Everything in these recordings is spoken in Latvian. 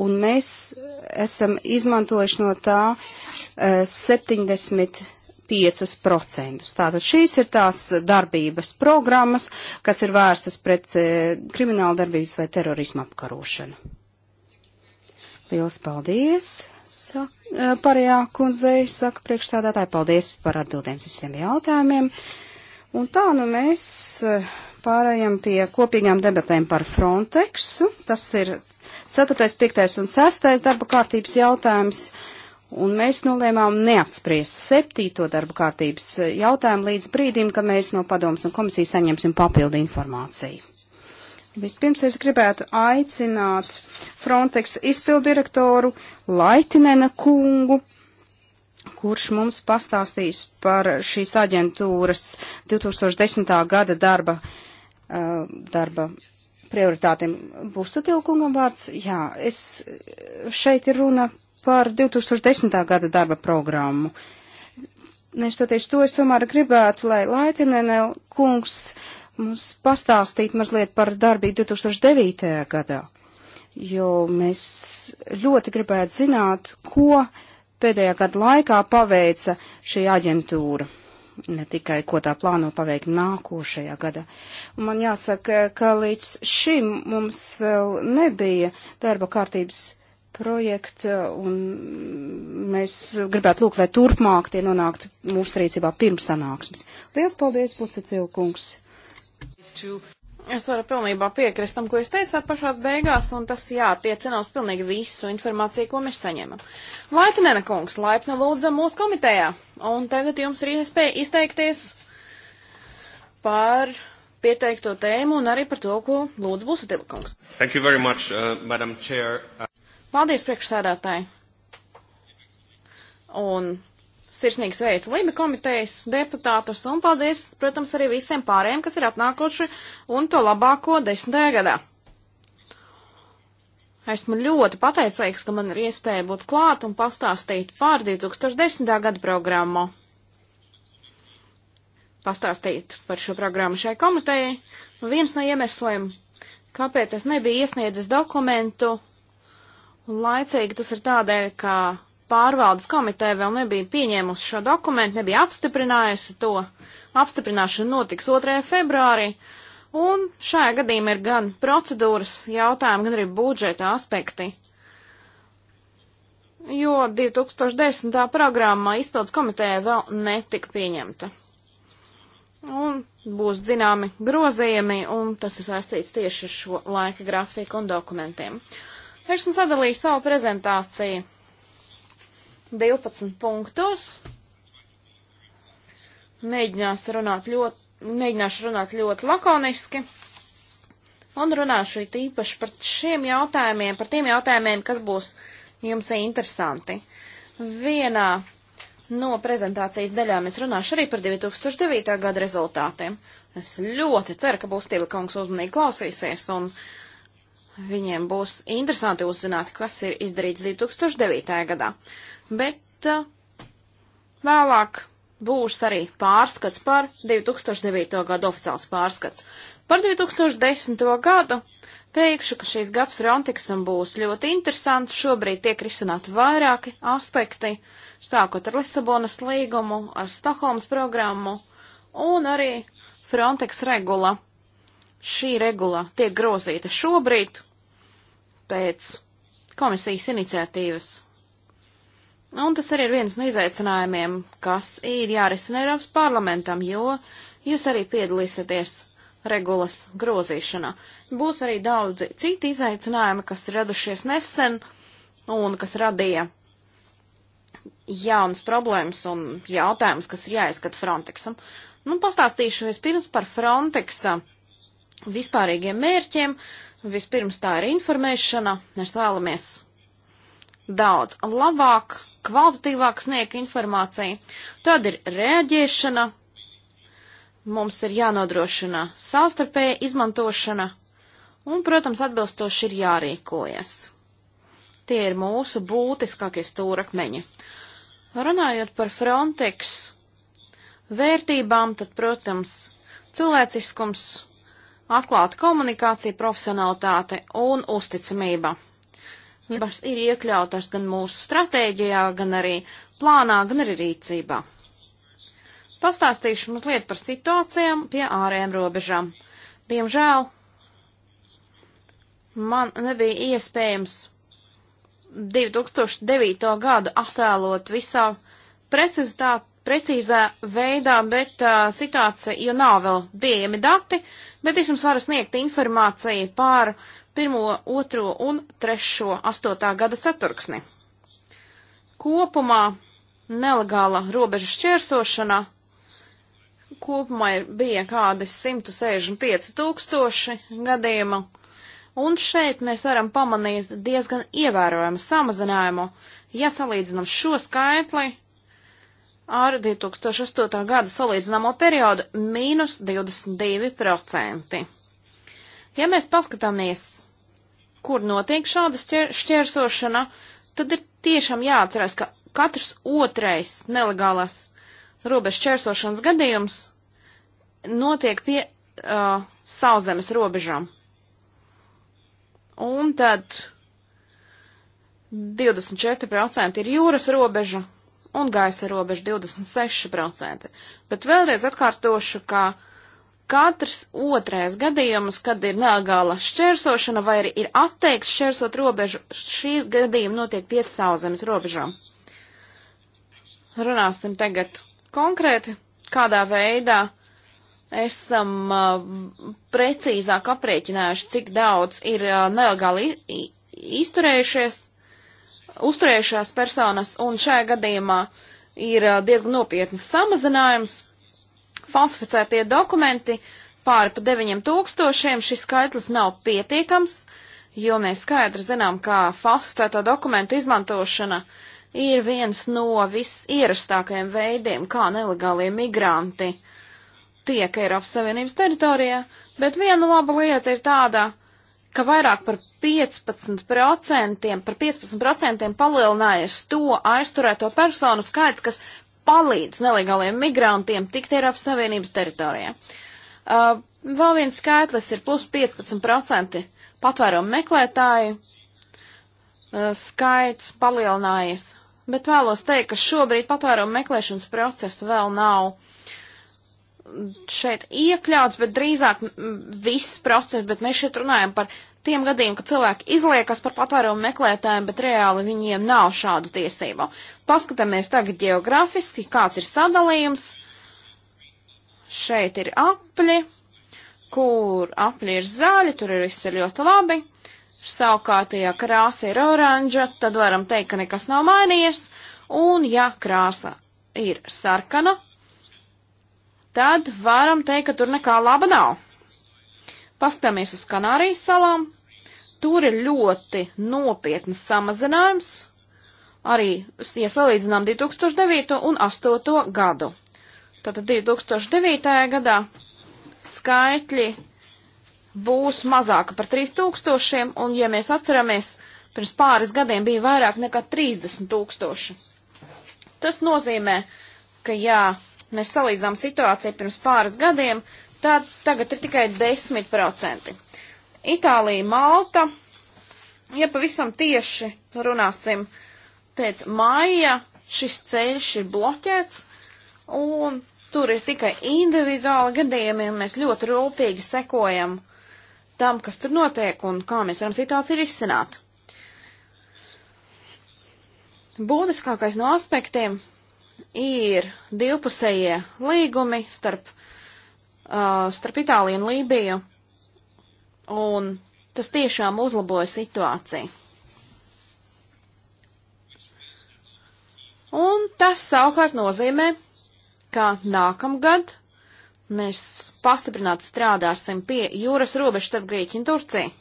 un mēs esam izmantojuši no tā uh, 70 5%. Tātad šīs ir tās darbības programmas, kas ir vērstas pret e, eh, kriminālu darbības vai terorismu apkarošanu. Lielas paldies, saka, e, parajā kundzei, saka priekšstādātāji, paldies par atbildēm visiem jautājumiem. Un tā nu mēs eh, pārējām pie kopīgām debatēm par Frontexu. Tas ir 4., 5. un 6. darba kārtības jautājums, un mēs nolēmām neapspriest 7. darba kārtības jautājumu līdz brīdim, kad mēs no padomas un komisijas saņemsim papildu informāciju. Vispirms es gribētu aicināt Frontex izpildirektoru Laitinena kungu, kurš mums pastāstīs par šīs aģentūras 2010. gada darba, uh, darba prioritātiem. Būs satilkungam vārds? Jā, es šeit ir runa par 2010. gada darba programmu. Neštoties to, es tomēr gribētu, lai Laitinene kungs mums pastāstītu mazliet par darbību 2009. gadā, jo mēs ļoti gribētu zināt, ko pēdējā gada laikā paveica šī aģentūra ne tikai, ko tā plāno paveikt nākošajā gadā. Un man jāsaka, ka līdz šim mums vēl nebija darba kārtības projekta, un mēs gribētu lūgt, lai turpmāk tie nonāktu mūsu rīcībā pirms sanāksmes. Liels paldies, Pucetilkungs! Es varu pilnībā piekrist tam, ko jūs teicāt pašās beigās, un tas jātiecina uz pilnīgi visu informāciju, ko mēs saņemam. Laitinēna kungs, laipni lūdzam mūsu komitejā, un tagad jums ir iespēja izteikties par pieteikto tēmu un arī par to, ko lūdzu būs atilikungs. Thank you very much, uh, Madam Chair. Paldies, priekšsēdētāji. Un sirsnīgi sveicu Libi komitejas deputātus un paldies, protams, arī visiem pārējiem, kas ir atnākuši un to labāko desmitajā gadā. Esmu ļoti pateicīgs, ka man ir iespēja būt klāt un pastāstīt par 2010. gada programmu. Pastāstīt par šo programmu šai komitejai. Viens no iemesliem, kāpēc es nebiju iesniedzis dokumentu un laicīgi, tas ir tādēļ, ka pārvaldes komiteja vēl nebija pieņēmusi šo dokumentu, nebija apstiprinājusi to. Apstiprināšana notiks 2. februārī, un šajā gadījumā ir gan procedūras jautājumi, gan arī budžeta aspekti. Jo 2010. programma izpildes komiteja vēl netika pieņemta. Un būs zināmi grozījumi, un tas ir saistīts tieši ar šo laika grafiku un dokumentiem. Es jums sadalīju savu prezentāciju 12 punktos. Mēģinās runāt ļoti, mēģināšu runāt ļoti lakoniski. Un runāšu it īpaši par šiem jautājumiem, par tiem jautājumiem, kas būs jums interesanti. Vienā no prezentācijas daļām es runāšu arī par 2009. gada rezultātiem. Es ļoti ceru, ka būs Tilikungs uzmanīgi klausīsies un viņiem būs interesanti uzzināt, kas ir izdarīts 2009. gadā bet uh, vēlāk būs arī pārskats par 2009. gadu oficiāls pārskats. Par 2010. gadu teikšu, ka šīs gads Frontexam būs ļoti interesants. Šobrīd tiek risināti vairāki aspekti, sākot ar Lisabonas līgumu, ar Stokholmas programmu un arī Frontex regula. Šī regula tiek grozīta šobrīd pēc komisijas iniciatīvas Un tas arī ir viens no izaicinājumiem, kas ir jārisina Eiropas parlamentam, jo jūs arī piedalīsieties regulas grozīšanā. Būs arī daudzi citi izaicinājumi, kas radušies nesen un kas radīja jaunas problēmas un jautājumus, kas ir jāizskat Frontexam. Nu, pastāstīšu vispirms par Frontexa vispārīgiem mērķiem. Vispirms tā ir informēšana. Mēs vēlamies daudz labāk kvalitatīvāk sniegt informāciju. Tad ir rēģēšana, mums ir jānodrošina savstarpēja izmantošana, un, protams, atbilstoši ir jārīkojas. Tie ir mūsu būtiskākie stūrakmeņi. Runājot par Frontex vērtībām, tad, protams, cilvēciskums, atklāta komunikācija, profesionalitāte un uzticamība. Bars ir iekļautas gan mūsu stratēģijā, gan arī plānā, gan arī rīcībā. Pastāstīšu mazliet par situācijām pie ārējām robežām. Diemžēl man nebija iespējams 2009. gadu attēlot visā precizitā, precīzā veidā, bet uh, situācija, jo nav vēl pieejami dati, bet es jums varu sniegt informāciju par uh, pirmo, otro un trešo astotā gada ceturksni. Kopumā nelegāla robeža šķērsošana kopumā ir, bija kādi 165 tūkstoši gadījumu, un šeit mēs varam pamanīt diezgan ievērojumu samazinājumu, ja salīdzinām šo skaitli ar 2008. gada salīdzināmo periodu - mīnus 22%. Ja mēs paskatāmies, kur notiek šāda šķēr, šķērsošana, tad ir tiešām jāatcerās, ka katrs otrais nelegālās robežu šķērsošanas gadījums notiek pie uh, sauszemes robežām. Un tad 24% ir jūras robeža un gaisa robeža 26%. Bet vēlreiz atkārtošu, ka uh, katrs otrais gadījums, kad ir nelegāla šķērsošana vai arī ir atteikts šķērsot robežu, šī gadījuma notiek pie sauszemes robežām. Runāsim tagad konkrēti, kādā veidā esam uh, precīzāk aprēķinājuši, cik daudz ir uh, nelegāli izturējušies, uzturējušās personas, un šajā gadījumā ir uh, diezgan nopietnas samazinājums falsificētie dokumenti pāri pa 9000, šis skaitlis nav pietiekams, jo mēs skaidri zinām, ka falsificēto dokumentu izmantošana ir viens no visierastākajiem veidiem, kā nelegālie migranti tiek Eiropas Savienības teritorijā, bet viena laba lieta ir tāda, ka vairāk par 15%, par 15% palielinājies to aizturēto personu skaits, kas palīdz nelegāliem migrantiem tikt Eiropas Savienības teritorijā. Uh, vēl viens skaitlis ir plus 15% patvērumu meklētāju uh, skaits palielinājies, bet vēlos teikt, ka šobrīd patvērumu meklēšanas process vēl nav šeit iekļauts, bet drīzāk viss process, bet mēs šeit runājam par tiem gadījumiem, ka cilvēki izliekas par patvērumu meklētājiem, bet reāli viņiem nav šādu tiesību. Paskatāmies tagad geogrāfiski, kāds ir sadalījums. Šeit ir apļi, kur apļi ir zaļi, tur ir viss ir ļoti labi. Savukārt, ja krāsa ir oranža, tad varam teikt, ka nekas nav mainījies. Un ja krāsa ir sarkana, tad varam teikt, ka tur nekā laba nav. Paskatāmies uz Kanārijas salām. Tur ir ļoti nopietnas samazinājums. Arī iesalīdzinām 2009. un 2008. gadu. Tātad 2009. gadā skaitļi būs mazāka par 3000, un, ja mēs atceramies, pirms pāris gadiem bija vairāk nekā 30 tūkstoši. Tas nozīmē, ka, jā, mēs salīdzinām situāciju pirms pāris gadiem, tad tagad ir tikai 10%. Itālija, Malta, ja pavisam tieši runāsim, pēc maija šis ceļš ir bloķēts, un tur ir tikai individuāli gadījumi, un mēs ļoti rūpīgi sekojam tam, kas tur notiek, un kā mēs varam situāciju izsināt. Būtiskākais no aspektiem ir divpusējie līgumi starp Uh, starp Itāliju un Lībiju, un tas tiešām uzlaboja situāciju. Un tas savukārt nozīmē, ka nākamgad mēs pastiprināti strādāsim pie jūras robežas starp Grieķiju un Turciju.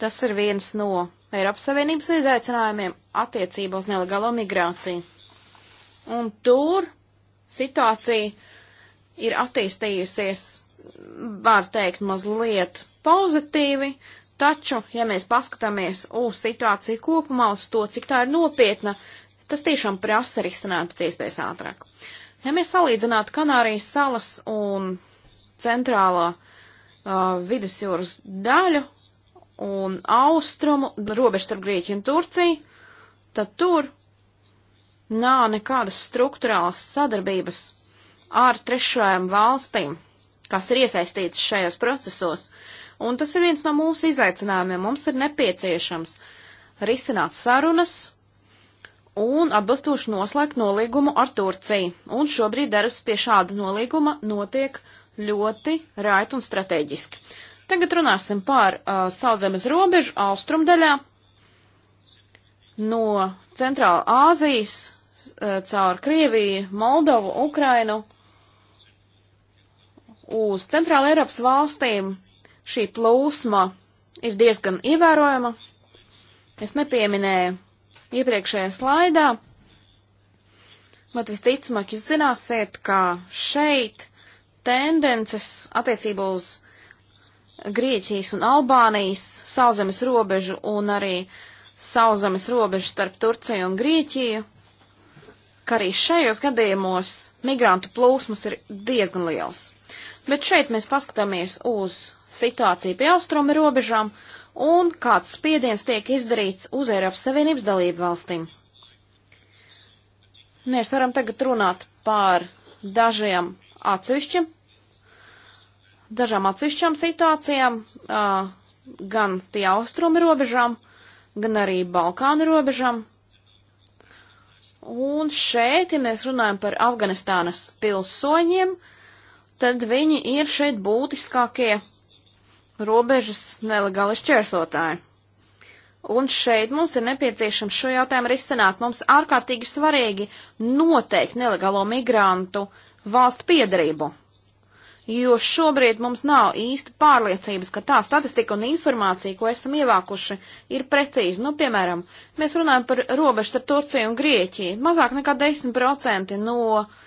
Tas ir viens no Eiropas Savienības izaicinājumiem attiecībā uz nelegālo migrāciju. Un tur situācija ir attīstījusies, var teikt, mazliet pozitīvi, taču, ja mēs paskatāmies uz situāciju kopumā, uz to, cik tā ir nopietna, tas tiešām prasa risināt pēc iespējas ātrāk. Ja mēs salīdzinātu Kanārijas salas un centrālā uh, vidusjūras daļu un austrumu robežu starp Grieķiju un Turciju, tad tur nav nekādas struktūrālas sadarbības ar trešajām valstīm, kas ir iesaistītas šajos procesos. Un tas ir viens no mūsu izaicinājumiem. Mums ir nepieciešams risināt sarunas un atbilstoši noslēgt nolīgumu ar Turciju. Un šobrīd darbs pie šāda nolīguma notiek ļoti rēt un strateģiski. Tagad runāsim par uh, sauszemes robežu austrumdaļā no Centrāla Āzijas uh, caur Krieviju, Moldovu, Ukrainu uz Centrāla Eiropas valstīm šī plūsma ir diezgan ievērojama. Es nepieminēju iepriekšējā slaidā, bet visticamāk jūs zināsiet, ka šeit tendences attiecībā uz Grieķijas un Albānijas sauzemes robežu un arī sauzemes robežu starp Turciju un Grieķiju, ka arī šajos gadījumos migrantu plūsmas ir diezgan liels. Bet šeit mēs paskatāmies uz situāciju pie austrumi robežām un kāds spiediens tiek izdarīts uz Eiropas Savienības dalību valstīm. Mēs varam tagad runāt par dažiem atsevišķiem, dažām atsevišķām situācijām, uh, gan pie austrumi robežām, gan arī Balkānu robežām. Un šeit, ja mēs runājam par Afganistānas pilsoņiem, uh, tad viņi ir šeit būtiskākie robežas nelegāli šķērsotāji. Un šeit mums ir nepieciešams šo jautājumu risināt. Mums ārkārtīgi svarīgi noteikt nelegālo migrantu valstu piedarību. Jo šobrīd mums nav īsti pārliecības, ka tā statistika un informācija, ko esam ievākuši, ir precīzi. Nu, piemēram, mēs runājam par robežu starp Turciju un Grieķiju. Mazāk nekā 10% no uh,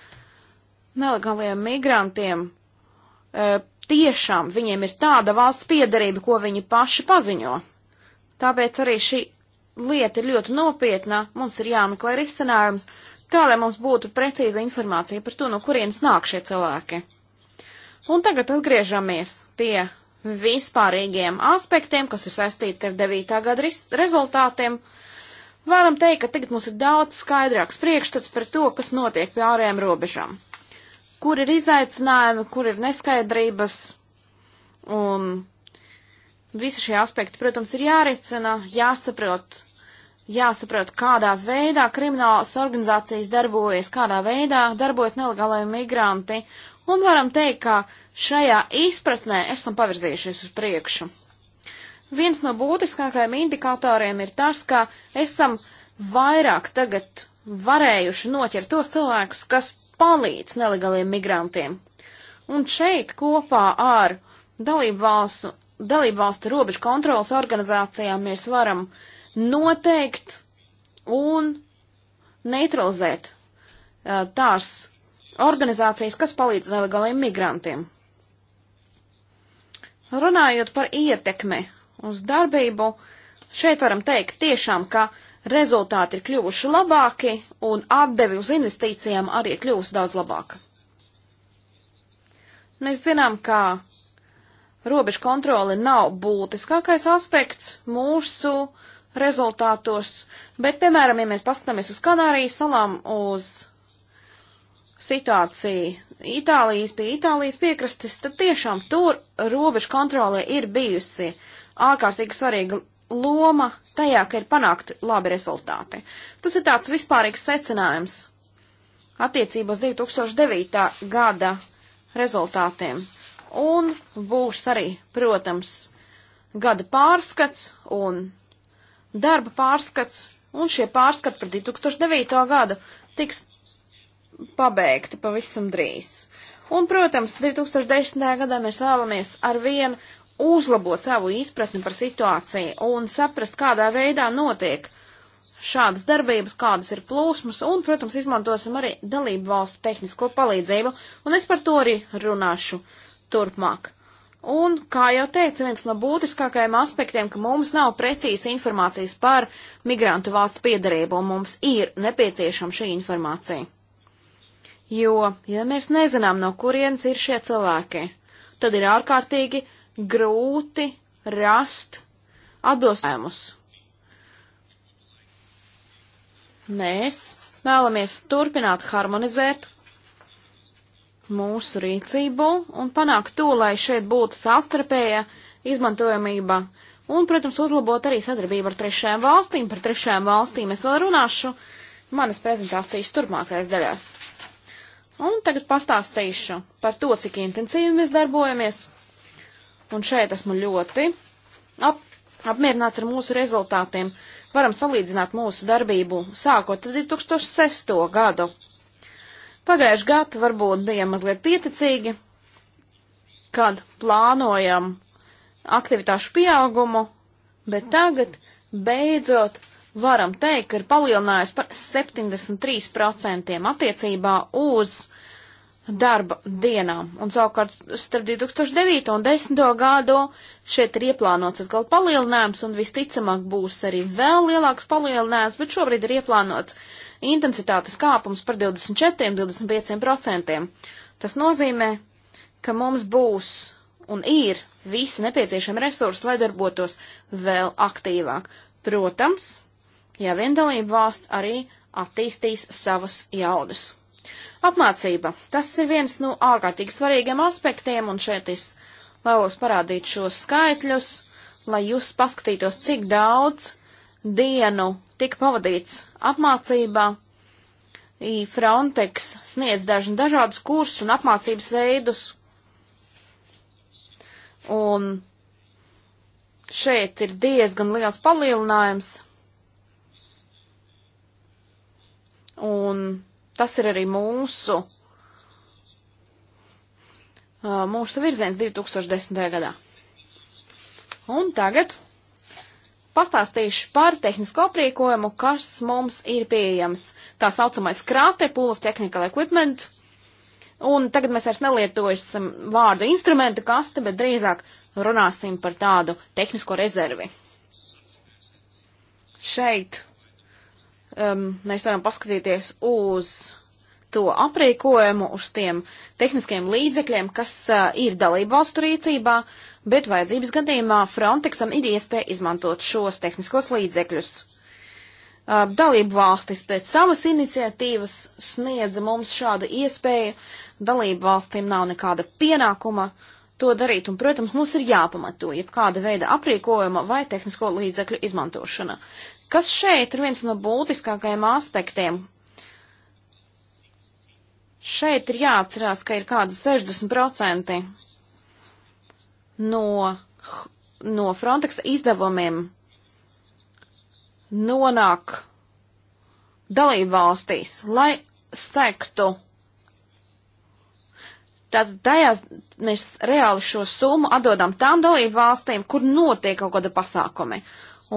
nelegāliem migrantiem e, tiešām viņiem ir tāda valsts piedarība, ko viņi paši paziņo. Tāpēc arī šī lieta ir ļoti nopietna, mums ir jāmeklē risinājums, tā lai mums būtu precīza informācija par to, no kurienes nāk šie cilvēki. Un tagad atgriežamies pie vispārīgiem aspektiem, kas ir saistīti ar 9. gada rezultātiem. Varam teikt, ka tagad mums ir daudz skaidrāks priekšstats par to, kas notiek pie ārējām robežām kur ir izaicinājumi, kur ir neskaidrības. Un visi šie aspekti, protams, ir jāricina, jāsaprot, jāsaprot, kādā veidā kriminālas organizācijas darbojas, kādā veidā darbojas nelegālai migranti. Un varam teikt, ka šajā izpratnē esam pavirzījušies uz priekšu. Viens no būtiskākajiem indikatoriem ir tas, ka esam vairāk tagad varējuši noķert tos cilvēkus, kas palīdz nelegāliem migrantiem. Un šeit kopā ar dalību valstu, dalību valstu robežu kontrolas organizācijām mēs varam noteikt un neutralizēt uh, tās organizācijas, kas palīdz nelegāliem migrantiem. Runājot par ietekmi uz darbību, šeit varam teikt tiešām, ka uh, rezultāti ir kļuvuši labāki un atdevi uz investīcijām arī ir kļuvusi daudz labāka. Nu, mēs zinām, ka robežu kontrole nav būtiskākais aspekts mūsu rezultātos, bet, piemēram, ja mēs paskatāmies uz Kanārijas salām, uz situāciju Itālijas pie Itālijas piekrastes, tad tiešām tur robežu kontrole ir bijusi ārkārtīgi svarīga loma tajā, ka ir panākti labi rezultāti. Tas ir tāds vispārīgs secinājums attiecībos 2009. gada rezultātiem. Un būs arī, protams, gada pārskats un darba pārskats, un šie pārskati par 2009. gadu tiks pabeigti pavisam drīz. Un, protams, 2010. gadā mēs vēlamies ar vienu uzlabot savu izpratni par situāciju un saprast, kādā veidā notiek šādas darbības, kādas ir plūsmas, un, protams, izmantosim arī dalību valstu tehnisko palīdzību, un es par to arī runāšu turpmāk. Un, kā jau teicu, viens no būtiskākajiem aspektiem, ka mums nav precīzi informācijas par migrantu valsts piedarību, un mums ir nepieciešama šī informācija. Jo, ja mēs nezinām, no kurienes ir šie cilvēki, tad ir ārkārtīgi grūti rast atbilstījumus. Mēs vēlamies turpināt harmonizēt mūsu rīcību un panākt to, lai šeit būtu sastarpēja izmantojamība un, protams, uzlabot arī sadarbību ar trešajām valstīm. Par trešajām valstīm es vēl runāšu manas prezentācijas turpmākais daļās. Un tagad pastāstīšu par to, cik intensīvi mēs darbojamies Un šeit esmu ļoti ap, apmierināts ar mūsu rezultātiem. Varam salīdzināt mūsu darbību sākot ar 2006. gadu. Pagājuši gadu varbūt bija mazliet pieticīgi, kad plānojam aktivitāšu pieaugumu, bet tagad beidzot varam teikt, ka ir palielinājusi par 73% attiecībā uz darba dienām. Un savukārt starp 2009 un 10. gadu šeit ir ieplānots atkal palielinājums, un visticamāk būs arī vēl lielāks palielinājums, bet šobrīd ir ieplānots intensitātes kāpums par 24-25%. Tas nozīmē, ka mums būs un ir visi nepieciešami resursi, lai darbotos vēl aktīvāk. Protams, ja vien dalība valsts arī attīstīs savas jaudas. Apmācība. Tas ir viens no ārkārtīgi svarīgiem aspektiem, un šeit es vēlos parādīt šos skaitļus, lai jūs paskatītos, cik daudz dienu tika pavadīts apmācībā. Frontex sniedz dažni dažādus kursus un apmācības veidus. Un šeit ir diezgan liels palielinājums. Un Tas ir arī mūsu, mūsu virziens 2010. gadā. Un tagad pastāstīšu par tehnisko aprīkojumu, kas mums ir pieejams. Tā saucamais krāte, pool of technical equipment. Un tagad mēs vairs nelietojam vārdu instrumentu kaste, bet drīzāk runāsim par tādu tehnisko rezervi. Šeit um, mēs varam paskatīties uz to aprīkojumu, uz tiem tehniskiem līdzekļiem, kas uh, ir dalību valstu rīcībā, bet vajadzības gadījumā Frontexam ir iespēja izmantot šos tehniskos līdzekļus. Uh, dalību valstis pēc savas iniciatīvas sniedza mums šādu iespēju, dalību valstīm nav nekāda pienākuma to darīt, un, protams, mums ir jāpamato jebkāda veida aprīkojuma vai tehnisko līdzekļu izmantošana. Kas šeit ir viens no būtiskākajiem aspektiem? Šeit ir jāatcerās, ka ir kādi 60% no, no Frontex izdevumiem nonāk dalībvalstīs, lai sektu. Tātad tajās mēs reāli šo summu atdodam tām dalībvalstīm, kur notiek kaut kāda pasākumi.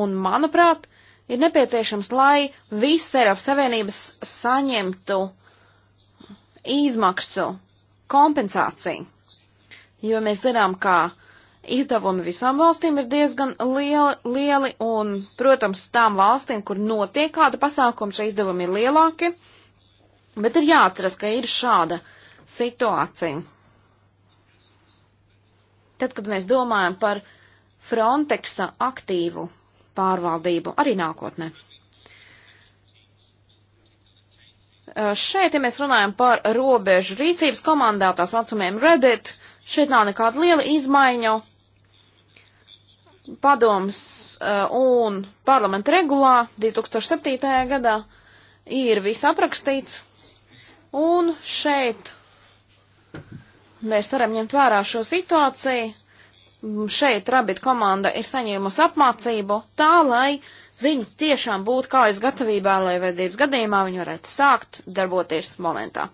Un, manuprāt, ir nepieciešams, lai viss Eiropas Savienības saņemtu izmaksu kompensāciju. Jo mēs zinām, ka izdevumi visām valstīm ir diezgan lieli, lieli un, protams, tām valstīm, kur notiek kāda pasākuma, šie izdevumi ir lielāki, bet ir jāatceras, ka ir šāda situācija. Tad, kad mēs domājam par Frontexa aktīvu pārvaldību arī nākotnē. Šeit, ja mēs runājam par robežu rīcības komandām, tās atsumiem Reddit, šeit nav nekāda liela izmaiņa. Padoms un parlamenta regulā 2007. gadā ir viss aprakstīts, un šeit mēs varam ņemt vērā šo situāciju šeit Rabit komanda ir saņēmusi apmācību tā, lai viņi tiešām būtu kājas gatavībā, lai vedības gadījumā viņi varētu sākt darboties momentā.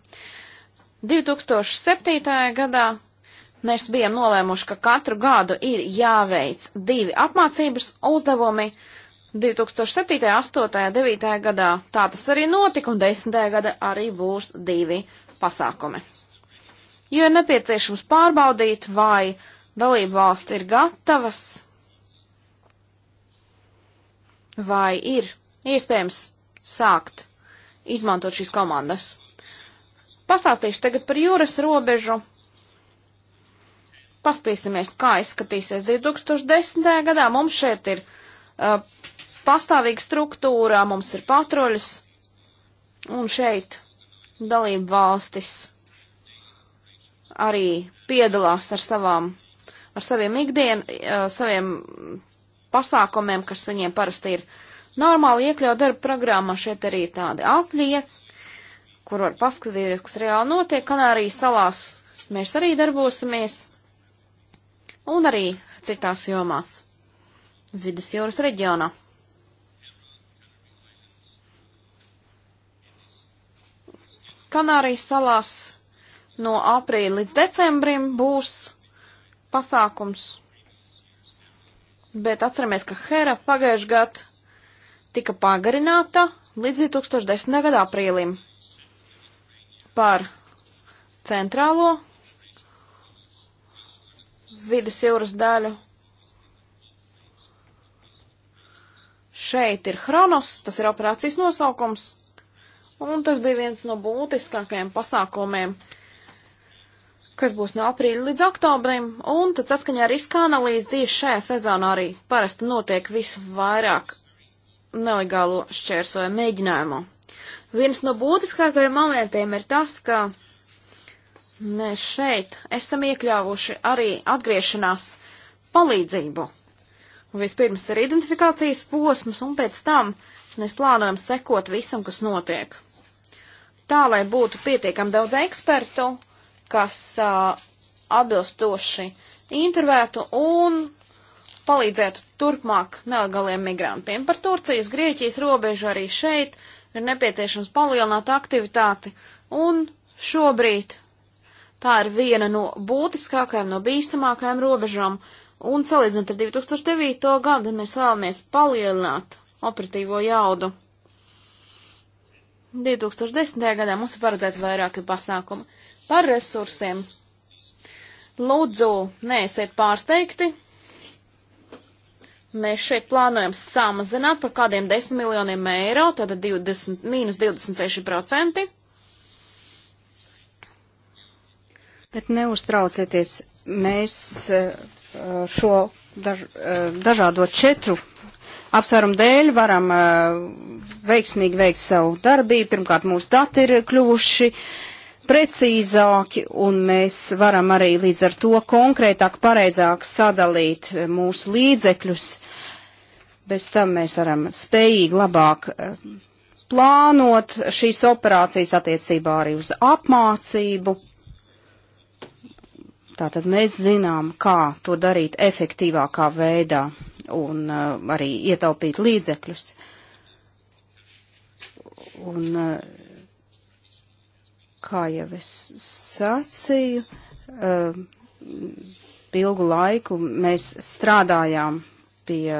2007. gadā mēs bijām nolēmuši, ka katru gadu ir jāveic divi apmācības uzdevumi. 2007., 8., 9. gadā tā tas arī notika, un 10. gada arī būs divi pasākumi. Jo ir nepieciešams pārbaudīt, vai uh, dalību valsts ir gatavas vai ir iespējams sākt izmantot šīs komandas. Pastāstīšu tagad par jūras robežu. Paskatīsimies, kā izskatīsies 2010. gadā. Mums šeit ir uh, pastāvīga struktūra, mums ir patruļas, un šeit dalību valstis arī piedalās ar savām ar saviem ikdienu, saviem pasākumiem, kas viņiem parasti ir normāli iekļaut darba programmā. Šeit arī ir tādi atļie, kur var paskatīties, kas reāli notiek. Kanārijas salās mēs arī darbosimies un arī citās jomās vidusjūras reģionā. Kanārijas salās no aprīļa līdz decembrim būs pasākums, bet atceramies, ka Hera pagājušajā gadā tika pagarināta līdz 2010. gada aprīlim par centrālo vidus jūras daļu. Šeit ir Hronos, tas ir operācijas nosaukums, un tas bija viens no būtiskākajiem pasākumiem, kas būs no aprīļa līdz oktobrim, un tad saskaņā ar riska analīzi tieši šajā sezonā arī parasti notiek visvairāk nelegālo šķērsoju mēģinājumu. Viens no būtiskākajiem momentiem ir tas, ka mēs šeit esam iekļāvuši arī atgriešanās palīdzību. Vispirms ir identifikācijas posms, un pēc tam mēs plānojam sekot visam, kas notiek. Tā, lai būtu pietiekami daudz ekspertu, kas uh, atbilstoši intervētu un palīdzētu turpmāk nelegaliem migrantiem. Par Turcijas, Grieķijas robežu arī šeit ir nepieciešams palielināt aktivitāti, un šobrīd tā ir viena no būtiskākajām, no bīstamākajām robežām, un salīdzinot ar 2009. gadu mēs vēlamies palielināt operatīvo jaudu. 2010. gadā mums ir paredzēti vairāki pasākumi. Par resursiem. Lūdzu, neesiet pārsteigti. Mēs šeit plānojam samazināt par kādiem 10 miljoniem eiro, tātad 20, mīnus 26%. Bet neuztraucieties, mēs eh, šo daž, eh, dažādo četru apsvērumu dēļ varam eh, veiksmīgi veikt savu darbību. Pirmkārt, mūsu dati ir kļuvuši uh, precīzāki, un mēs varam arī līdz ar to konkrētāk, pareizāk sadalīt eh, mūsu līdzekļus. Bez tam mēs varam spējīgi labāk eh, plānot šīs operācijas attiecībā arī uz apmācību. Tātad mēs zinām, kā to darīt efektīvākā veidā un uh, arī ietaupīt līdzekļus. Un uh, Kā jau es sacīju, um, ilgu laiku mēs strādājām pie,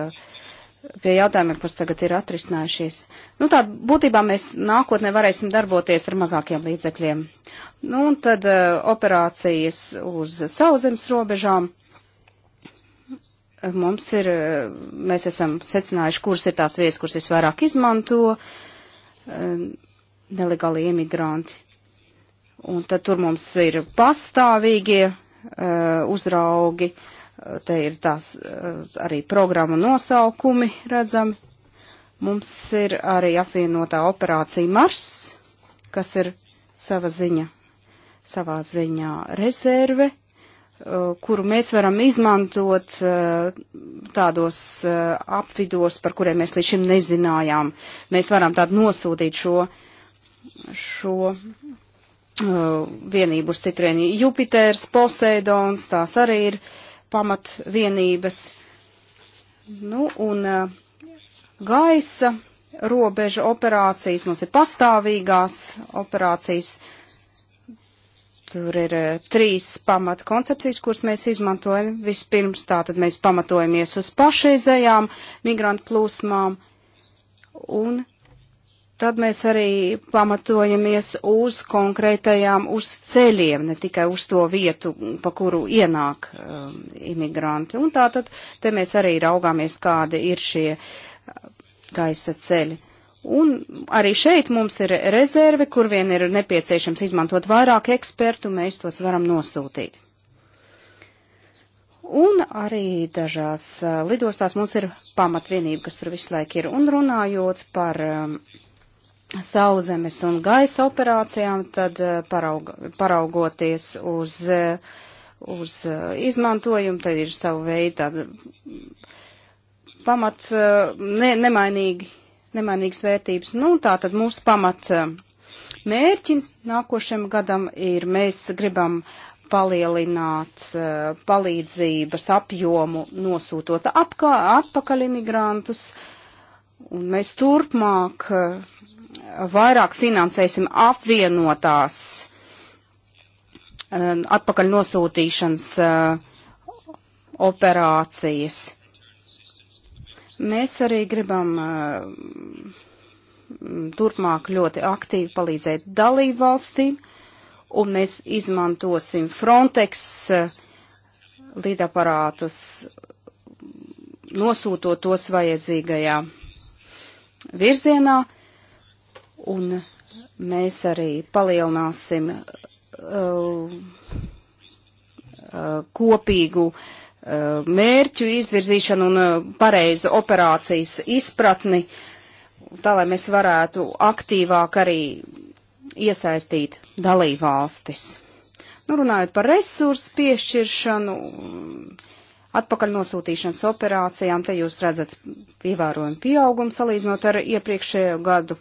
pie jautājumiem, kas tagad ir atrisinājušies. Nu, tā būtībā mēs nākotnē varēsim darboties ar mazākiem līdzekļiem. Nu, un tad uh, operācijas uz sauzemes robežām. Mums ir, uh, mēs esam secinājuši, kuras ir tās vietas, kuras visvairāk izmanto uh, nelegāli imigranti. Un tad tur mums ir pastāvīgie uh, uzraugi, uh, te ir tās uh, arī programmu nosaukumi redzami. Mums ir arī apvienotā operācija Mars, kas ir sava ziņa, savā ziņā rezerve, uh, kuru mēs varam izmantot uh, tādos uh, apvidos, par kuriem mēs līdz šim nezinājām. Mēs varam tādu nosūtīt šo, šo Uh, vienību uz citrieni. Jupiters, Poseidons, tās arī ir pamatvienības. Nu, un uh, gaisa robeža operācijas, mums ir pastāvīgās operācijas. Tur ir uh, trīs pamata koncepcijas, kuras mēs izmantojam. Vispirms tātad mēs pamatojamies uz pašreizējām migrantu plūsmām un tad mēs arī pamatojamies uz konkrētajām, uz ceļiem, ne tikai uz to vietu, pa kuru ienāk um, imigranti. Un tātad te mēs arī raugāmies, kādi ir šie uh, gaisa ceļi. Un arī šeit mums ir rezerve, kur vien ir nepieciešams izmantot vairāk ekspertu, mēs tos varam nosūtīt. Un arī dažās uh, lidostās mums ir pamatvienība, kas tur visu laiku ir. Un runājot par uh, um, sauzemes un gaisa operācijām, tad eh, paraug, paraugoties uz, eh, uz eh, izmantojumu, tad ir savu veidu tāda mm, pamat ne, nemainīgi, nemainīgas vērtības. Nu, tā tad mūsu pamat mērķi nākošajam gadam ir, mēs gribam palielināt palīdzības apjomu nosūtot apkā, atpakaļ imigrantus, un mēs turpmāk uh, vairāk finansēsim apvienotās eh, atpakaļ nosūtīšanas eh, operācijas. Mēs arī gribam eh, turpmāk ļoti aktīvi palīdzēt dalību valstīm, un mēs izmantosim Frontex lidaparātus, nosūtot tos vajadzīgajā virzienā. Un mēs arī palielināsim uh, uh, kopīgu uh, mērķu izvirzīšanu un uh, pareizu operācijas izpratni, tā lai mēs varētu aktīvāk arī iesaistīt dalībvalstis. Nu, runājot par resursu piešķiršanu, atpakaļ nosūtīšanas operācijām, te jūs redzat ievērojumu pieaugumu salīdzinot ar iepriekšējo gadu.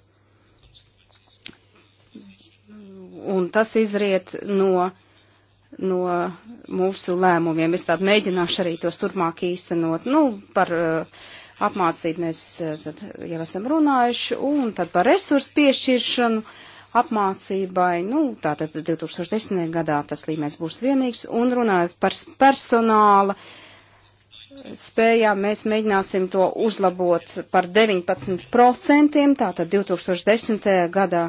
un tas izriet no, no mūsu lēmumiem. Es tādu mēģināšu arī tos turpmāk īstenot. Nu, par uh, apmācību mēs uh, tad, jau esam runājuši, un tad par resursu piešķiršanu apmācībai, nu, tātad 2010. gadā tas līmenis būs vienīgs, un runājot par personāla spējām, mēs mēģināsim to uzlabot par 19%, tātad 2010. gadā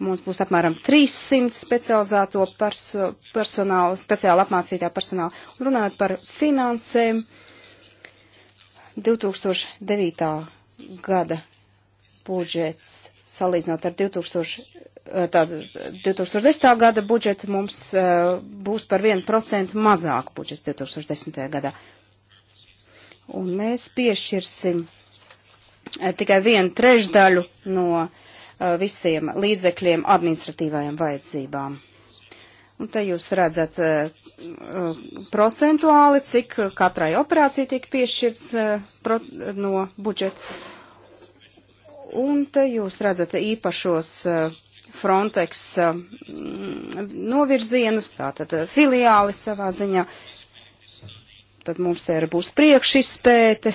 Mums būs apmēram 300 specializēto perso personālu, speciāli apmācītā personāla. Runājot par finansēm, 2009. gada budžets salīdzinot ar 2000, tā, 2010. gada budžetu mums eh, būs par 1% mazāk budžets 2010. gadā. Un mēs piešķirsim eh, tikai vienu trešdaļu no Uh, visiem līdzekļiem administratīvajām vajadzībām. Un te jūs redzat uh, uh, procentuāli, cik katrai operācijai tiek piešķirts uh, pro, no budžeta. Un te jūs redzat īpašos uh, Frontex uh, novirzienus, tātad filiāli savā ziņā. Tad mums te ir būs priekšizpēte,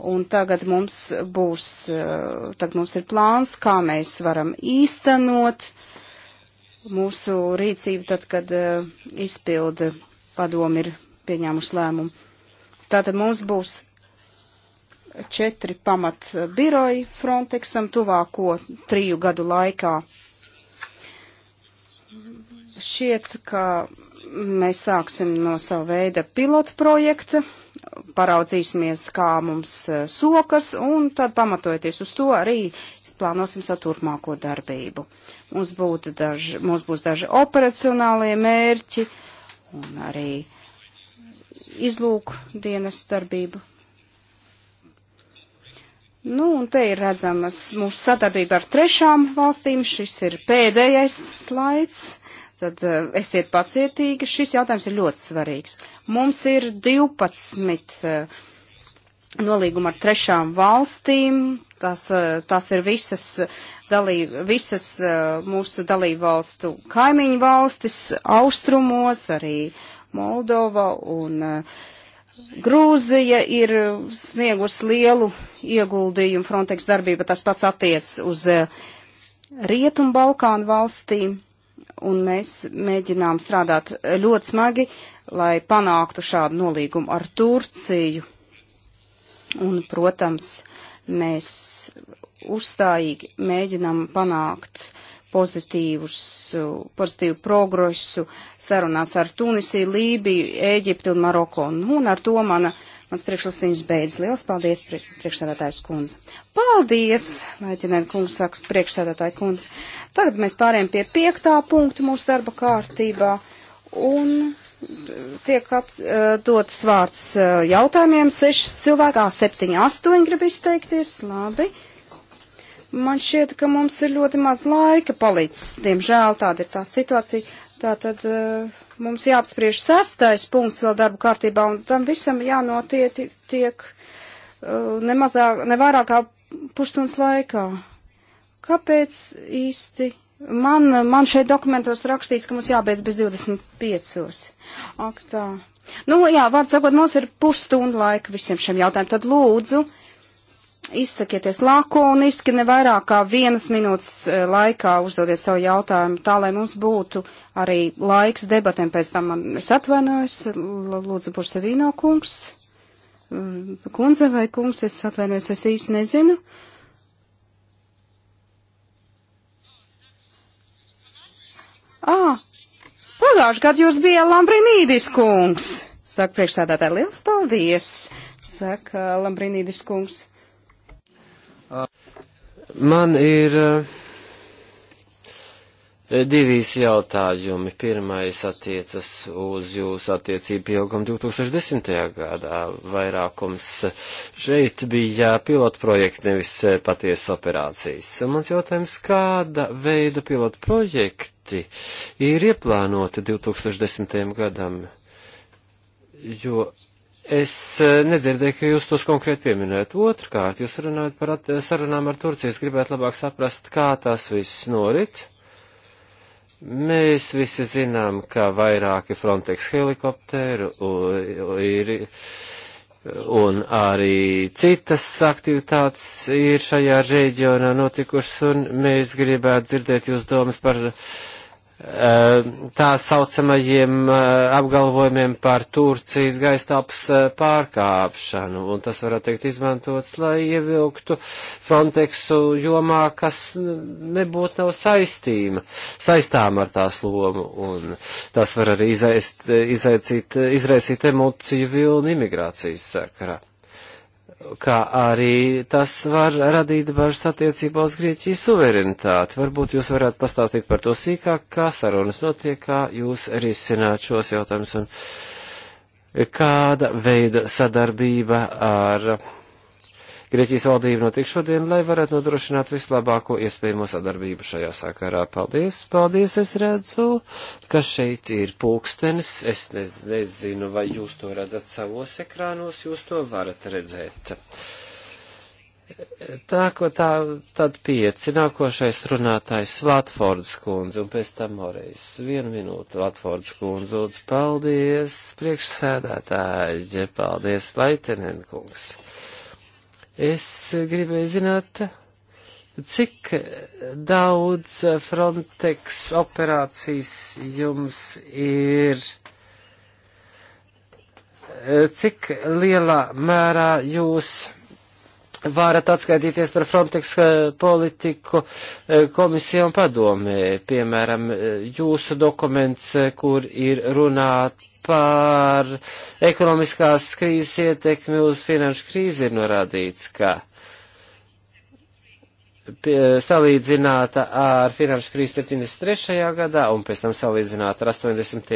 Un tagad mums būs, eh, tagad mums ir plāns, kā mēs varam īstenot mūsu rīcību tad, kad eh, izpilda padomi ir pieņēmuši lēmumu. Tātad mums būs četri pamat biroji Frontexam tuvāko triju gadu laikā. Šķiet, ka mēs sāksim no sava veida pilotu projekta paraudzīsimies, kā mums e, sokas, un tad pamatojoties uz to arī plānosim savu turpmāko darbību. Mums, daži, mums būs daži operacionālie mērķi un arī izlūk dienas darbību. Nu, un te ir redzamas mūsu sadarbība ar trešām valstīm. Šis ir pēdējais slaids. Tad eh, esiet pacietīgi, šis jautājums ir ļoti svarīgs. Mums ir 12 eh, nolīguma ar trešām valstīm, tās, eh, tās ir visas, dalī, visas mūsu dalībvalstu kaimiņu valstis, austrumos arī Moldova un Grūzija ir sniegus lielu ieguldījumu Frontex darbība, tas pats attiec uz Rietumbalkānu valstīm un mēs mēģinām strādāt ļoti smagi, lai panāktu šādu nolīgumu ar Turciju. Un, protams, mēs uzstājīgi mēģinām panākt pozitīvus, pozitīvu progresu sarunās ar Tunisiju, Lībiju, Ēģipti un Maroko. Un ar to mana uh, Mans priekšlasījums beidz. Liels paldies, priekšsēdētājs kundze. Paldies, Laitinēna kundze, saka priekšsēdētāja kundze. Tagad mēs pārējām pie piektā punkta mūsu darba kārtībā. Un eh, tiek at, eh, dots vārds eh, jautājumiem. Sešas cilvēkā, septiņi, astoņi grib izteikties. Labi. Man šķiet, ka mums ir ļoti maz laika palicis. Diemžēl tāda ir tā situācija. Tātad. Uh, Mums jāapspriež sastais punkts vēl darbu kārtībā, un tam visam jānotiek tiek, uh, nemazāk, nevairākā pusstundas laikā. Kāpēc īsti? Man, man šeit dokumentos rakstīts, ka mums jābeidz bez 25. Ak, tā. Nu, jā, vārds sakot, mums ir pusstunda laika visiem šiem jautājumiem. Tad lūdzu, uh, izsakieties lakoniski, ne vairāk kā vienas minūtes eh, laikā uzdodiet savu jautājumu, tā lai mums būtu arī laiks debatēm. Pēc tam man es atvainojos, lūdzu, Bursevīno kungs, mm, kundze vai kungs, es atvainojos, es īsti nezinu. Ā, pagājuši gadu jūs bija Lambrinīdis kungs, saka priekšsēdētāji, liels paldies, saka Lambrinīdis kungs. Man ir eh, divīs jautājumi. Pirmais attiecas uz jūsu attiecību pieaugumu 2010. gadā. Vairākums šeit bija pilotprojekti, nevis eh, patiesas operācijas. Mans jautājums, kāda veida pilotprojekti ir ieplānoti 2010. gadam? Jo Es eh, nedzirdēju, ka jūs tos konkrēti pieminējat. Otrkārt, jūs runājat par sarunām ar Turciju. Es gribētu labāk saprast, kā tas viss norit. Mēs visi zinām, ka vairāki Frontex helikopteri ir un arī citas aktivitātes ir šajā reģionā notikušas, un mēs gribētu dzirdēt jūs domas par uh, Eh, tā saucamajiem eh, apgalvojumiem par Turcijas gaistāps eh, pārkāpšanu, un tas varētu teikt izmantots, lai ievilktu Frontexu jomā, kas nebūtu nav saistīma, saistām ar tās lomu, un tas var arī izaist, izaicīt, izraisīt emociju vilni imigrācijas sakarā kā arī tas var radīt bažas attiecībā uz Grieķijas suverenitāti. Varbūt jūs varētu pastāstīt par to sīkāk, kā sarunas notiek, kā jūs risināt šos jautājumus un kāda veida sadarbība ar Grieķijas valdība notiek šodien, lai varētu nodrošināt vislabāko iespējamo sadarbību šajā sakarā. Paldies, paldies, es redzu, ka šeit ir pulkstenis. Es nez, nezinu, vai jūs to redzat savos ekrānos, jūs to varat redzēt. Tā, ko tā, tad pieci nākošais runātājs Latvords kundze un pēc tam Moreis. Vienu minūtu Latvords kundze, lūdzu, paldies, priekšsēdētāji, paldies, Laitenen kungs. Es gribēju zināt, cik daudz Frontex operācijas jums ir cik lielā mērā jūs varat atskaitīties par Frontex eh, politiku eh, komisiju un padomē. Piemēram, eh, jūsu dokuments, kur ir runāt par ekonomiskās krīzes ietekmi uz finanšu krīzi, ir norādīts, ka salīdzināta ar finanšu krīzi 73. gadā un pēc tam salīdzināta ar 80.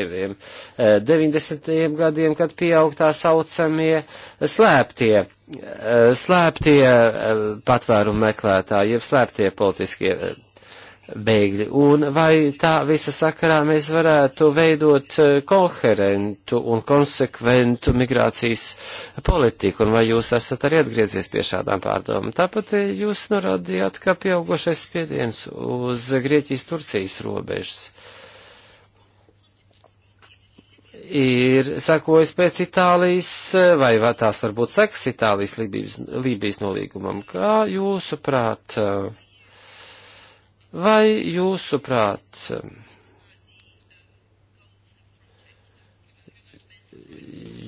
90. gadiem, kad pieaug tā saucamie slēptie Eh, slēptie eh, patvērumu meklētāji, jeb slēptie politiskie eh, bēgļi. Un vai tā visa sakarā mēs varētu veidot koherentu un konsekventu migrācijas politiku, un vai jūs esat arī atgriezies pie šādām pārdomām? Tāpat jūs norādījāt, ka pieaugošais spiediens uz Grieķijas-Turcijas robežas ir sakojis pēc Itālijas, vai tās varbūt sekas Itālijas Lībijas, Lībijas nolīgumam. Kā jūsuprāt, vai jūsuprāt,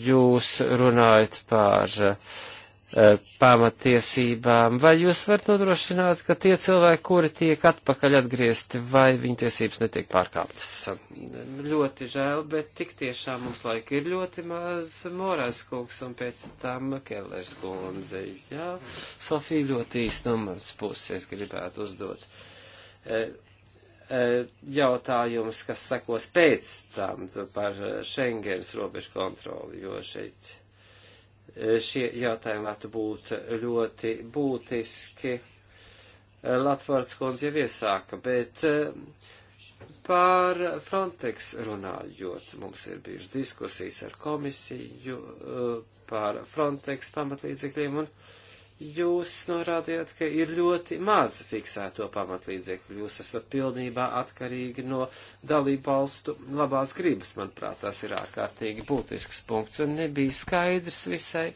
jūs runājat par uh, Eh, pamatiesībām, vai jūs varat nodrošināt, ka tie cilvēki, kuri tiek atpakaļ atgriezti, vai viņu tiesības netiek pārkāptas? Ļoti žēl, bet tik tiešām mums laika ir ļoti maz Morais kungs un pēc tam Kellers kundze. Jā, Sofija ļoti īsti no manas puses gribētu uzdot eh, eh, jautājums, kas sekos pēc tam par Schengens robežu kontroli, jo šeit šie jautājumi varētu būt ļoti būtiski. Latvārds kundze jau iesāka, bet eh, par Frontex runājot, mums ir bijušas diskusijas ar komisiju eh, par Frontex pamatlīdzekļiem un. Uh, jūs norādījāt, ka ir ļoti maz fiksēto pamatlīdzekļu. Jūs esat pilnībā atkarīgi no dalību valstu labās gribas, manuprāt, tas ir ārkārtīgi būtisks punkts, un nebija skaidrs visai,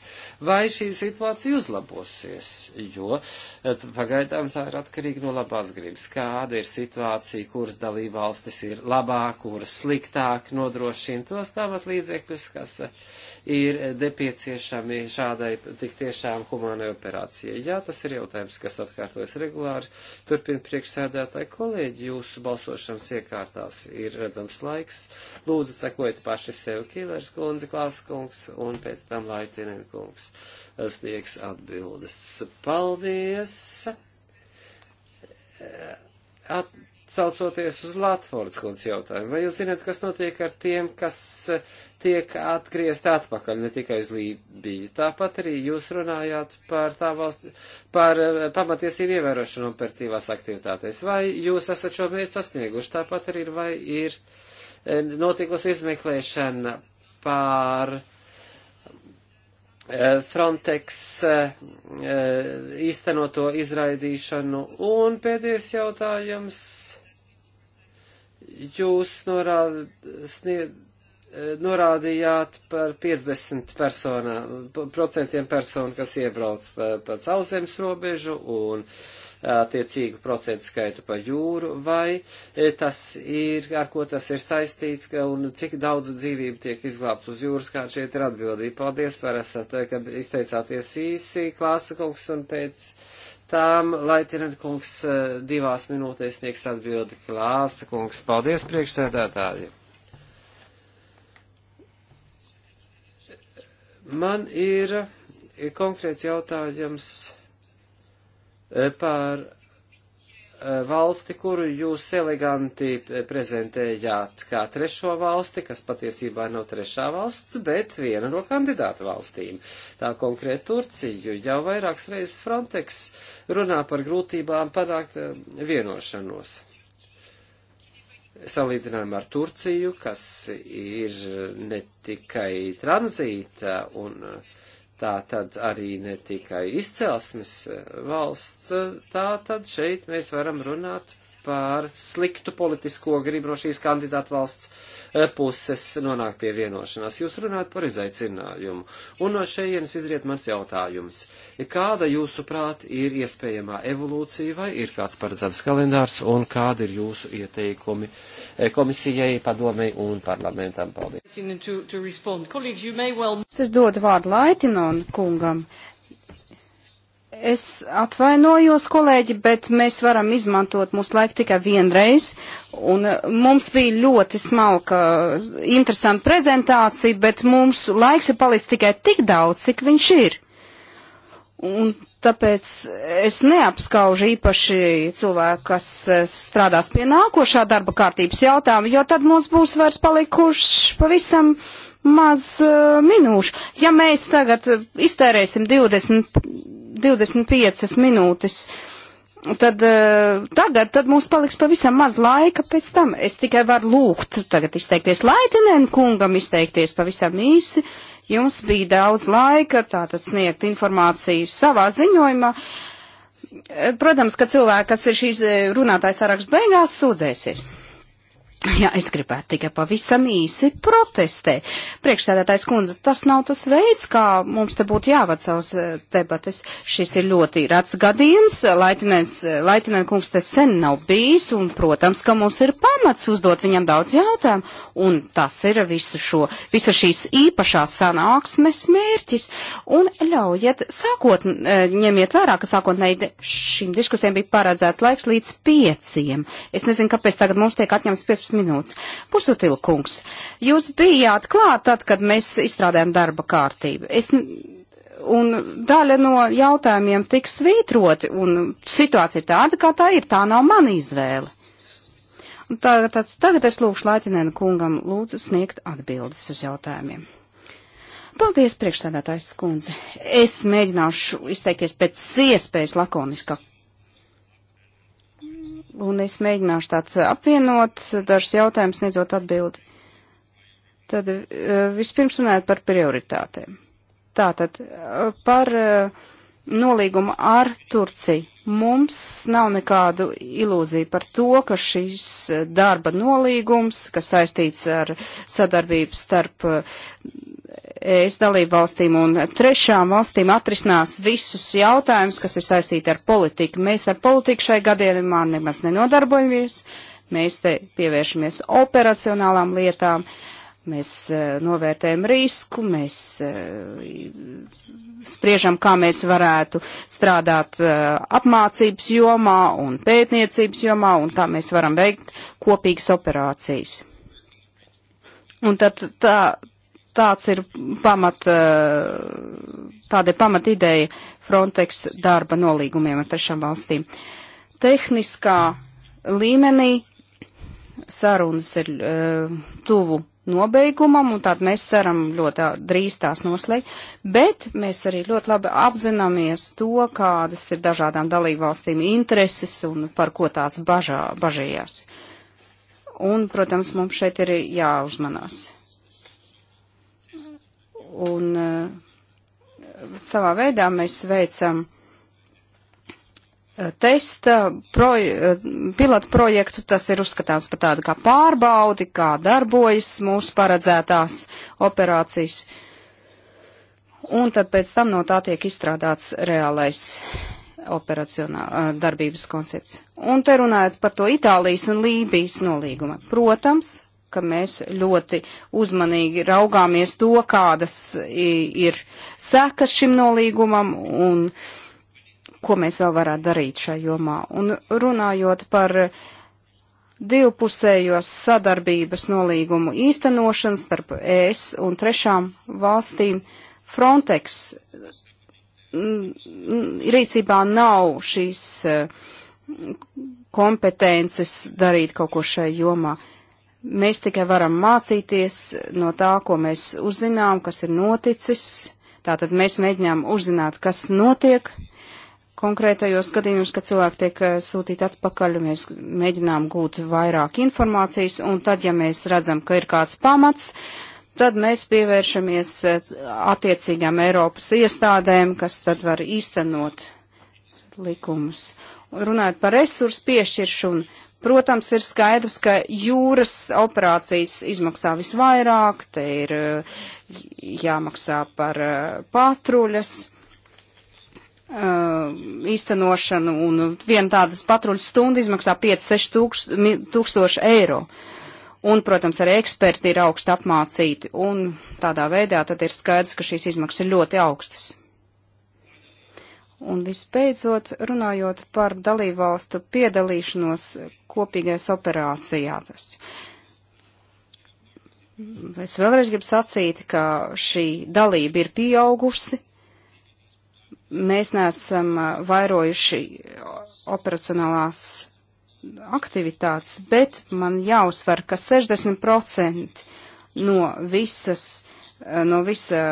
vai šī situācija uzlabosies, jo eh, pagaidām tā ir atkarīga no labās gribas. Kāda ir situācija, kuras dalību valstis ir labāk, kuras sliktāk nodrošina tos pamatlīdzekļus, kas eh, ir eh, nepieciešami šādai tik tiešām humānai operacijai operācijai. Jā, tas ir jautājums, kas atkārtojas regulāri. Turpin priekšsēdētāji kolēģi, jūsu balsošanas iekārtās ir redzams laiks. Lūdzu, sekojiet paši sev Kīlers kundze, Klāsas kungs un pēc tam Laitinina kungs sniegs atbildes. Paldies! At atsaucoties uz Latvijas kundzes jautājumu, vai jūs zināt, kas notiek ar tiem, kas eh, tiek atgriezti atpakaļ, ne tikai uz Lībiju? Tāpat arī jūs runājāt par tā valsts, par eh, pamatiesību ievērošanu operatīvās aktivitātēs. Vai jūs esat šo mērķi sasnieguši? Tāpat arī ir, vai ir eh, notikusi izmeklēšana par Frontex īstenoto izraidīšanu. Un pēdējais jautājums Jūs norād, snied, e, norādījāt par 50 personā, procentiem personu, kas iebrauc pa, pa cauzemes robežu un e, attiecīgu procentu skaitu pa jūru, vai e, tas ir, ar ko tas ir saistīts, ka, un cik daudz dzīvību tiek izglābts uz jūras, kā šeit ir atbildība. Paldies par esat, ka izteicāties īsi, klāsa kungs, un pēc tām Laitinēn kungs eh, divās minūtēs sniegs atbildi klāsta kungs. Paldies priekšsēdētāji. Man ir konkrēts jautājums eh, par Eh, valsti, kuru jūs eleganti prezentējāt kā trešo valsti, kas patiesībā nav trešā valsts, bet viena no kandidātu valstīm. Tā konkrēti Turciju jau vairākas reizes Frontex runā par grūtībām panākt eh, vienošanos. Salīdzinājumā ar Turciju, kas ir ne tikai tranzīta un uh, tā tad arī ne tikai izcelsmes eh, valsts, eh, tā tad šeit mēs varam runāt par sliktu politisko gribu no šīs kandidātu valsts eh, puses nonāk pie vienošanās. Jūs runājat par izaicinājumu, un no šejienes izriet mans jautājums. Kāda jūsuprāt ir iespējamā evolūcija, vai ir kāds paredzēts kalendārs, un kādi ir jūsu ieteikumi eh, komisijai, padomei un parlamentam? Paldies! Es dodu vārdu Laitinonu kungam. Es atvainojos, kolēģi, bet mēs varam izmantot mūsu laiku tikai vienreiz. Un eh, mums bija ļoti smalka, interesanta prezentācija, bet mums laiks ir palicis tikai tik daudz, cik viņš ir. Un tāpēc es neapskaužu īpaši cilvēku, kas eh, strādās pie nākošā darba kārtības jautājuma, jo tad mums būs vairs palikuši pavisam maz uh, minūšu. Ja mēs tagad iztērēsim 20 25 minūtes. Tad uh, tagad tad mums paliks pavisam maz laika pēc tam. Es tikai varu lūgt tagad izteikties Laitinēn kungam, izteikties pavisam īsi. Jums bija daudz laika tātad sniegt informāciju savā ziņojumā. Eh, protams, ka cilvēki, kas ir šīs eh, runātājs saraksts beigās, sūdzēsies. Jā, es gribētu tikai pavisam īsi protestēt. Priekšsēdētājs kundze, tas nav tas veids, kā mums te būtu jāvad savas eh, debates. Šis ir ļoti rats gadījums. Laitinēn eh, kungs te sen nav bijis, un, protams, ka mums ir pamats uzdot viņam daudz jautājumu, un tas ir visu šo, visa šīs īpašās sanāksmes mērķis. Un ļaujiet, sākot, eh, ņemiet vērā, ka sākotnēji šīm diskusijām bija paredzēts laiks līdz pieciem. Es nezinu, kāpēc tagad mums tiek atņemts 15 pāris minūtes. Pusotil kungs, jūs bijāt klāt tad, kad mēs izstrādājam darba kārtību. Es, un daļa no jautājumiem tiks svītroti, un situācija ir tāda, kā tā ir, tā nav mana izvēle. Tagad, tā, tagad es lūkšu Laitinēnu kungam lūdzu sniegt atbildes uz jautājumiem. Paldies, priekšsēdētājs skundze. Es mēģināšu izteikties pēc iespējas lakoniskāk Un es mēģināšu tātad apvienot dažus jautājumus, sniedzot atbildi. Tad e, vispirms runājot par prioritātēm. Tātad e, par e, nolīgumu ar Turciju. Mums nav nekādu ilūziju par to, ka šis darba nolīgums, kas saistīts ar sadarbību starp es dalību valstīm un trešām valstīm atrisinās visus jautājumus, kas ir saistīti ar politiku. Mēs ar politiku šai gadījumā nemaz nenodarbojamies, mēs te pievēršamies operacionālām lietām, mēs uh, novērtējam risku, mēs uh, spriežam, kā mēs varētu strādāt uh, apmācības jomā un pētniecības jomā un kā mēs varam veikt kopīgas operācijas. Un tad tā, tāds ir pamat, eh, tāda ir pamat ideja Frontex darba nolīgumiem ar trešām valstīm. Tehniskā līmenī sarunas ir uh, tuvu nobeigumam, un tātad mēs ceram ļoti drīz tās noslēgt, bet mēs arī ļoti labi apzināmies to, kādas ir dažādām dalībvalstīm intereses un par ko tās bažā, bažījās. Un, protams, mums šeit ir jāuzmanās. Un e, savā veidā mēs veicam e, testa proje, pilotu projektu, tas ir uzskatāms par tādu kā pārbaudi, kā darbojas mūsu paredzētās operācijas. Un tad pēc tam no tā tiek izstrādāts reālais operacionā e, darbības koncepts. Un te runājot par to Itālijas un Lībijas nolīgumu. Protams, ka mēs ļoti uzmanīgi raugāmies to, kādas ir sekas šim nolīgumam un ko mēs vēl varētu darīt šajā jomā. Un runājot par divpusējos sadarbības nolīgumu īstenošanu starp ES un trešām valstīm, Frontex rīcībā nav šīs eh, kompetences darīt kaut ko šai jomā. Uh, Mēs tikai varam mācīties no tā, ko mēs uzzinām, kas ir noticis. Tātad mēs mēģinām uzzināt, kas notiek konkrētajos gadījumos, kad cilvēki tiek eh, sūtīti atpakaļ. Mēs mēģinām gūt vairāk informācijas, un tad, ja mēs redzam, ka ir kāds pamats, tad mēs pievēršamies eh, attiecīgām Eiropas iestādēm, kas tad var īstenot likumus. Runājot par resursu piešķiršanu, protams, ir skaidrs, ka jūras operācijas izmaksā visvairāk, te ir eh, jāmaksā par eh, patruļas eh, īstenošanu, un viena tādas patruļas stunda izmaksā 5-6 tūkstoši eiro. Un, protams, arī eksperti ir augsti apmācīti, un tādā veidā tad ir skaidrs, ka šīs izmaksas ir ļoti augstas. Un visbeidzot, runājot par dalībvalstu piedalīšanos kopīgais operācijās. Es vēlreiz gribu sacīt, ka šī dalība ir pieaugusi. Mēs neesam uh, vairojuši operacionālās aktivitātes, bet man jāuzsver, ka 60% no visas, uh, no visa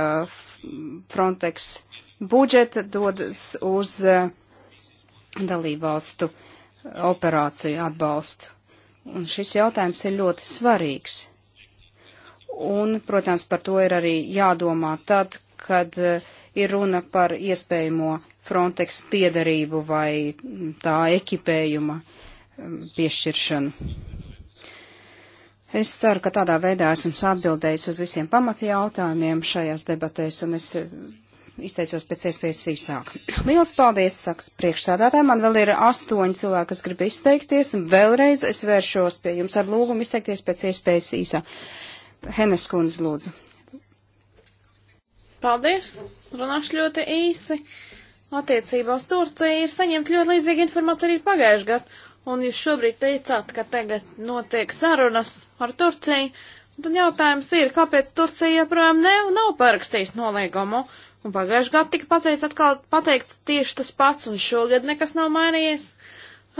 Frontex budžeta dodas uz eh, dalībvalstu eh, operāciju atbalstu. Un šis jautājums ir ļoti svarīgs. Un, protams, par to ir arī jādomā tad, kad eh, ir runa par iespējamo Frontex piedarību vai mm, tā ekipējuma mm, piešķiršanu. Es ceru, ka tādā veidā esmu atbildējis uz visiem pamata jautājumiem šajās debatēs, un es izteicos pēc iespējas īsāk. Liels paldies, saks priekšsādātāji. Man vēl ir astoņi cilvēki, kas grib izteikties, un vēlreiz es vēršos pie jums ar lūgumu izteikties pēc iespējas īsāk. Henes kundze, lūdzu. Paldies! Runāšu ļoti īsi. Attiecībā uz Turciju ir saņemta ļoti līdzīga informācija arī pagājušajā gadā, un jūs šobrīd teicāt, ka tagad notiek sarunas ar Turciju. Tad jautājums ir, kāpēc Turcija joprojām nav parakstījusi nolīgumu? Un pagājušajā gadā tika pateikts atkal pateikts tieši tas pats, un šogad nekas nav mainījies.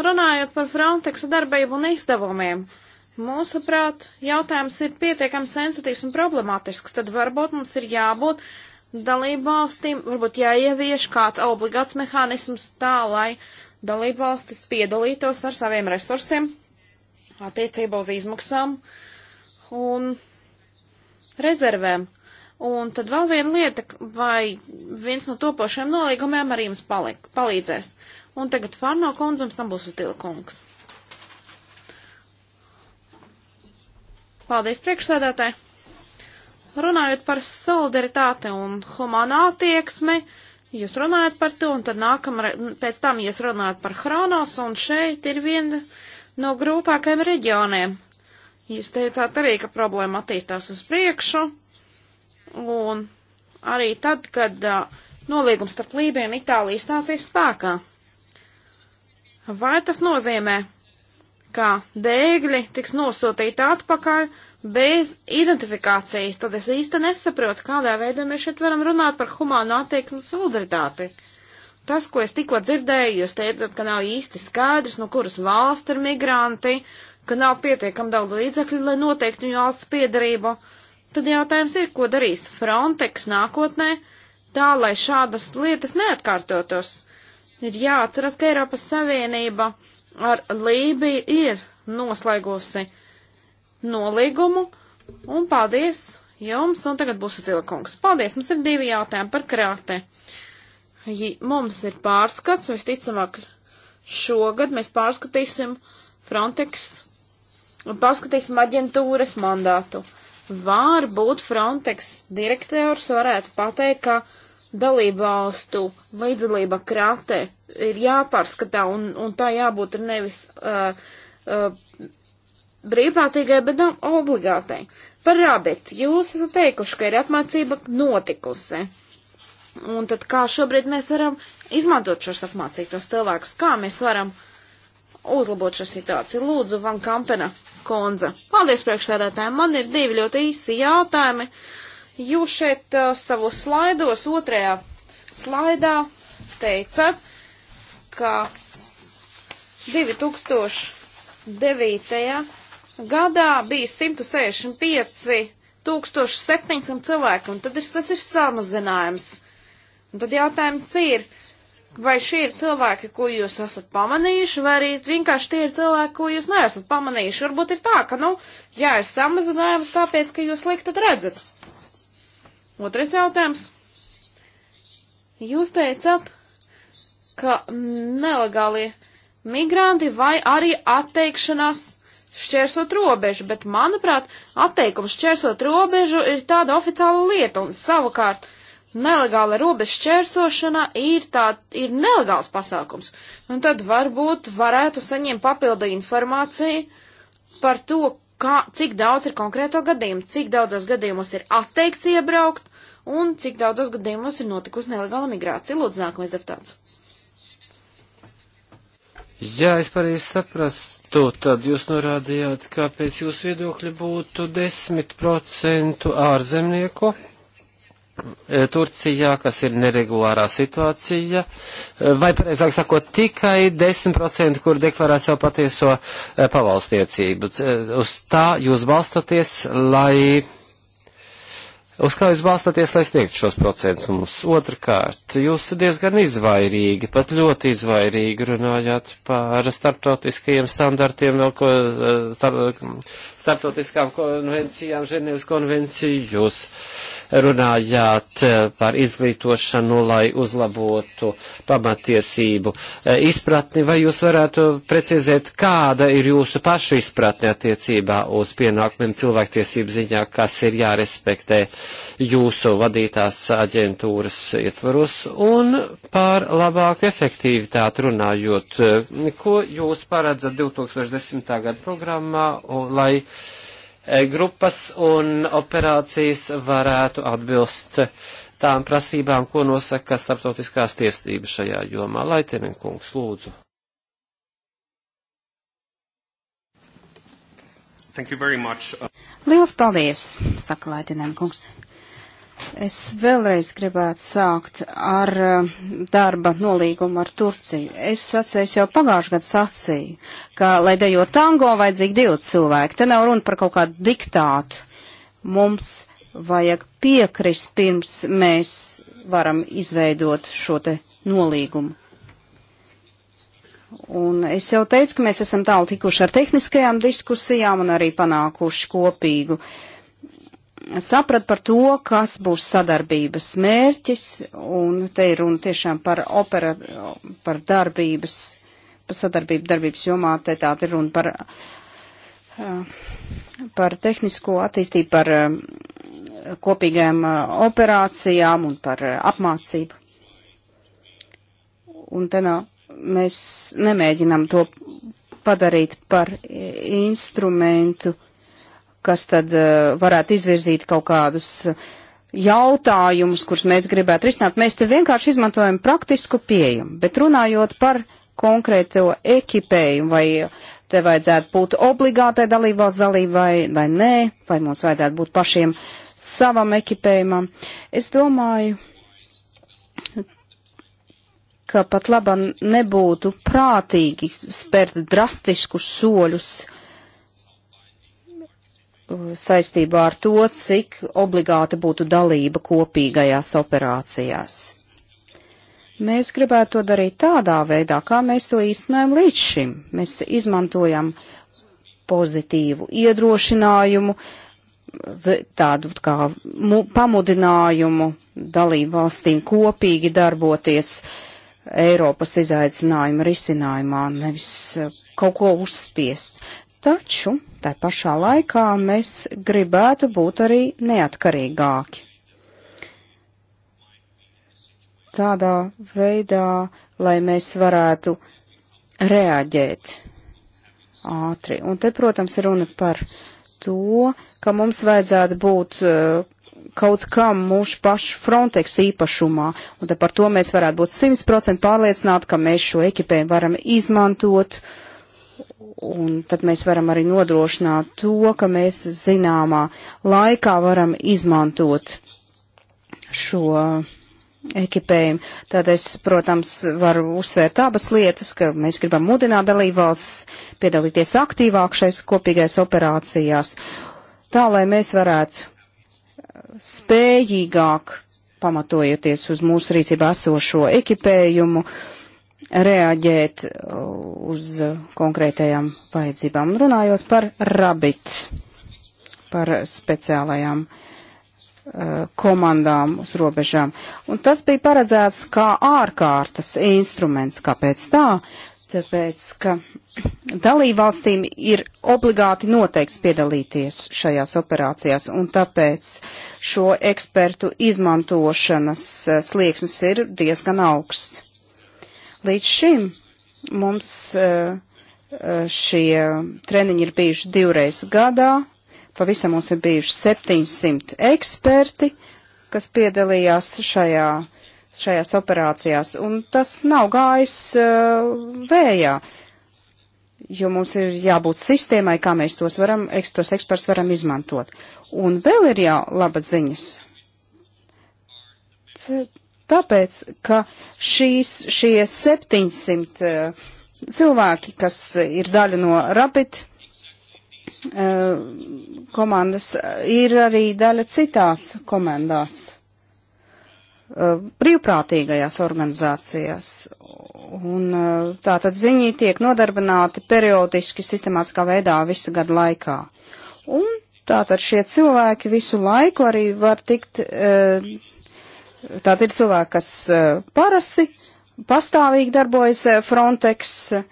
Runājot par Frontexa darbību un izdevumiem, mūsuprāt, jautājums ir pietiekami sensitīvs un problemātisks, tad varbūt mums ir jābūt dalībvalstīm, varbūt jāievieš kāds obligāts mehānisms tā, lai dalībvalstis piedalītos ar saviem resursiem attiecībā uz izmaksām un rezervēm. Un tad vēl viena lieta, vai viens no topošiem nolīgumiem arī jums palik, palīdzēs. Un tagad Fārno kundze un Sambusu tilkungs. Paldies priekšsēdētāji! Runājot par solidaritāti un humānā attieksmi, jūs runājat par to, un tad nākamā, pēc tam jūs runājat par Hronos, un šeit ir viena no grūtākajiem reģioniem. Jūs teicāt arī, ka problēma attīstās uz priekšu, Un arī tad, kad uh, nolīgums starp Lībiju un Itāliju stāsies spēkā. Vai tas nozīmē, ka bēgļi tiks nosūtīti atpakaļ bez identifikācijas, tad es īsti nesaprotu, kādā veidā mēs šeit varam runāt par humānu attieksmu solidaritāti. Tas, ko es tikko dzirdēju, jūs teicat, ka nav īsti skaidrs, no kuras valsts ir migranti, ka nav pietiekam daudz līdzekļu, lai noteiktu viņu valsts piedarību. Uh, Tad jautājums ir, ko darīs Frontex nākotnē, tā lai šādas lietas neatkārtotos. Ir jāatceras, ka Eiropas Savienība ar Lībiju ir noslēgusi nolīgumu, un paldies jums, un tagad būs atvilkums. Paldies, mums ir divi jautājumi par krāti. Mums ir pārskats, visticamāk, šogad mēs pārskatīsim Frontex, pārskatīsim aģentūras mandātu. Varbūt Frontex direktors varētu pateikt, ka dalībvalstu līdzdalība krāte ir jāpārskatā un, un tā jābūt ir nevis uh, uh, brīvprātīgai, bet obligātai. Par rabit, jūs esat teikuši, ka ir apmācība notikusi. Un tad kā šobrīd mēs varam izmantot šos apmācītos cilvēkus, kā mēs varam uzlabot šo situāciju? Lūdzu, Van Kampena Konza. Paldies priekšsēdētājiem. Man ir divi ļoti īsi jautājumi. Jūs šeit uh, savos slaidos, otrajā slaidā teicat, ka 2009. gadā bija 165 1700 cilvēku, un tad ir, tas ir samazinājums. Un tad jautājums ir, vai šie ir cilvēki, ko jūs esat pamanījuši, vai arī vienkārši tie ir cilvēki, ko jūs neesat pamanījuši. Varbūt ir tā, ka, nu, jā, ir samazinājums tāpēc, ka jūs slikti redzat. Otrais jautājums. Jūs teicat, ka nelegālie migranti vai arī atteikšanās šķērsot robežu, bet, manuprāt, atteikums šķērsot robežu ir tāda oficiāla lieta, un savukārt nelegāla robeža šķērsošana ir, tā, ir nelegāls pasākums. Un tad varbūt varētu saņemt papildu informāciju par to, kā, cik daudz ir konkrēto gadījumu, cik daudzos gadījumos ir atteikts iebraukt un cik daudzos gadījumos ir notikusi nelegāla migrācija. Lūdzu, nākamais deputāts. Jā, es pareizi saprastu, tad jūs norādījāt, kāpēc jūs viedokļi būtu 10% ārzemnieku E, Turcijā, kas ir neregulārā situācija, e, vai, pareizāk sakot, tikai 10%, kur deklarē savu patieso e, pavalstniecību. Uz tā jūs balstaties, lai, uz kā jūs balstaties, lai sniegtu šos procentus mums. Otrakārt, jūs diezgan izvairīgi, pat ļoti izvairīgi runājāt par starptautiskajiem standartiem, no ko star, starptautiskām konvencijām, Ženevas konvenciju, jūs runājāt eh, par izglītošanu, lai uzlabotu pamatiesību eh, izpratni, vai jūs varētu precizēt, kāda ir jūsu paša izpratne attiecībā uz pienākumiem cilvēktiesību ziņā, kas ir jārespektē jūsu vadītās aģentūras ietvarus, un par labāku efektivitāti runājot, eh, ko jūs paredzat 2010. gada programmā, un, lai E, grupas un operācijas varētu atbilst tām prasībām, ko nosaka starptautiskās tiesības šajā jomā. Laitinen kungs, lūdzu. Liels paldies, saka Laitinen kungs. Es vēlreiz gribētu sākt ar eh, darba nolīgumu ar Turciju. Es sacēju jau pagājušajā gadā sacīju, ka, lai dejo tango, vajadzīgi divi cilvēki. Te nav runa par kaut kādu diktātu. Mums vajag piekrist pirms mēs varam izveidot šo te nolīgumu. Un es jau teicu, ka mēs esam tālu tikuši ar tehniskajām diskusijām un arī panākuši kopīgu uh, saprat par to, kas būs sadarbības mērķis, un te ir runa tiešām par opera, par darbības, par sadarbību darbības jomā, te tā ir runa par, par tehnisko attīstību, par kopīgām operācijām un par apmācību. Un te nav, mēs nemēģinām to padarīt par instrumentu, uh, kas tad eh, varētu izvirzīt kaut kādus eh, jautājumus, kurus mēs gribētu risināt. Mēs te vienkārši izmantojam praktisku pieejumu, bet runājot par konkrēto ekipējumu vai te vajadzētu būt obligātai dalībvalsts dalībai vai nē, vai mums vajadzētu būt pašiem savam ekipējumam. Es domāju, ka pat labam nebūtu prātīgi spērt drastiskus soļus uh, saistībā ar to, cik obligāta būtu dalība kopīgajās operācijās. Mēs gribētu to darīt tādā veidā, kā mēs to īstenojam līdz šim. Mēs izmantojam pozitīvu iedrošinājumu, tādu kā pamudinājumu dalību valstīm kopīgi darboties Eiropas izaicinājuma risinājumā, nevis eh, kaut ko uzspiest. Taču Tā pašā laikā mēs gribētu būt arī neatkarīgāki. Tādā veidā, lai mēs varētu reaģēt ātri. Un te, protams, ir runa par to, ka mums vajadzētu būt eh, kaut kam mūsu pašu Frontex īpašumā, un par to mēs varētu būt 100% pārliecināti, ka mēs šo ekipējumu varam izmantot uh, Un tad mēs varam arī nodrošināt to, ka mēs zināmā laikā varam izmantot šo ekipējumu. Tad es, protams, varu uzsvērt abas lietas, ka mēs gribam mudināt dalībvalsts piedalīties aktīvāk šais kopīgais operācijās, tā lai mēs varētu spējīgāk, pamatojoties uz mūsu rīcībā esošo ekipējumu, uh, reaģēt uz konkrētajām vajadzībām. Runājot par rabit, par speciālajām uh, komandām uz robežām. Un tas bija paredzēts kā ārkārtas instruments. Kāpēc tā? Tāpēc, ka dalībvalstīm ir obligāti noteikts piedalīties šajās operācijās, un tāpēc šo ekspertu izmantošanas eh, slieksnis ir diezgan augsts. Līdz šim mums e, e, šie treniņi ir bijuši divreiz gadā, pavisam mums ir bijuši 700 eksperti, kas piedalījās šajā, šajās operācijās, un tas nav gājis e, vējā jo mums ir jābūt sistēmai, kā mēs tos, varam, tos eksperts varam izmantot. Un vēl ir jau labas ziņas. Tāpēc, ka šīs, šie 700 eh, cilvēki, kas ir daļa no Rapid eh, komandas, ir arī daļa citās komandās, eh, brīvprātīgajās organizācijās. Un tā tad viņi tiek nodarbināti periodiski, sistemātiskā veidā visu gadu laikā. Un tātad šie cilvēki visu laiku arī var tikt e, Tātad ir cilvēki, kas eh, parasti pastāvīgi darbojas eh, Frontex eh,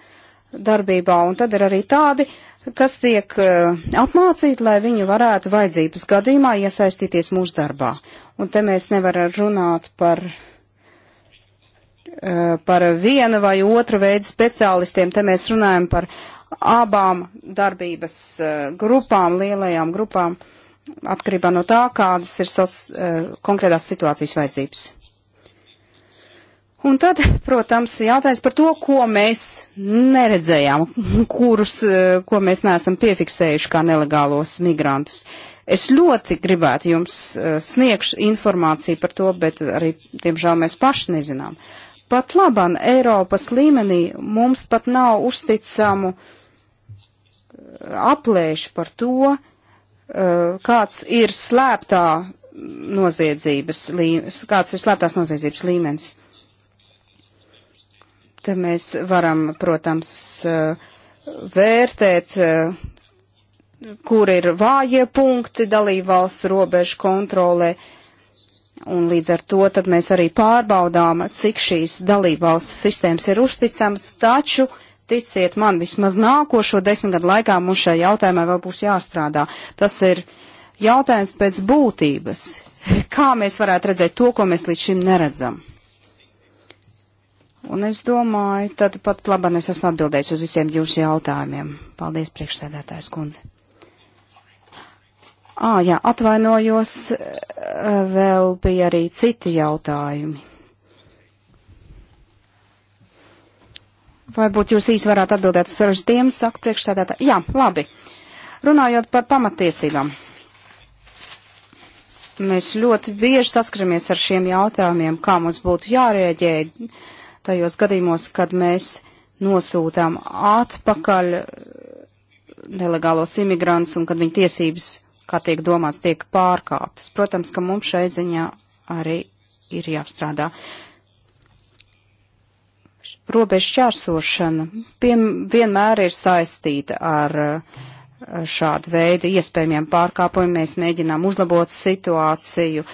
darbībā, un tad ir arī tādi, kas tiek apmācīti, lai viņi varētu vajadzības gadījumā iesaistīties mūsu darbā. Un te mēs nevaram runāt par, par viena vai otra veida speciālistiem, te mēs runājam par abām darbības grupām, lielajām grupām. Uh, atkarībā no tā, kādas ir savas uh, konkrētās situācijas vajadzības. Un tad, protams, jātais par to, ko mēs neredzējām, kurus, uh, ko mēs neesam piefiksējuši kā nelegālos migrantus. Es ļoti gribētu jums uh, sniegšu informāciju par to, bet arī, diemžēl, mēs paši nezinām. Pat laban Eiropas līmenī mums pat nav uzticamu aplēšu par to, uh, Eh, kāds ir slēptā noziedzības līmenis, kāds ir slēptās noziedzības līmenis. Te mēs varam, protams, eh, vērtēt, eh, kur ir vājie punkti dalībvalsts robežu kontrolē, un līdz ar to tad mēs arī pārbaudām, cik šīs dalībvalstu sistēmas ir uzticamas, taču uh, ticiet man, vismaz nākošo desmit gadu laikā mums šajā jautājumā vēl būs jāstrādā. Tas ir jautājums pēc būtības. Kā mēs varētu redzēt to, ko mēs līdz šim neredzam? Un es domāju, tad pat labāk es esmu atbildējis uz visiem jūsu jautājumiem. Paldies, priekšsēdētājs kundze. Ā, jā, atvainojos, eh, vēl bija arī citi jautājumi. Varbūt jūs īsi varētu atbildēt uz saras tiem, saka priekšsēdētā. Jā, labi. Runājot par pamatiesībām. Mēs ļoti bieži saskaramies ar šiem jautājumiem, kā mums būtu jārēģē tajos gadījumos, kad mēs nosūtām atpakaļ nelegālos imigrantus un kad viņu tiesības, kā tiek domāts, tiek pārkāptas. Protams, ka mums šai ziņā arī ir jāstrādā. Uh, robežu čērsošana piem, vienmēr ir saistīta ar eh, šādu veidu iespējamiem pārkāpumiem. Mēs mēģinām uzlabot situāciju,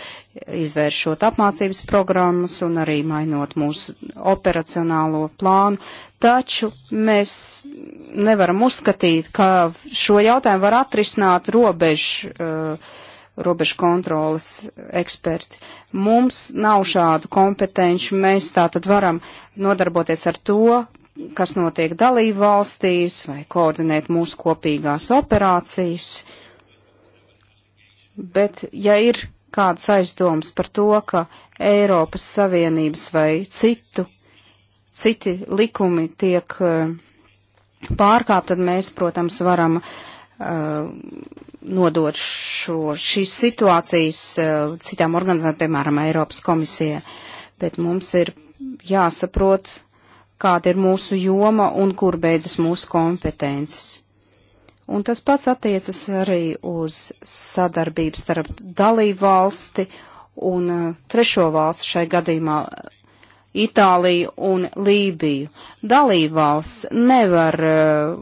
izvēršot apmācības programmas un arī mainot mūsu operacionālo plānu. Taču mēs nevaram uzskatīt, ka šo jautājumu var atrisināt robežu, eh, robežu kontrolas eksperti Mums nav šādu kompetenci, mēs tā tad varam nodarboties ar to, kas notiek dalību valstīs vai koordinēt mūsu kopīgās operācijas. Bet, ja ir kādas aizdomas par to, ka Eiropas Savienības vai citu, citi likumi tiek eh, pārkāpt, tad mēs, protams, varam uh, nodot šo, šīs situācijas eh, citām organizācijām, piemēram, Eiropas komisijai. Bet mums ir jāsaprot, kāda ir mūsu joma un kur beidzas mūsu kompetences. Un tas pats attiecas arī uz sadarbību starp dalību valsti un eh, trešo valstu šai gadījumā Itāliju un Lībiju. Dalībvalsts nevar uh,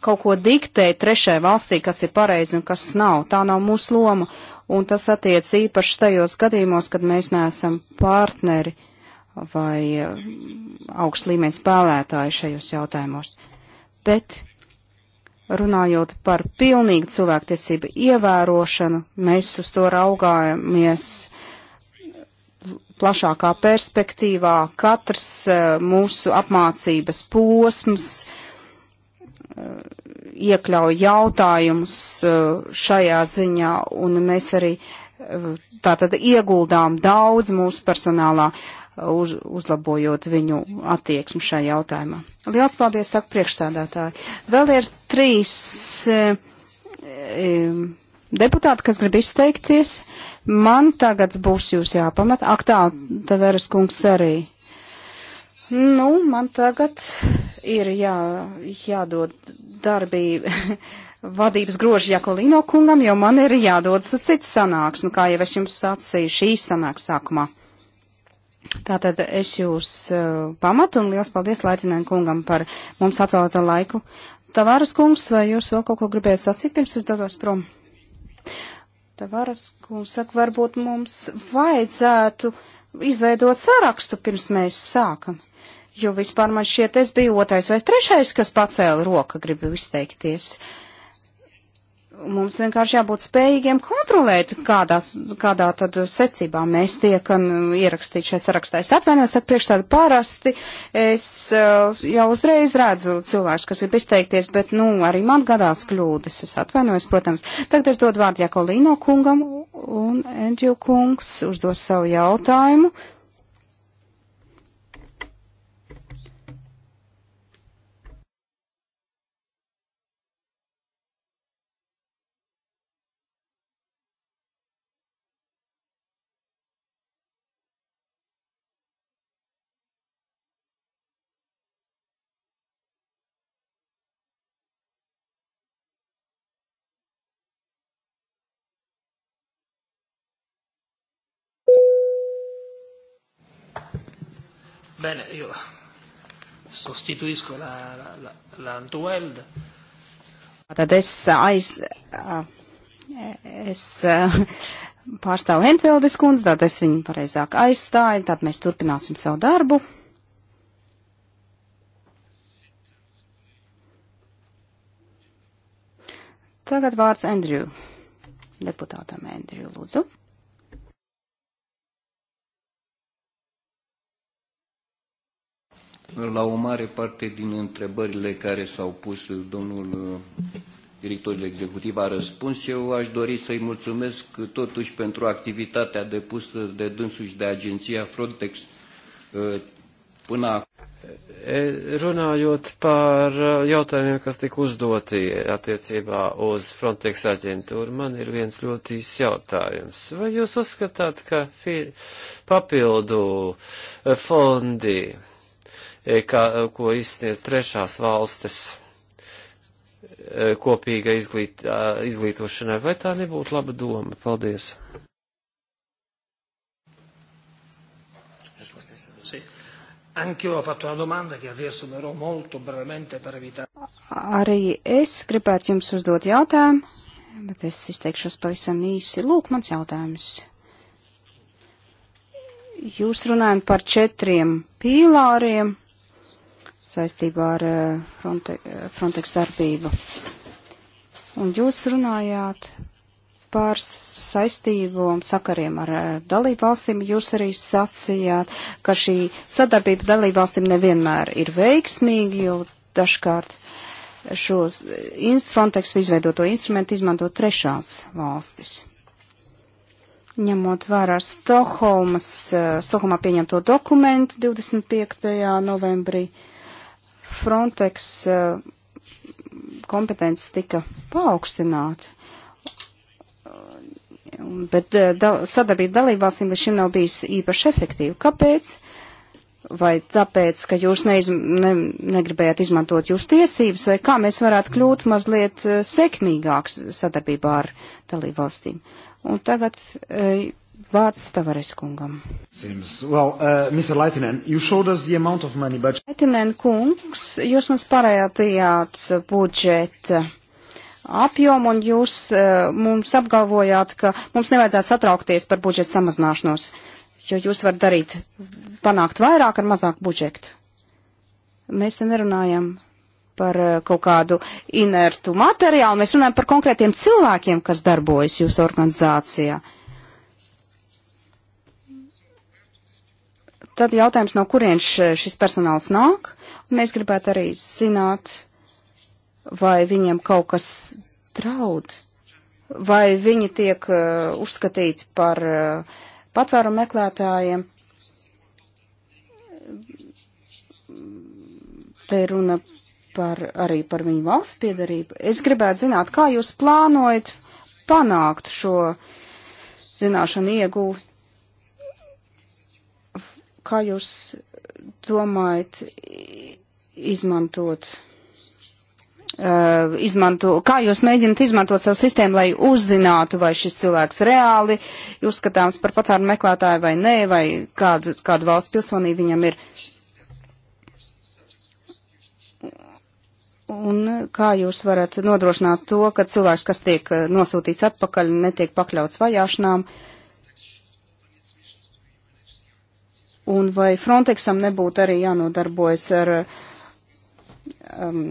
kaut ko diktēt trešai valstī, kas ir pareizi un kas nav. Tā nav mūsu loma, un tas attiec īpaši tajos gadījumos, kad mēs neesam partneri vai eh, augsts līmenis spēlētāji šajos jautājumos. Bet runājot par pilnīgu cilvēktiesību ievērošanu, mēs uz to raugājamies plašākā perspektīvā. Katrs eh, mūsu apmācības posms, uh, iekļauj jautājumus uh, šajā ziņā, un mēs arī uh, tātad ieguldām daudz mūsu personālā, uh, uz, uzlabojot viņu attieksmi šajā jautājumā. Liels paldies, saka priekšstādātāji. Vēl ir trīs e, e, deputāti, kas grib izteikties. Man tagad būs jūs jāpamat. Ak tā, Taveras kungs arī. Nu, man tagad ir jā, jādod darbība vadības groži Jakolino kungam, jo man ir jādodas uz citu sanāksmi, kā jau es jums sacīju šī sanāks sākumā. Tātad es jūs uh, pamatu un liels paldies Laitinēm kungam par mums atvēlēto laiku. Tavāras kungs, vai jūs vēl kaut ko gribējat sacīt pirms es dodos prom? Tavāras kungs saka, varbūt mums vajadzētu izveidot sarakstu pirms mēs sākam jo vispār man šķiet, es biju otrais vai trešais, kas pacēla roka, gribu izteikties. Mums vienkārši jābūt spējīgiem kontrolēt, kādās, kādā tad secībā mēs tiekam ierakstīt šajā sarakstā. Es atvainojos, ka priekš tādu parasti es uh, jau uzreiz redzu cilvēkus, kas ir izteikties, bet, nu, arī man gadās kļūdas. Es atvainojos, protams. Tagad es dodu vārdu Jakolīno kungam un Endju kungs uzdos savu jautājumu. Mm. Bene, io sostituisco la, la, la, la Antweld. Tad es aiz, es pārstāvu Hentveldes kundzi, tad es viņu pareizāk aizstāju, tad mēs turpināsim savu darbu. Tagad vārds Andriju, deputātam Andriju, lūdzu. La o mare parte din întrebările care s-au pus domnul uh, directorul executiv a răspuns. Eu aș dori să-i mulțumesc totuși pentru activitatea depusă de dânsuși de agenția Frontex uh, până acum. E, runājot par uh, jautājumiem, kas tika uzdoti attiecībā uz Frontex aģentūru, man ir viens ļoti īs jautājums. Vai jūs uzskatāt, ka papildu fondi E, kā, e, ko izsniedz trešās valstis e, kopīga izglīt, izglītošanai, vai tā nebūtu laba doma? Paldies! Anch'io ho fatto una domanda che riassumerò molto brevemente per evitare. Arī es gribētu jums uzdot jautājumu, bet es izteikšos pavisam īsi. Lūk, mans jautājums. Jūs runājat par četriem pīlāriem, saistībā ar eh, Fronte, eh, Frontex darbību. Un jūs runājāt par saistību un sakariem ar eh, dalību valstīm. Jūs arī sacījāt, ka šī sadarbība dalību valstīm nevienmēr ir veiksmīga, jo dažkārt šos Frontex izveidoto instrumentu izmanto trešās valstis. Ņemot vērā Stokholmas, Stokholmā pieņemto dokumentu 25. novembrī Frontex eh, kompetences tika paaugstināti, bet eh, dal, sadarbība dalībvalstīm līdz šim nav bijusi īpaši efektīva. Kāpēc? Vai tāpēc, ka jūs neizm, ne, negribējāt izmantot jūsu tiesības, vai kā mēs varētu kļūt mazliet eh, sekmīgāks sadarbībā ar dalībvalstīm? Un tagad e, Vārds Tavares kungam. Sims. Well, uh, Mr. Laitinen, you showed us the amount of money, but... Laitinen kungs, jūs mums parējātījāt budžeta apjomu un jūs uh, mums apgalvojāt, ka mums nevajadzētu satraukties par budžeta samazināšanos, jo jūs varat darīt, panākt vairāk ar mazāk budžetu. Mēs te nerunājam par uh, kaut kādu inertu materiālu, mēs runājam par konkrētiem cilvēkiem, kas darbojas jūsu organizācijā. Uh, Tad jautājums, no kurienes šis personāls nāk. Mēs gribētu arī zināt, vai viņiem kaut kas draud, vai viņi tiek uh, uzskatīti par uh, patvēru meklētājiem. Te runa par, arī par viņu valsts piedarību. Es gribētu zināt, kā jūs plānojat panākt šo zināšanu ieguvi kā jūs domājat izmantot? Uh, izmanto, kā jūs mēģināt izmantot savu sistēmu, lai uzzinātu, vai šis cilvēks reāli ir uzskatāms par patvērumu meklētāju vai nē, vai kādu, kādu valsts pilsonību viņam ir. Un kā jūs varat nodrošināt to, ka cilvēks, kas tiek eh, nosūtīts atpakaļ, netiek pakļauts vajāšanām? Uh, Un vai Frontexam nebūtu arī jānodarbojas ar, um,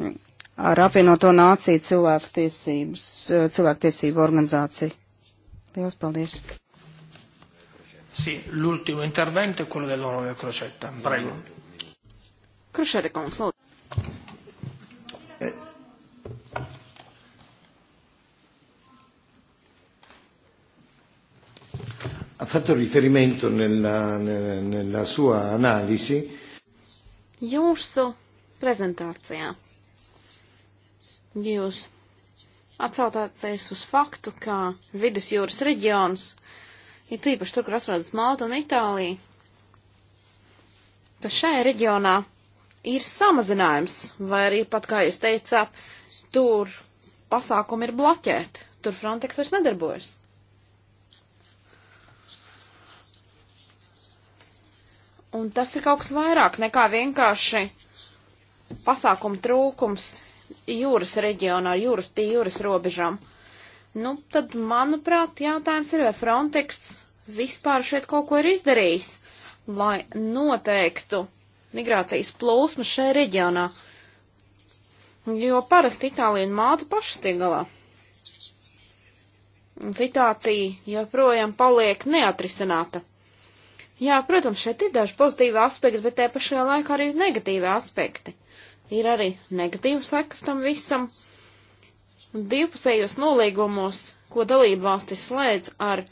ar apvienoto nāciju cilvēktiesības, cilvēktiesību organizāciju? Lielas paldies! Sì, l'ultimo intervento è quello dell'onorevole Crocetta. Prego. Crocetta, conclude. ha fatto riferimento nella, nella sua analisi. Jūsu prezentācijā jūs atsautāties uz faktu, ka vidusjūras reģions, ir tīpaši tur, kur atrodas Malta un Itālija, ka šajā reģionā ir samazinājums, vai arī pat, kā jūs teicāt, tur pasākumi ir bloķēti, tur Frontex vairs nedarbojas. Un tas ir kaut kas vairāk nekā vienkārši pasākumu trūkums jūras reģionā, jūras pie jūras robežām. Nu, tad, manuprāt, jautājums ir, vai Frontex vispār šeit kaut ko ir izdarījis, lai noteiktu migrācijas plūsmu šajā reģionā. Jo parasti Itālija un Māte pašas tiek galā. Un situācija joprojām paliek neatrisināta. Jā, protams, šeit ir daži pozitīvi aspekti, bet te pašā laikā arī ir negatīvi aspekti. Ir arī negatīvas sekas tam visam. Divpusējos nolīgumos, ko dalību valstis slēdz ar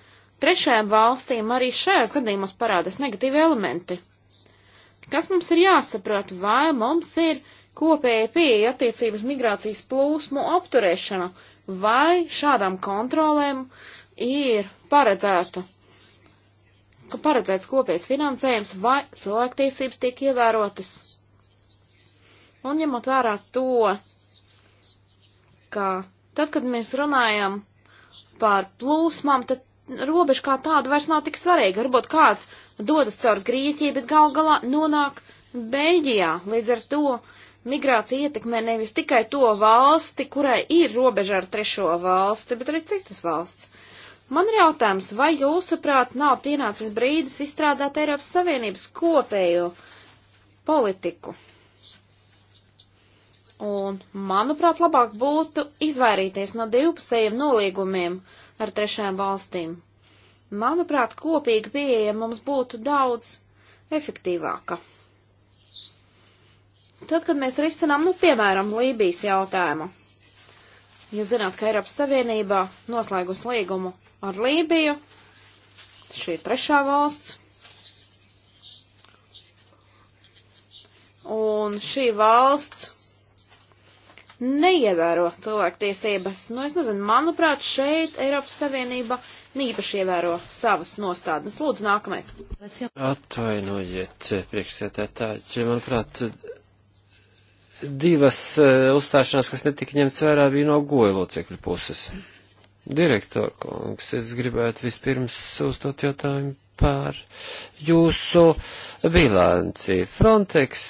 trešajām valstīm, arī šajos gadījumos parādās negatīvi elementi. Kas mums ir jāsaprot, vai mums ir kopēja pieeja attiecības migrācijas plūsmu apturēšana, vai šādām kontrolēm ir paredzēta ka paredzēts kopējs finansējums vai cilvēktiesības tiek ievērotas. Un ņemot vērā to, ka tad, kad mēs runājam par plūsmām, tad robeža kā tāda vairs nav tik svarīga. Varbūt kāds dodas caur Grieķiju, bet gal galā nonāk Beļģijā. Līdz ar to migrācija ietekmē nevis tikai to valsti, kurai ir robeža ar trešo valsti, bet arī citas valsts. Man ir jautājums, vai jūsuprāt nav pienācis brīdis izstrādāt Eiropas Savienības kopējo politiku? Un, manuprāt, labāk būtu izvairīties no divpusējiem nolīgumiem ar trešajām valstīm. Manuprāt, kopīga pieeja mums būtu daudz efektīvāka. Tad, kad mēs risinām, nu, piemēram, Lībijas jautājumu, Jūs zināt, ka Eiropas Savienībā noslēgus līgumu ar Lībiju. Šī ir trešā valsts. Un šī valsts neievēro cilvēktiesības. Nu, es nezinu, manuprāt, šeit Eiropas Savienība īpaši ievēro savas nostādnes. Lūdzu, nākamais. Atvainojiet, priekšsētētāji, manuprāt, divas eh, uzstāšanās, kas netika ņemts vērā, bija no goja locekļu puses. Direktor kungs, es gribētu vispirms uzdot jautājumu par jūsu bilanci. Frontex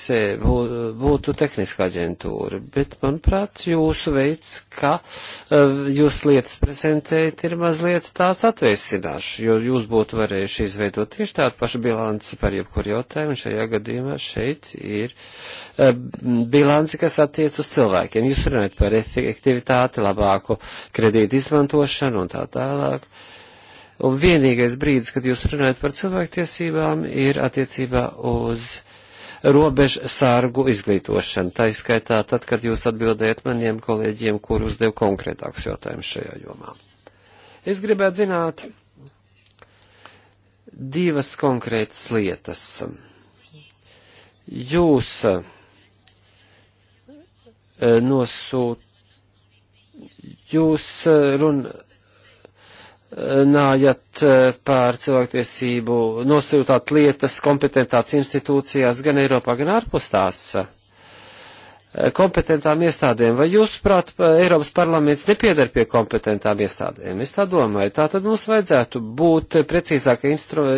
būtu tehniska aģentūra, bet, manuprāt, jūsu veids, kā e, jūs lietas prezentējat, ir mazliet tāds atvēsināšs, jo jūs būtu varējuši izveidot tieši tādu pašu bilanci par jebkuru jautājumu. Šajā gadījumā šeit ir e, bilanci, kas attiec uz cilvēkiem. Jūs runājat par efektivitāti, labāku kredītu izmantošanu un tā tālāk. Uh, Un vienīgais brīdis, kad jūs runājat par cilvēktiesībām, ir attiecībā uz robežu sārgu izglītošanu. Tā izskaitā tad, kad jūs atbildējat maniem kolēģiem, kur uzdev konkrētāks jautājums šajā jomā. Es gribētu zināt divas konkrētas lietas. Jūs eh, nosūt, jūs eh, run, runājat eh, par cilvēktiesību, nosūtāt lietas kompetentās institūcijās gan Eiropā, gan ārpus tās eh, kompetentām iestādēm. Vai jūs, prāt, Eiropas parlaments nepiedar pie kompetentām iestādēm? Es tā domāju. Tā tad mums vajadzētu būt precīzāka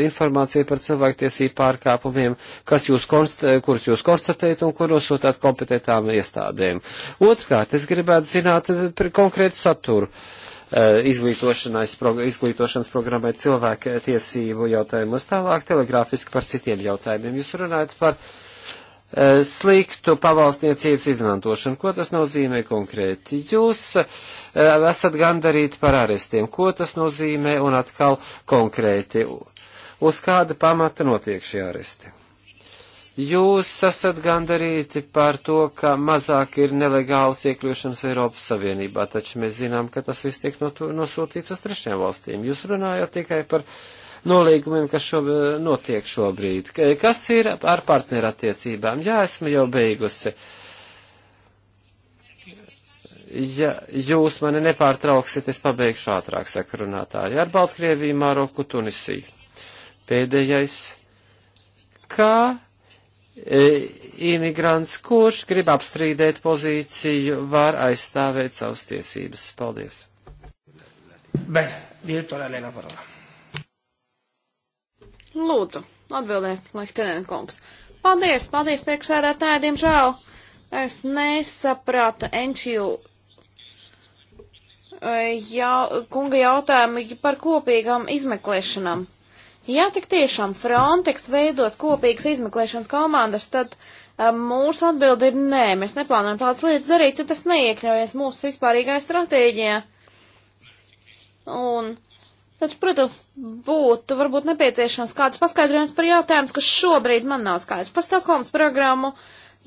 informācija par cilvēktiesību pārkāpumiem, kas jūs konst kurus jūs konstatējat un kur nosūtāt kompetentām iestādēm. Otrkārt, es gribētu zināt eh, par konkrētu saturu. Uh, Eh, izglītošanas programmai cilvēku tiesību jautājumus tālāk, telegrāfiski par citiem jautājumiem. Jūs runājat par eh, sliktu pavalsniecības izmantošanu. Ko tas nozīmē konkrēti? Jūs eh, esat gandarīti par arestiem. Ko tas nozīmē un atkal konkrēti? Uz kāda pamata notiek šie aresti? Jūs esat gandarīti par to, ka mazāk ir nelegālas iekļūšanas Eiropas Savienībā, taču mēs zinām, ka tas viss tiek nosūtīts uz trešajām valstīm. Jūs runājat tikai par nolīgumiem, kas šo, notiek šobrīd. Kas ir ar partnerattiecībām? Jā, esmu jau beigusi. Ja jūs mani nepārtrauksiet, es pabeigšu ātrāk, saka runātāji, ar Baltkrieviju, Māroku, Tunisiju. Pēdējais. Kā E, imigrants, kurš grib apstrīdēt pozīciju, var aizstāvēt savas tiesības. Paldies. Bet, direktorē Lēna Parola. Lūdzu, atbildēt, Lehtenēna kungs. Paldies, paldies, priekšsēdētāji, diemžēl. Es nesaprātu NGO e, ja, kunga jautājumu par kopīgām izmeklēšanām. Ja tik tiešām Frontex veidos kopīgas izmeklēšanas komandas, tad um, mūsu atbildi ir nē, mēs neplānojam tādas lietas darīt, jo tas neiekļaujas mūsu vispārīgajā stratēģijā. Un Taču, protams, būtu varbūt nepieciešams kāds paskaidrojums par jautājumu, kas šobrīd man nav skaidrs. Par Stokholmas programmu,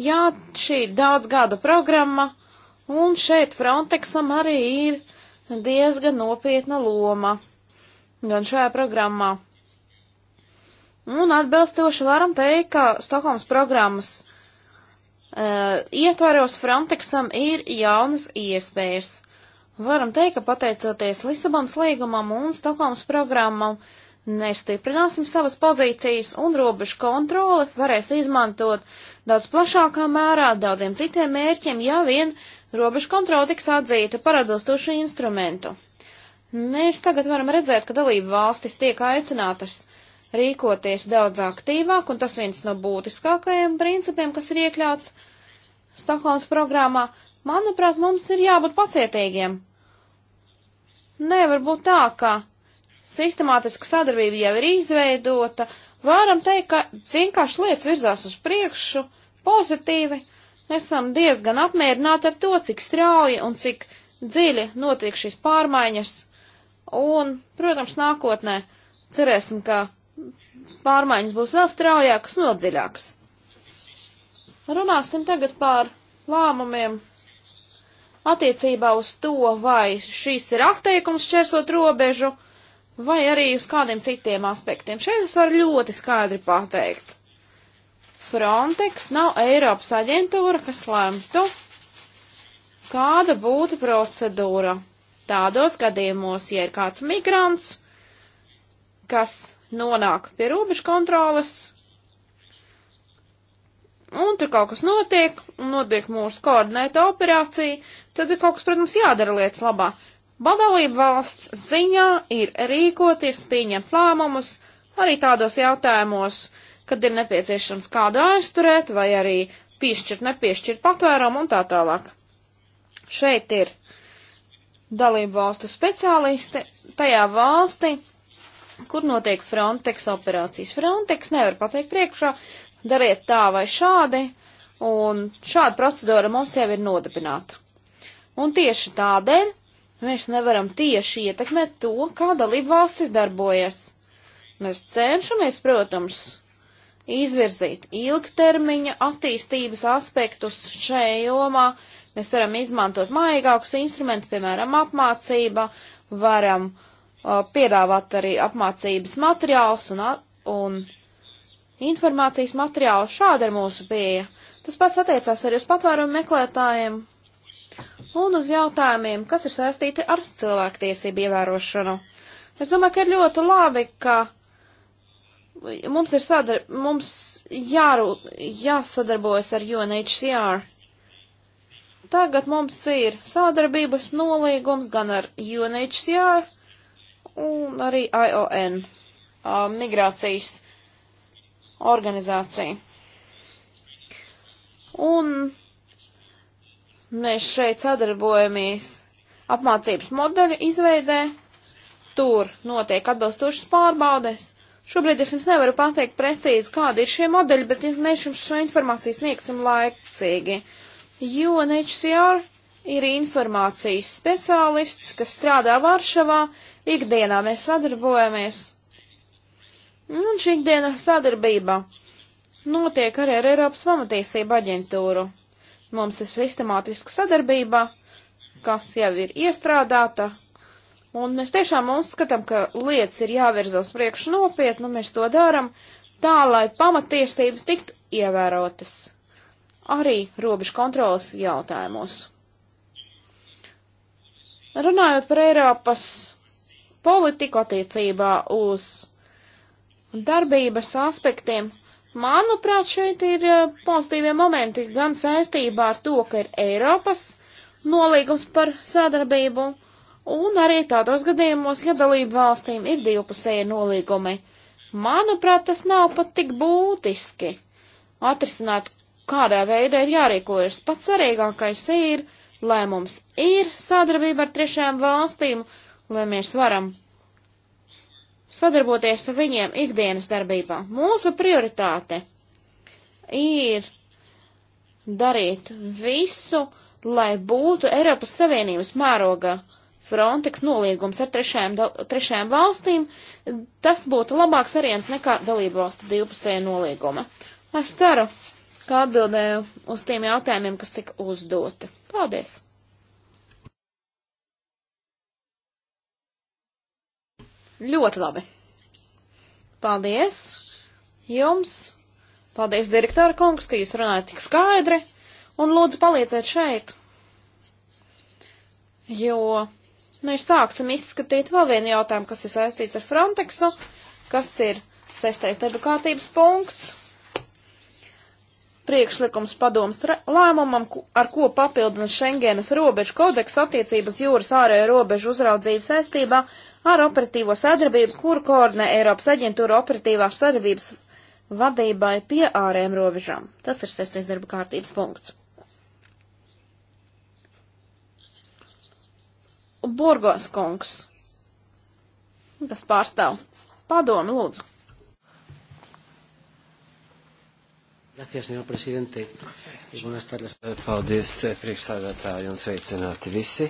jā, šī ir daudz gadu programma, un šeit Frontexam arī ir diezgan nopietna loma gan šajā programmā. Un atbilstoši varam teikt, ka Stokholmas programmas uh, ietvaros Frontexam ir jaunas iespējas. Varam teikt, ka pateicoties Lisabonas līgumam un Stokholmas programmam, nestiprināsim savas pozīcijas un robežu kontroli varēs izmantot daudz plašākā mērā daudziem citiem mērķiem, ja vien robežu kontroli tiks atzīta par atbilstošu instrumentu. Mēs tagad varam redzēt, ka dalību valstis tiek aicinātas rīkoties daudz aktīvāk, un tas viens no būtiskākajiem principiem, kas ir iekļauts Stokholmas programmā. Manuprāt, mums ir jābūt pacietīgiem. Nevar būt tā, ka sistemātiska sadarbība jau ir izveidota, varam teikt, ka vienkārši lietas virzās uz priekšu pozitīvi. Esam diezgan apmierināti ar to, cik strauji un cik dziļi notiek šīs pārmaiņas. Un, protams, nākotnē cerēsim, ka pārmaiņas būs vēl straujākas, nodziļākas. Nu, Runāsim tagad par lēmumiem attiecībā uz to, vai šīs ir atteikums šķērsot robežu, vai arī uz kādiem citiem aspektiem. Šeit es varu ļoti skaidri pateikt. Frontex nav Eiropas aģentūra, kas lemtu, kāda būtu procedūra. Tādos gadījumos, ja ir kāds migrants, kas nonāk pie robežu kontrolas, un tur kaut kas notiek, un notiek mūsu koordinēta operācija, tad ir kaut kas, protams, jādara lietas labā. Badalība valsts ziņā ir rīkoties, pieņemt lēmumus, arī tādos jautājumos, kad ir nepieciešams kādu aizturēt, vai arī piešķirt, nepiešķirt patvērumu un tā tālāk. Šeit ir dalību valstu speciālisti tajā valstī, kur notiek Frontex operācijas. Frontex nevar pateikt priekšā, dariet tā vai šādi, un šāda procedūra mums jau ir nodibināta. Un tieši tādēļ mēs nevaram tieši ietekmēt to, kā dalība valstis darbojas. Mēs cenšamies, protams, izvirzīt ilgtermiņa attīstības aspektus šajā jomā. Mēs varam izmantot maigākus instrumentus, piemēram, apmācība, varam uh, Uh, piedāvāt arī apmācības materiālus un, un informācijas materiālus. Šāda ir mūsu pieeja. Tas pats attiecās arī uz patvērumu meklētājiem un uz jautājumiem, kas ir saistīti ar cilvēktiesību ievērošanu. Es domāju, ka ir ļoti labi, ka mums ir sadar mums jāru jāsadarbojas ar UNHCR. Tagad mums ir sadarbības nolīgums gan ar UNHCR, un arī ION, uh, migrācijas organizācija. Un mēs šeit sadarbojamies apmācības modeļu izveidē, tur notiek atbilstošas pārbaudes. Šobrīd es jums nevaru pateikt precīzi, kādi ir šie modeļi, bet mēs jums šo informāciju sniegsim laicīgi. UNHCR ir informācijas speciālists, kas strādā Varšavā. Ikdienā mēs sadarbojamies. Un šī ikdiena sadarbība notiek arī ar Eiropas pamatiesību aģentūru. Mums ir sistemātiska sadarbība, kas jau ir iestrādāta, un mēs tiešām uzskatām, ka lietas ir jāvirza uz priekšu nopietni, un mēs to darām tā, lai pamatiesības tiktu ievērotas. Arī robežu kontrolas jautājumos. Runājot par Eiropas politiku attiecībā uz darbības aspektiem, manuprāt, šeit ir eh, pozitīvie momenti gan saistībā ar to, ka ir Eiropas nolīgums par sadarbību, un arī tādos gadījumos, ja dalību valstīm ir divpusēji nolīgumi. Manuprāt, tas nav pat tik būtiski atrisināt, kādā veidā ir jārīkojas. Pats svarīgākais ir lai mums ir sadarbība ar trešajām valstīm, lai mēs varam sadarboties ar viņiem ikdienas darbībā. Mūsu prioritāte ir darīt visu, lai būtu Eiropas Savienības mēroga Frontex nolīgums ar trešajām, trešajām valstīm, tas būtu labāks variants nekā dalību valstu divpusēja nolīguma. Es ceru, ka atbildēju uz tiem jautājumiem, kas tika uzdoti. Paldies! Ļoti labi. Paldies jums. Paldies, direktora kungs, ka jūs runājat tik skaidri. Un lūdzu palieciet šeit. Jo mēs sāksim izskatīt vēl vienu jautājumu, kas ir saistīts ar Frontexu, kas ir sestais darba kārtības punkts priekšlikums padoms lēmumam, ar ko papildina Schengenas robežu kodeks attiecības jūras ārējo robežu uzraudzību saistībā ar operatīvo sadarbību, kur koordinē Eiropas aģentūra operatīvās sadarbības vadībai pie ārējiem robežām. Tas ir sestais darba kārtības punkts. Burgos kungs, kas pārstāv padomu, lūdzu. Gracias, senor presidente. Buenas tardes. Paldies, eh, priekšsādātāji, un sveicināti visi.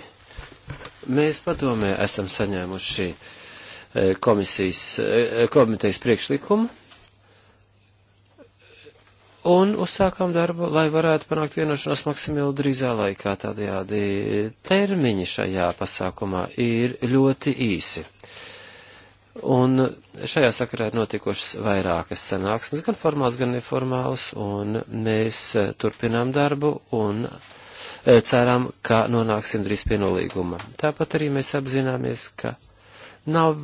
Mēs padomē esam saņēmuši eh, komisijas, eh, komitejas priekšlikumu un uzsākām darbu, lai varētu panākt vienošanos maksimāli drīzā laikā. Tādējādi termiņi šajā pasākumā ir ļoti īsi. Uh, Un šajā sakarā ir notikušas vairākas sanāksmes, gan formāls, gan neformāls, un mēs eh, turpinām darbu un eh, ceram, ka nonāksim drīz pie nolīguma. Tāpat arī mēs apzināmies, ka nav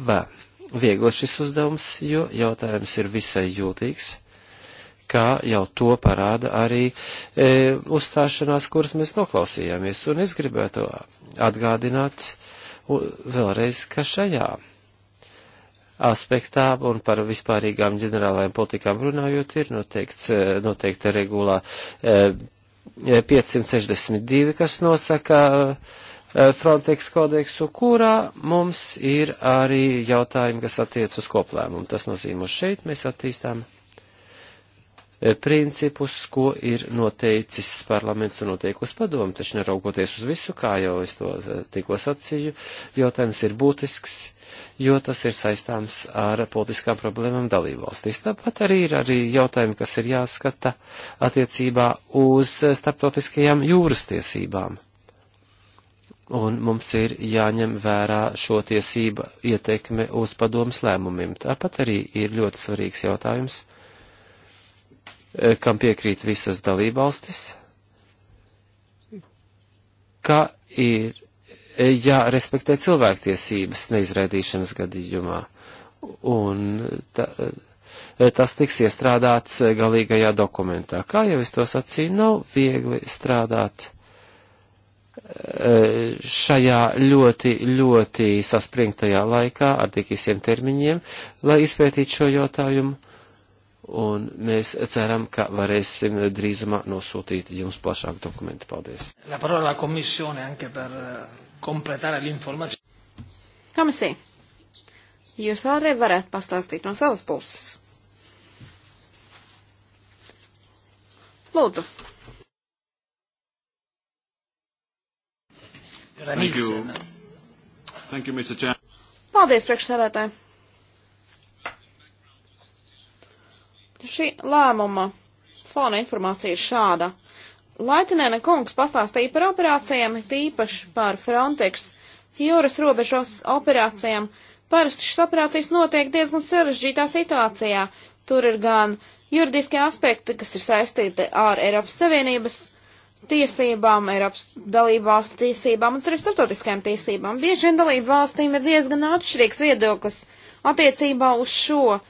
viegli šis uzdevums, jo jautājums ir visai jūtīgs kā jau to parāda arī e, uzstāšanās, kuras mēs noklausījāmies. Un es gribētu atgādināt u, vēlreiz, ka šajā aspektā un par vispārīgām ģenerālajām politikām runājot, ir noteikts, eh, noteikta regulā 562, eh, kas nosaka eh, Frontex kodeksu, kurā mums ir arī jautājumi, kas attiec uz koplēmumu. Tas nozīmē, šeit mēs attīstām E, principus, ko ir noteicis parlaments un noteikusi padomu, taču neraugoties uz visu, kā jau es to e, tikko sacīju, jautājums ir būtisks, jo tas ir saistāms ar politiskām problēmām dalībvalstīs. Tāpat arī ir arī jautājumi, kas ir jāskata attiecībā uz starptautiskajām jūras tiesībām. Un mums ir jāņem vērā šo tiesību ietekme uz padomas lēmumiem. Tāpat arī ir ļoti svarīgs jautājums kam piekrīt visas dalībvalstis, ka ir jārespektē ja cilvēktiesības neizraidīšanas gadījumā. Un ta, tas tiks iestrādāts galīgajā dokumentā. Kā jau es to sacīju, nav viegli strādāt e, šajā ļoti, ļoti saspringtajā laikā ar tik īsiem termiņiem, lai izpētītu šo jautājumu un mēs ceram, ka varēsim drīzumā nosūtīt jums plašāku dokumentu. Paldies. La parola komisione anche per eh, completare l'informazione. Komisija, jūs arī varētu pastāstīt no savas puses. Lūdzu. Thank you. Thank you, Mr. Chairman. Paldies, priekšsēdētāji. Šī lēmuma fona informācija ir šāda. Laitinēna kungs pastāstīja par operācijām, tīpaši par Frontex jūras robežos operācijām. Parasti šis operācijas notiek diezgan sarežģītā situācijā. Tur ir gan juridiskie aspekti, kas ir saistīti ar Eiropas Savienības tiesībām, Eiropas dalību valstu tiesībām un arī starptautiskajām tiesībām. Bieži vien dalību valstīm ir diezgan atšķirīgs viedoklis attiecībā uz šo uh,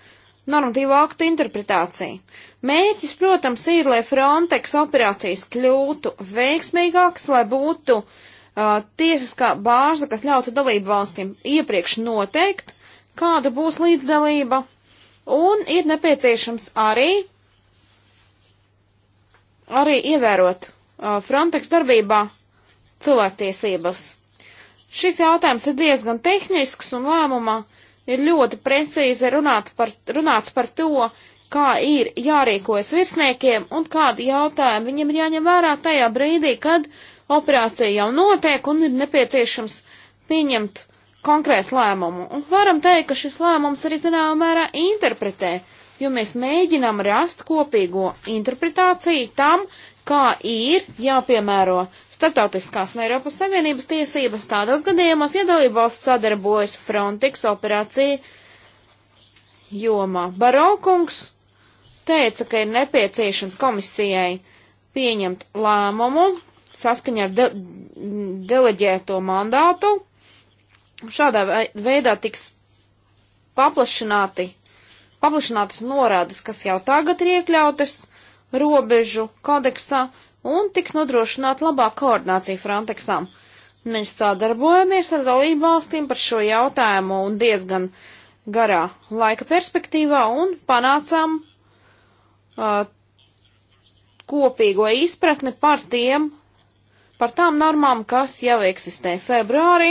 normatīvo aktu interpretāciju. Mērķis, protams, ir, lai Frontex operācijas kļūtu veiksmīgākas, lai būtu uh, tiesiskā bāze, kas ļautu dalību valstīm iepriekš noteikt, kāda būs līdzdalība, un ir nepieciešams arī, arī ievērot uh, Frontex darbībā cilvēktiesības. Šis jautājums ir diezgan tehnisks un lēmumā. Uh, ir ļoti precīzi runāt par, runāts par to, kā ir jārīkojas virsniekiem un kādi jautājumi viņiem ir jāņem vērā tajā brīdī, kad operācija jau notiek un ir nepieciešams pieņemt konkrētu lēmumu. Un varam teikt, ka šis lēmums arī zināmā mērā interpretē, jo mēs mēģinām rast kopīgo interpretāciju tam, kā ir jāpiemēro starptautiskās un Eiropas Savienības tiesības tādos gadījumos, ja dalībvalsts sadarbojas Frontex operāciju jomā. Barokungs teica, ka ir nepieciešams komisijai pieņemt lēmumu saskaņā ar de deleģēto mandātu. Šādā veidā tiks paplašināti, paplašinātas norādes, kas jau tagad ir iekļautas robežu kodeksā, un tiks nodrošināta labāka koordinācija Frontexam. Mēs sadarbojamies ar dalību valstīm par šo jautājumu un diezgan garā laika perspektīvā un panācām uh, kopīgo izpratni par tiem, par tām normām, kas jau eksistē februārī.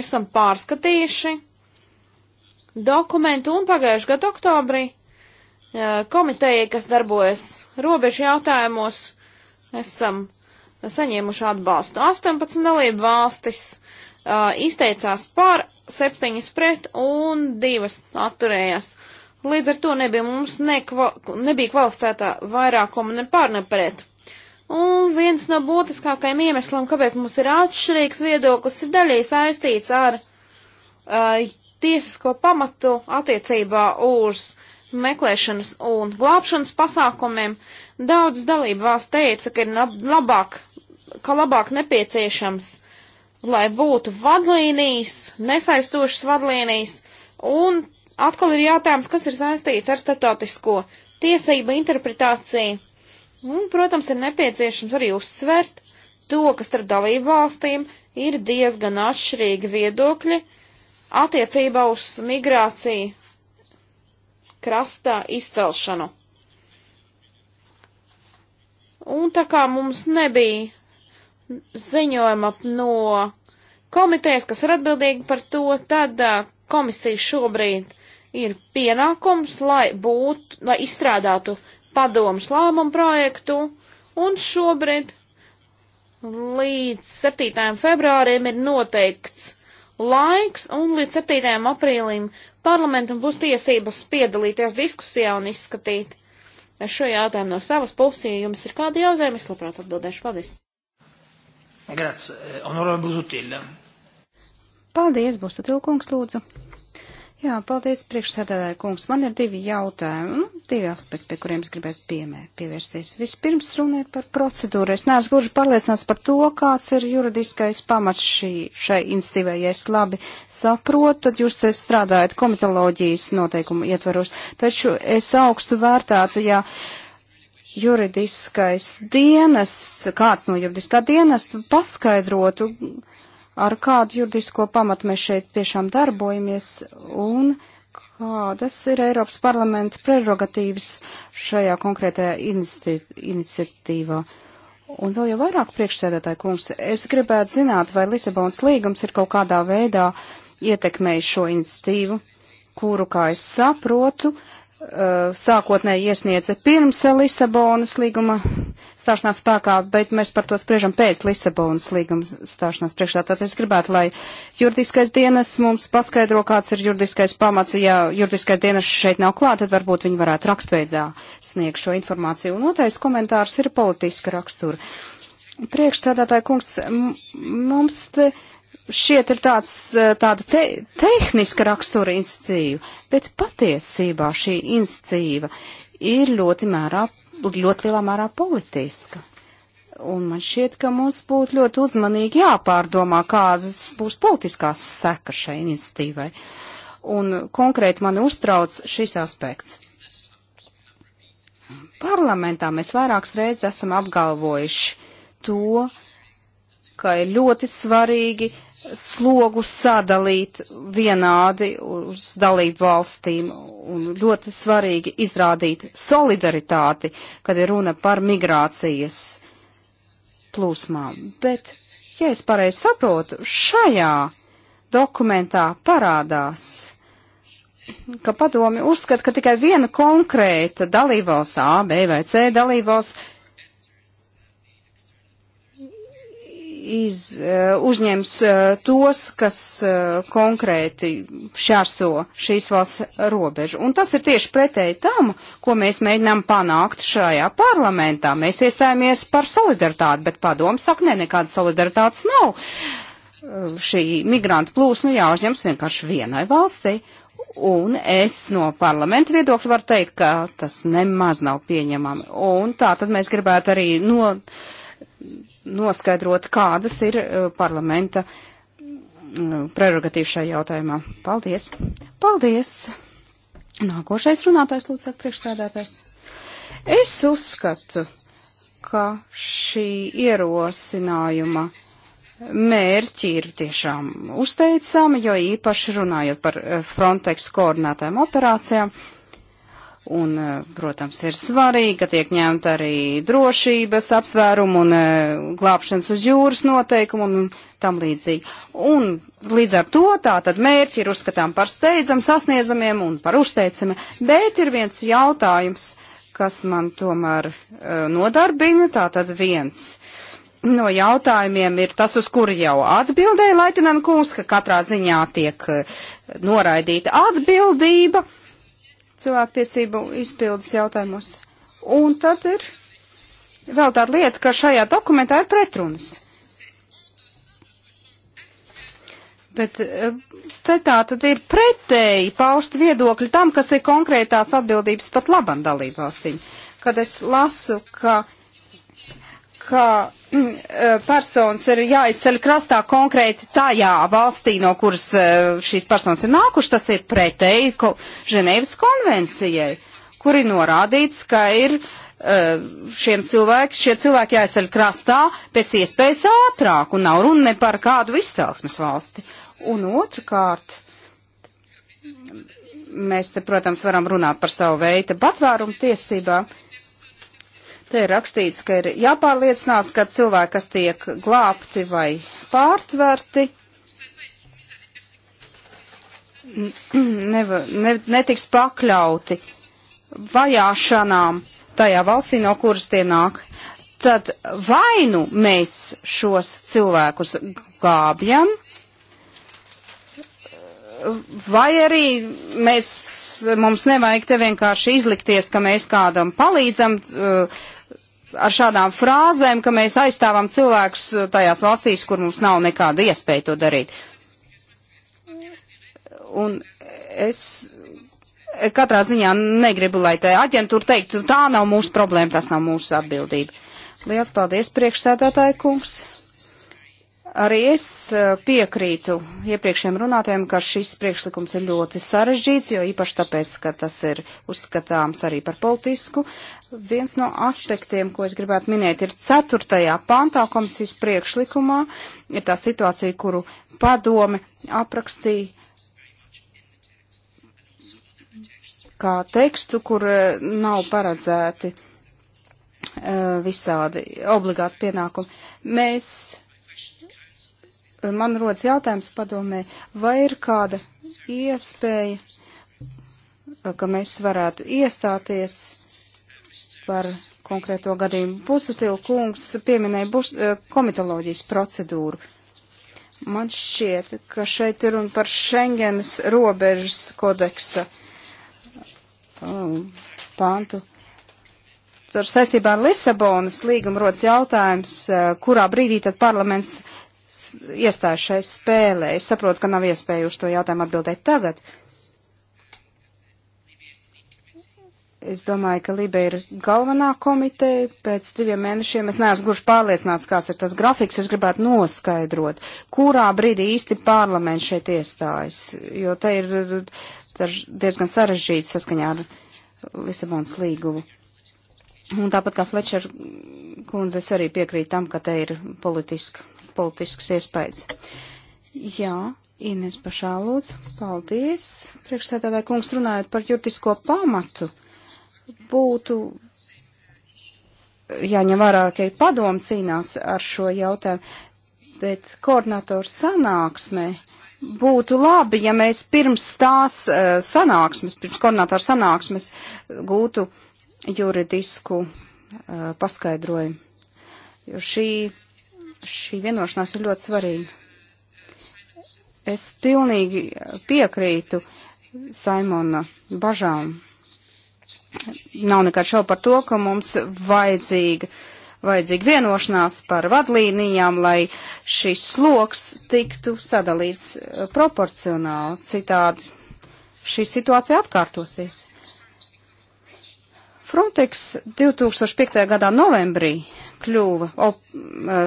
Esam pārskatījuši dokumentu un pagājuši gadu oktobrī uh, komitejai, kas darbojas robežu jautājumos, esam saņēmuši atbalstu. 18 dalību valstis uh, izteicās par, 7 pret un 2 atturējās. Līdz ar to nebija mums nekva, nebija kvalificētā vairākuma ne par ne pret. Un viens no būtiskākajiem iemesliem, kāpēc mums ir atšķirīgs viedoklis, ir daļai saistīts ar uh, tiesisko pamatu attiecībā uz meklēšanas un glābšanas pasākumiem. Uh, Daudz dalību valsts teica, ka ir labāk, ka labāk nepieciešams, lai būtu vadlīnijas, nesaistošas vadlīnijas, un atkal ir jautājums, kas ir saistīts ar starptautisko tiesību interpretāciju. Un, protams, ir nepieciešams arī uzsvērt to, ka starp dalību valstīm ir diezgan atšķirīgi viedokļi attiecībā uz migrāciju krastā izcelšanu. Un tā kā mums nebija ziņojuma no komitejas, kas ir atbildīga par to, tad komisija šobrīd ir pienākums, lai būtu, lai izstrādātu padomus lēmumu projektu, un šobrīd līdz 7. februārim ir noteikts laiks, un līdz 7. aprīlim parlamentam būs tiesības piedalīties diskusijā un izskatīt Es šo jautājumu no savas puses, ja jums ir kādi jautājumi, es labprāt atbildēšu. Paldies! Grazie, honorable Buzutil. Paldies, Buzutil kungs, lūdzu. Jā, paldies priekšsēdētāji kungs. Man ir divi jautājumi, nu, divi aspekti, pie kuriem es gribētu piemē, pievērsties. Vispirms runa ir par procedūru. Es neesmu gluži pārliecināts par to, kāds ir juridiskais pamats šī, šai institīvai. Ja es labi saprotu, tad jūs te strādājat komitoloģijas noteikumu ietvaros. Taču es augstu vērtātu, ja juridiskais dienas, kāds no juridiskā dienas paskaidrotu ar kādu juridisko pamatu mēs šeit tiešām darbojamies un kādas ir Eiropas parlamenta prerogatīvas šajā konkrētajā inici iniciatīvā. Un vēl jau vairāk priekšsēdētāji kungs, es gribētu zināt, vai Lisabonas līgums ir kaut kādā veidā ietekmējis šo iniciatīvu, kuru, kā es saprotu, uh, Uh, sākotnēji iesniedza pirms Lisabonas līguma stāšanās spēkā, bet mēs par to spriežam pēc Lisabonas līguma stāšanās priekšā. Tātad es gribētu, lai juridiskais dienas mums paskaidro, kāds ir juridiskais pamats. Ja juridiskais dienas šeit nav klāt, tad varbūt viņi varētu rakstveidā sniegt šo informāciju. Un otrais komentārs ir politiska rakstura. Priekšsēdētāja kungs, mums te šiet ir tāds, eh, tāda te, tehniska rakstura institīva, bet patiesībā šī institīva ir ļoti, mērā, ļoti lielā mērā politiska. Un man šķiet, ka mums būtu ļoti uzmanīgi jāpārdomā, kādas būs politiskās seka šai iniciatīvai. Un konkrēti mani uztrauc šis aspekts. Parlamentā mēs vairākas reizes esam apgalvojuši to, ka ir ļoti svarīgi uh, slogu sadalīt vienādi uz dalību valstīm un ļoti svarīgi izrādīt solidaritāti, kad ir runa par migrācijas plūsmām. Bet, ja es pareizi saprotu, šajā dokumentā parādās, ka padomi uzskata, ka tikai viena konkrēta dalībvalsts, A, B vai C dalībvalsts, iz, eh, uzņems eh, tos, kas eh, konkrēti šķērso šīs valsts robežu. Un tas ir tieši pretēji tam, ko mēs mēģinām panākt šajā parlamentā. Mēs iestājāmies par solidaritāti, bet padomu saka, ne, nekādas solidaritātes nav. Šī migrantu plūsma jāuzņems vienkārši vienai valstī. Un es no parlamenta viedokļa varu teikt, ka tas nemaz nav pieņemami. Un tā tad mēs gribētu arī no. Uh, noskaidrot, kādas ir eh, parlamenta mm, prerogatīvas šajā jautājumā. Paldies! Paldies! Nākošais runātājs lūdzu priekšsēdētājs. Es uzskatu, ka šī ierosinājuma mērķi ir tiešām uzteicami, jo īpaši runājot par eh, Frontex koordinētām operācijām. Uh, Un, eh, protams, ir svarīgi, ka tiek ņemta arī drošības apsvērumu un eh, glābšanas uz jūras noteikumu un tam līdzīgi. Un līdz ar to tā tad mērķi ir uzskatām par steidzam, sasniedzamiem un par uzteicami. Bet ir viens jautājums, kas man tomēr eh, nodarbina, tā tad viens. No jautājumiem ir tas, uz kuru jau atbildēja Laitinan Kungs, ka katrā ziņā tiek noraidīta atbildība cilvēktiesību izpildes jautājumos. Un tad ir vēl tāda lieta, ka šajā dokumentā ir pretrunas. Bet eh, te tā tad ir pretēji paust viedokļi tam, kas ir konkrētās atbildības pat labam dalībvalstīm. Kad es lasu, ka ka mm, e, personas ir jāizceļ krastā konkrēti tajā valstī, no kuras e, šīs personas ir nākušas, tas ir pretēji Ženēvas konvencijai, kur ir norādīts, ka ir e, šiem cilvēki, šie cilvēki jāizceļ krastā pēc iespējas ātrāk, un nav runa ne par kādu izcelsmes valsti. Un otrkārt, mēs te, protams, varam runāt par savu veidu patvērumu tiesībām Te ir rakstīts, ka ir jāpārliecinās, ka cilvēki, kas tiek glābti vai pārtverti, neva, ne, netiks pakļauti vajāšanām tajā valstī, no kuras tie nāk. Tad vainu mēs šos cilvēkus glābjam, vai arī mēs, mums nevajag te vienkārši izlikties, ka mēs kādam palīdzam, uh, ar šādām frāzēm, ka mēs aizstāvam cilvēkus tajās valstīs, kur mums nav nekāda iespēja to darīt. Un es katrā ziņā negribu, lai te aģentūra teiktu, tā nav mūsu problēma, tas nav mūsu atbildība. Liels paldies, priekšsēdētāji kungs! Arī es eh, piekrītu iepriekšējiem runātājiem, ka šis priekšlikums ir ļoti sarežģīts, jo īpaši tāpēc, ka tas ir uzskatāms arī par politisku. Viens no aspektiem, ko es gribētu minēt, ir ceturtajā pantā komisijas priekšlikumā, ir tā situācija, kuru padome aprakstīja kā tekstu, kur eh, nav paredzēti uh, visādi obligāti pienākumi. Mēs man rodas jautājums padomē, vai ir kāda iespēja, ka mēs varētu iestāties par konkrēto gadījumu. Pusutilu kungs pieminēja buš, eh, komitoloģijas procedūru. Man šķiet, ka šeit ir un par Schengenas robežas kodeksa um, pantu ar saistībā ar Lisabonas līgumu rodas jautājums, eh, kurā brīdī tad parlaments iestājušai spēlē. Es saprotu, ka nav iespēja uz to jautājumu atbildēt tagad. Es domāju, ka Lībe ir galvenā komiteja. Pēc diviem mēnešiem es neesmu gluži pārliecināts, kāds ir tas grafiks. Es gribētu noskaidrot, kurā brīdī īsti parlaments šeit iestājas, jo te ir diezgan sarežģīts saskaņā ar Lisabonas līgumu. Un tāpat kā Flečer kundze, es arī piekrītu tam, ka te ir politiska politisks iespējas. Jā, Ines pašā lūdzu, paldies. Priekšsēdētāji kungs runājot par juridisko pamatu, būtu jāņem vērā, ka ir padomu cīnās ar šo jautājumu, bet koordinatoru sanāksmē būtu labi, ja mēs pirms tās uh, sanāksmes, pirms koordinatoru sanāksmes gūtu juridisku uh, paskaidrojumu. Jo šī šī vienošanās ir ļoti svarīga. Es pilnīgi piekrītu Saimona bažām. Nav nekāds šaubu par to, ka mums vajadzīga, vajadzīga vienošanās par vadlīnijām, lai šis sloks tiktu sadalīts eh, proporcionāli. Citādi šī situācija atkārtosies. Frontex 2005. gadā novembrī kļuva, op,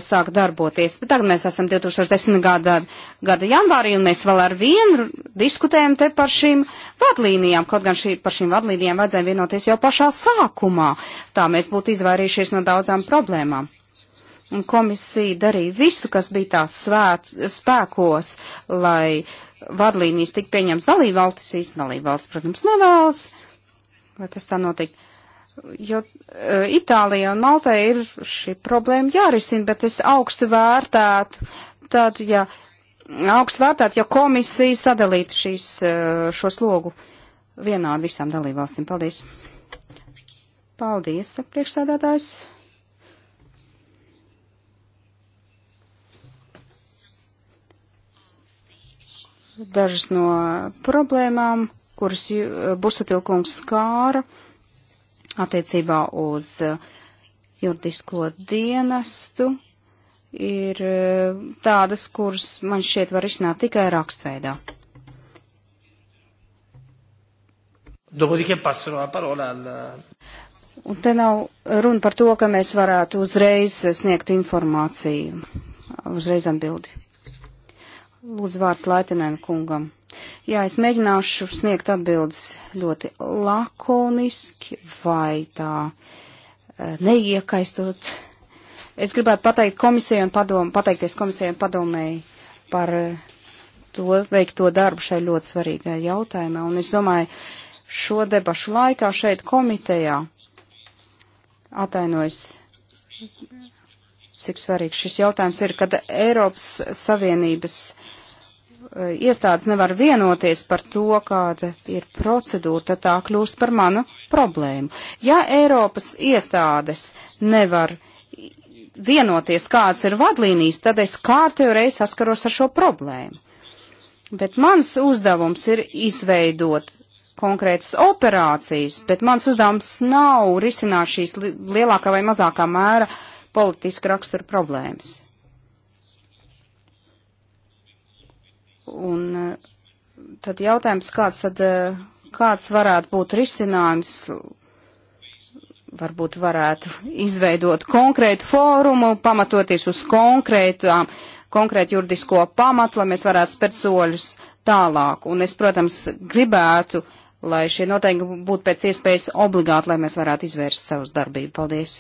sāk darboties, bet tagad mēs esam 2010. gada, gada janvārī un mēs vēl ar vienu diskutējam te par šīm vadlīnijām, kaut gan šī, par šīm vadlīnijām vajadzēja vienoties jau pašā sākumā, tā mēs būtu izvairījušies no daudzām problēmām. Un komisija darīja visu, kas bija tās svēt, spēkos, lai vadlīnijas tik pieņems dalībvaltis, īstenībā dalībvalsts, protams, nevēlas, lai tas tā notiktu jo uh, Itālijā un Maltē ir šī problēma jārisina, bet es augstu vērtētu, tad, ja augstu vērtētu, ja komisija sadalītu šīs, uh, šo slogu vienādi visām dalībvalstīm. Paldies. Paldies, priekšsēdētājs. Dažas no problēmām, kuras e, Busatilkungs skāra attiecībā uz eh, juridisko dienestu ir eh, tādas, kuras man šķiet var izsnākt tikai rakstveidā. Un te nav runa par to, ka mēs varētu uzreiz sniegt informāciju, uzreiz atbildi. Lūdzu vārds Laitinēna kungam. Jā, es mēģināšu sniegt atbildes ļoti lakoniski vai tā eh, neiekaistot. Es gribētu pateikt komisijai un padom, pateikties komisijai un padomēji par eh, to veikto darbu šai ļoti svarīgai jautājumā. Un es domāju, šo debašu laikā šeit komitejā atainojas cik svarīgs šis jautājums ir, kad Eiropas Savienības Eh, iestādes nevar vienoties par to, kāda ir procedūra, tad tā kļūst par manu problēmu. Ja Eiropas iestādes nevar vienoties, kādas ir vadlīnijas, tad es kārtējo reizi saskaros ar šo problēmu. Bet mans uzdevums ir izveidot konkrētas operācijas, bet mans uzdevums nav risināt šīs lielākā vai mazākā mēra politiska rakstura problēmas. Un eh, tad jautājums, kāds tad, eh, kāds varētu būt risinājums, varbūt varētu izveidot konkrētu fórumu, pamatoties uz konkrētām, konkrētu juridisko pamatu, lai mēs varētu spērt soļus tālāk. Un es, protams, gribētu, lai šie noteikumi būtu pēc iespējas obligāti, lai mēs varētu izvērst savus darbību. Paldies!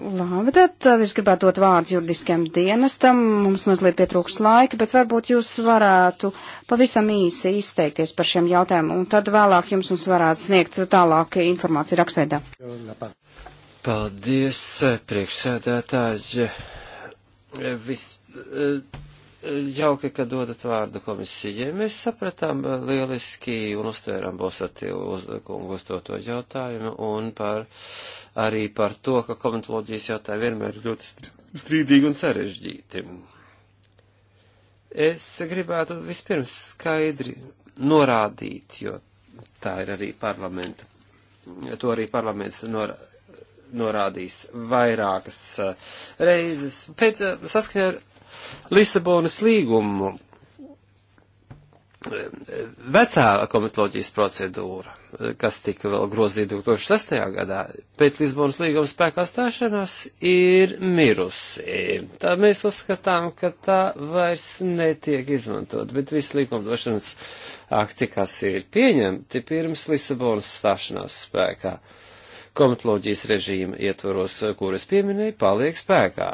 Labi, tad, tad es gribētu dot vārdu juridiskajam dienestam. Mums mazliet pietrūks laika, bet varbūt jūs varētu pavisam īsi izteikties par šiem jautājumiem, un tad vēlāk jums mums varētu sniegt tālāk informāciju rakstveidā. Paldies, priekšsēdētāji. Vis, jauki, ka dodat vārdu komisijai. Mēs sapratām eh, lieliski un uztvērām Bosatilu uz, eh, kungu uzdoto jautājumu un par, arī par to, ka komentoloģijas jautājumi vienmēr ir ļoti strīdīgi un sarežģīti. Es gribētu vispirms skaidri norādīt, jo tā ir arī parlamenta, to arī parlaments norādīt norādījis vairākas eh, reizes. Pēc saskaņā ar Lisabonas līgumu vecā komitoloģijas procedūra, kas tika vēl grozīta 2006. gadā, pēc Lisbonas līguma spēkā stāšanās, ir mirusi. Tā mēs uzskatām, ka tā vairs netiek izmantot, bet visi likumdošanas akti, kas ir pieņemti pirms Lisabonas stāšanās spēkā, komitoloģijas režīma ietvaros, kuras pieminēja, paliek spēkā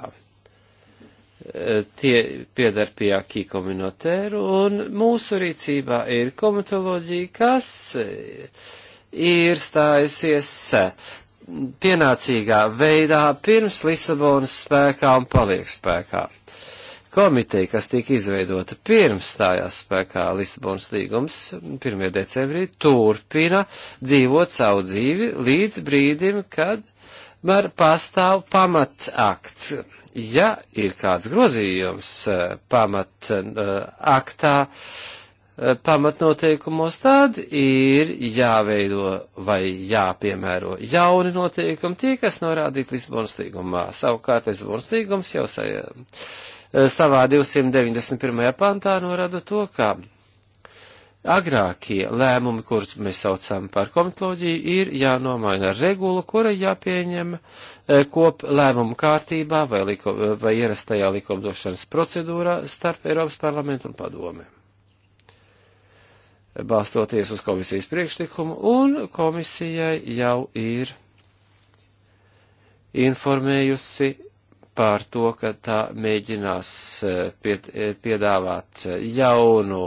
tie piedar pie akī komunotēru, un mūsu rīcībā ir komitoloģija, kas ir stājusies pienācīgā veidā pirms Lisabonas spēkā un paliek spēkā. Komiteja, kas tika izveidota pirms stājās spēkā Lisabonas līgums 1. decembrī, turpina dzīvot savu dzīvi līdz brīdim, kad var pastāv pamatsakts, ja ir kāds grozījums eh, pamat eh, aktā, eh, pamatnoteikumos, tad ir jāveido vai jāpiemēro jauni noteikumi, tie, kas norādīti Lisbonas līgumā. Savukārt Lisbonas līgums jau sa, savā 291. pantā norada to, ka agrākie lēmumi, kurus mēs saucam par komitoloģiju, ir jānomaina regula, kura jāpieņem eh, kop lēmumu kārtībā vai, liko, eh, vai ierastajā likumdošanas procedūrā starp Eiropas parlamentu un padomi. Balstoties uz komisijas priekšlikumu, un komisijai jau ir informējusi par to, ka tā mēģinās e, e, piedāvāt e, jaunu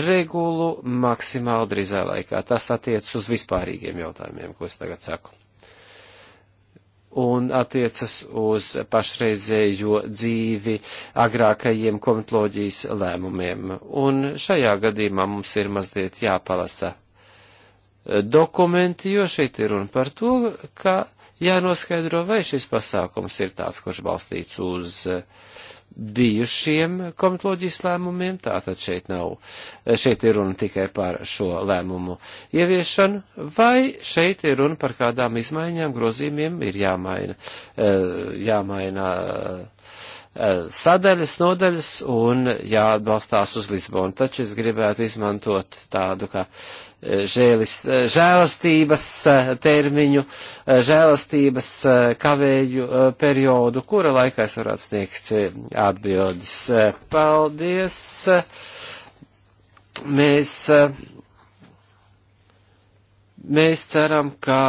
regulu maksimāli drīzā laikā. Tas attiec uz vispārīgiem jautājumiem, ko es tagad saku. Un attiecas uz pašreizējo dzīvi agrākajiem komitoloģijas lēmumiem. Un šajā gadījumā mums ir mazliet jāpalasa dokumenti, jo šeit ir runa par to, ka jānoskaidro, vai šis pasākums ir tāds, kurš balstīts uz eh, bijušiem komitoloģijas lēmumiem, tātad šeit nav, eh, šeit ir runa tikai par šo lēmumu ieviešanu, vai šeit ir runa par kādām izmaiņām, grozījumiem ir jāmaina, eh, jāmaina Eh, sadaļas, nodaļas un jāatbalstās uz Lisbonu. Taču es gribētu izmantot tādu kā eh, žēlis, eh, žēlastības termiņu, žēlastības kavēju periodu, kura laikā es varētu sniegt atbildes. Paldies! Mēs, mēs ceram, ka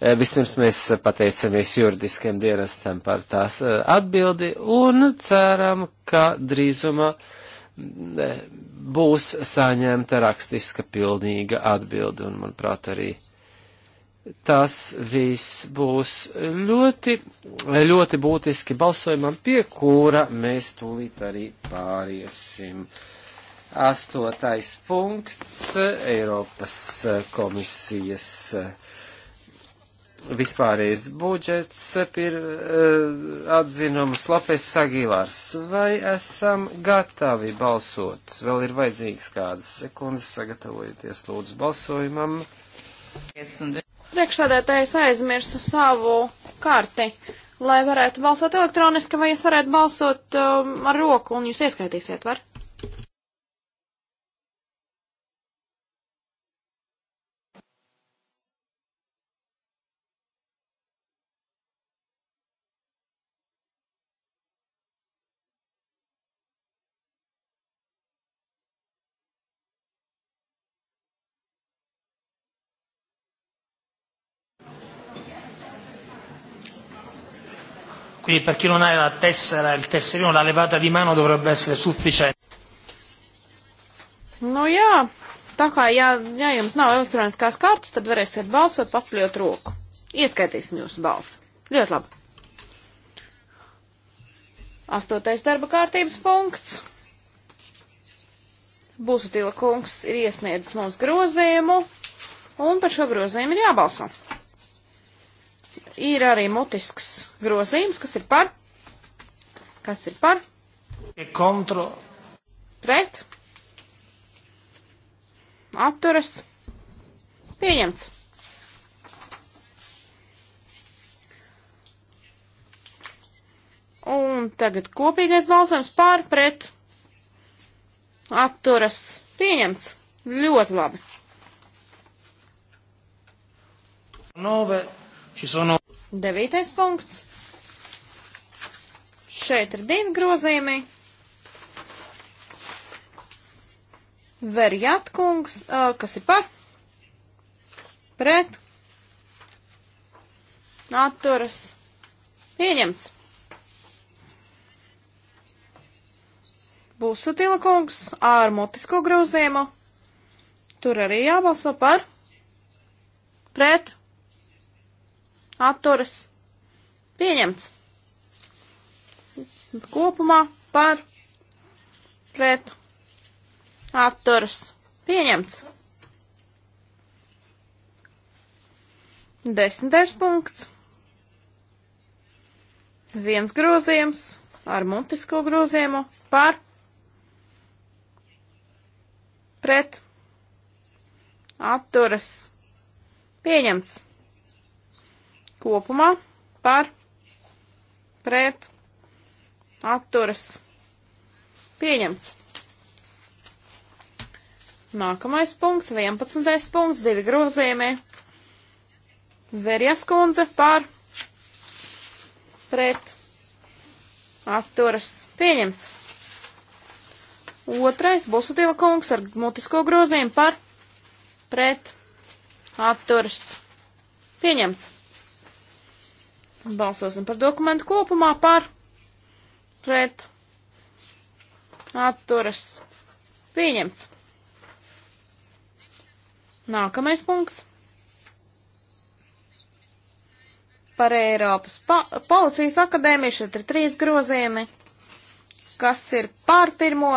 Eh, vispirms mēs pateicamies juridiskiem dienestam par tās eh, atbildi un ceram, ka drīzumā mm, eh, būs saņemta rakstiska pilnīga atbildi un, manuprāt, arī tas viss būs ļoti, ļoti būtiski balsojumam, pie kura mēs tūlīt arī pāriesim. Astotais punkts Eiropas komisijas vispārējais budžets, ir eh, atzinums Lopes Sagilārs. Vai esam gatavi balsot? Vēl ir vajadzīgs kādas sekundes, sagatavojieties lūdzu balsojumam. Priekšsēdētājs aizmirsu savu karti, lai varētu balsot elektroniski, vai es varētu balsot um, ar roku, un jūs ieskaitīsiet, var? Quindi per chi non ha la tessera, il tesserino, la levata di mano dovrebbe essere sufficiente. Nu jā, tā kā jā, ja jums nav elektroniskās kartas, tad varēsiet balsot paceļot roku. Ieskaitīsim jūsu balsi. Ļoti labi. Astotais darba kārtības punkts. Būsutila kungs ir iesniedzis mums grozījumu, un par šo grozījumu ir jābalso ir arī mutisks grozījums, kas ir par, kas ir par, kontro, e pret, atturas, pieņemts. Un tagad kopīgais balsojums pār pret atturas pieņemts. Ļoti labi. 9. Ci sono Devītais punkts. Šeit ir divi grozījumi. Verjatkungs, kas ir par? Pret. Atturas. Pieņemts. Būs sutilakungs ar mutisko grozījumu. Tur arī jābalso par. Pret atturas pieņemts. Kopumā par pret atturas pieņemts. Desmitais punkts. Viens grozījums ar mutisko grozījumu par pret atturas pieņemts kopumā par pret atturas pieņemts. Nākamais punkts, 11. punkts, divi grozījumi. Verjas kundze par pret atturas pieņemts. Otrais Busutila kungs ar mutisko grozījumu par pret atturas pieņemts. Balsosim par dokumentu kopumā par pret atturas pieņemts. Nākamais punkts. Par Eiropas pa policijas akadēmiju šeit ir trīs grozījumi, kas ir pār pirmo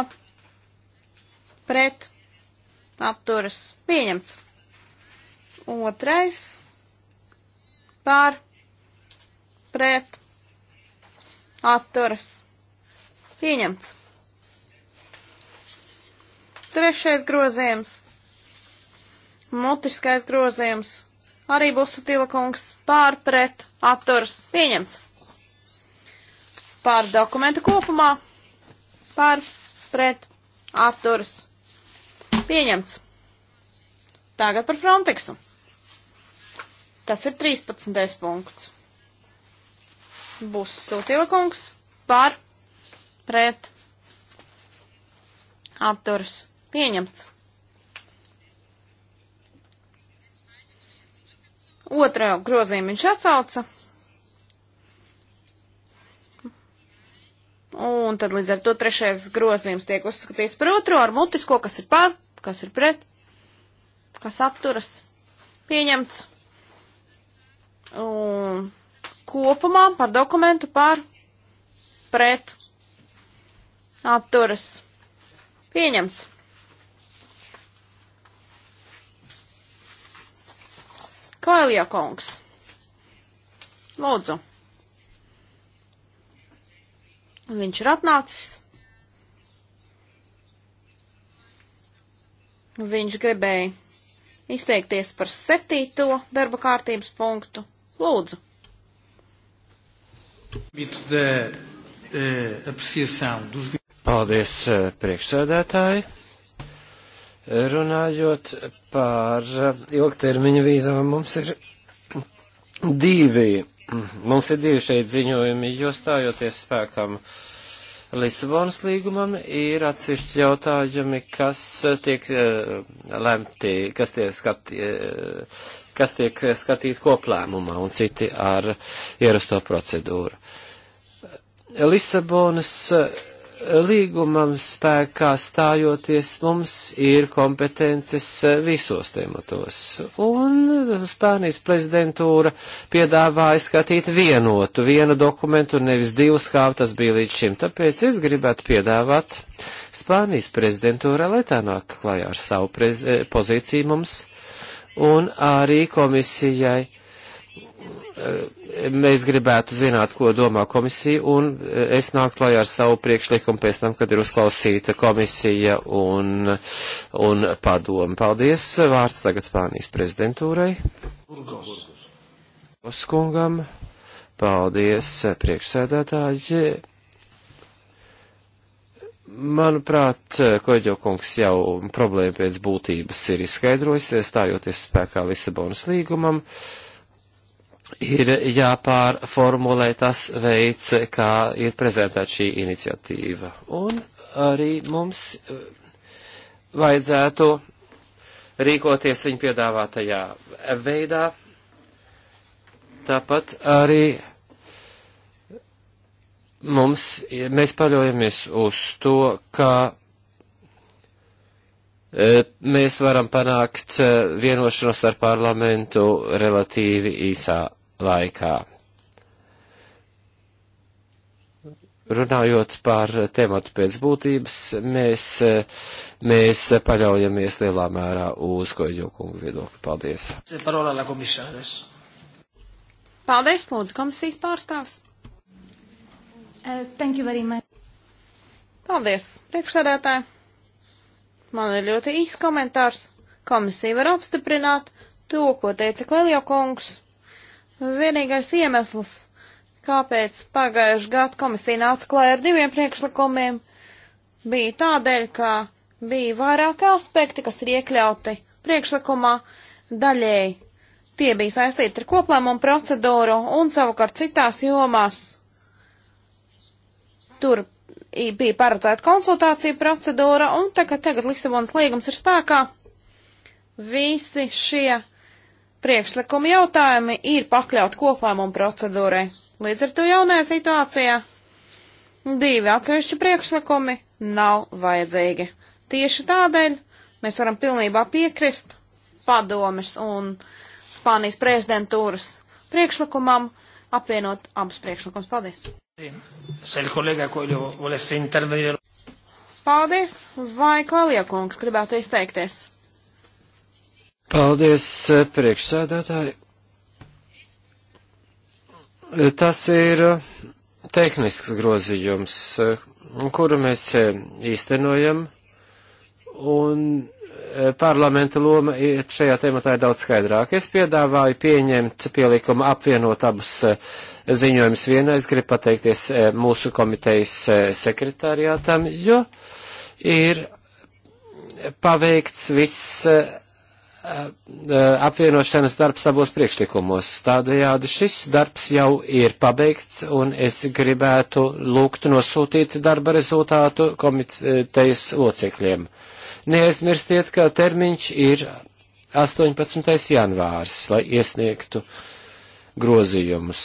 pret atturas pieņemts. Otrais pār pret pret, atturas, pieņemts. Trešais grozījums, mutiskais grozījums, arī būs sutila kungs pār, pret, atturas, pieņemts. Pār dokumentu kopumā, pār, pret, atturas, pieņemts. Tagad par Frontexu. Tas ir 13. punkts būs Sūtilkungs par pret apturs pieņemts. Otrā grozījuma viņš atsauca. Un tad līdz ar to trešais grozījums tiek uzskatīts par otro ar mutisko, kas ir par, kas ir pret, kas apturas. Pieņemts. Un kopumā par dokumentu par pret apturas. Pieņemts. Koelija kungs. Lūdzu. Viņš ir atnācis. Viņš gribēja izteikties par septīto darba kārtības punktu. Lūdzu. Eh, Paldies, eh, priekšsēdētāji. Runājot par eh, ilgtermiņu vīzām, mums ir divi. Mums ir divi šeit ziņojumi, jo stājoties spēkam Lisabonas līgumam, ir atsevišķi jautājumi, kas tiek uh, lemti, kas tiek skati, uh, kas tiek skatīti koplēmumā un citi ar ierasto procedūru. Lisabonas eh, līgumam spēkā stājoties mums ir kompetences eh, visos tematos. Un Spānijas prezidentūra piedāvāja skatīt vienotu, vienu dokumentu, nevis divus, kā tas bija līdz šim. Tāpēc es gribētu piedāvāt Spānijas prezidentūra, lai tā nāk klajā ar savu eh, pozīciju mums un arī komisijai. Eh, mēs gribētu zināt, ko domā komisija, un eh, es nāku klajā ar savu priekšlikumu pēc tam, kad ir uzklausīta komisija un, un padomu. Paldies. Vārds tagad Spānijas prezidentūrai. Burgos. Burgos kungam. Paldies, priekšsēdētāji. Manuprāt, Koļģo kungs jau problēma pēc būtības ir izskaidrojusies, stājoties spēkā Lisabonas līgumam. Ir jāpārformulē tas veids, kā ir prezentēta šī iniciatīva. Un arī mums eh, vajadzētu rīkoties viņa piedāvātajā veidā. Tāpat arī mums, mēs paļaujamies uz to, ka e, mēs varam panākt e, vienošanos ar parlamentu relatīvi īsā laikā. Runājot par tematu pēc būtības, mēs, e, mēs paļaujamies lielā mērā uz koģu kungu viedokli. Paldies. Paldies, lūdzu, komisijas pārstāvs. Uh, thank you very much. Paldies, priekšsēdētāji. Man ir ļoti īsts komentārs. Komisija var apstiprināt to, ko teica Koelio kungs. Vienīgais iemesls, kāpēc pagājuši gadu komisija nāca klāja ar diviem priekšlikumiem, bija tādēļ, ka bija vairāki aspekti, kas ir iekļauti priekšlikumā daļēji. Tie bija saistīti ar koplēmumu procedūru un savukārt citās jomās Tur bija paredzēta konsultācija procedūra, un tagad, tagad Lisabonas līgums ir spēkā. Visi šie priekšlikumi jautājumi ir pakļaut kopājumam procedūrai. Līdz ar to jaunajā situācijā divi atsevišķi priekšlikumi nav vajadzīgi. Tieši tādēļ mēs varam pilnībā piekrist padomes un Spānijas prezidentūras priekšlikumam apvienot abus priekšlikumus. Paldies! Se il collega Koļo volesse intervenire. Paldies! Vai Koļo kungs gribētu izteikties? Paldies, eh, priekšsēdētāji. Eh, tas ir eh, tehnisks grozījums, kuru mēs īstenojam, un Eh, parlamenta loma šajā tematā ir daudz skaidrāka. Es piedāvāju pieņemt pielikumu apvienot abus eh, ziņojumus vienā. Es gribu pateikties eh, mūsu komitejas sekretariātam, jo ir paveikts viss apvienošanas darbs abos priekšlikumos. Tādējādi šis darbs jau ir pabeigts, un es gribētu lūgt nosūtīt darba rezultātu komitejas locekļiem. Uh, Neaizmirstiet, ka termiņš ir 18. janvārs, lai iesniegtu grozījumus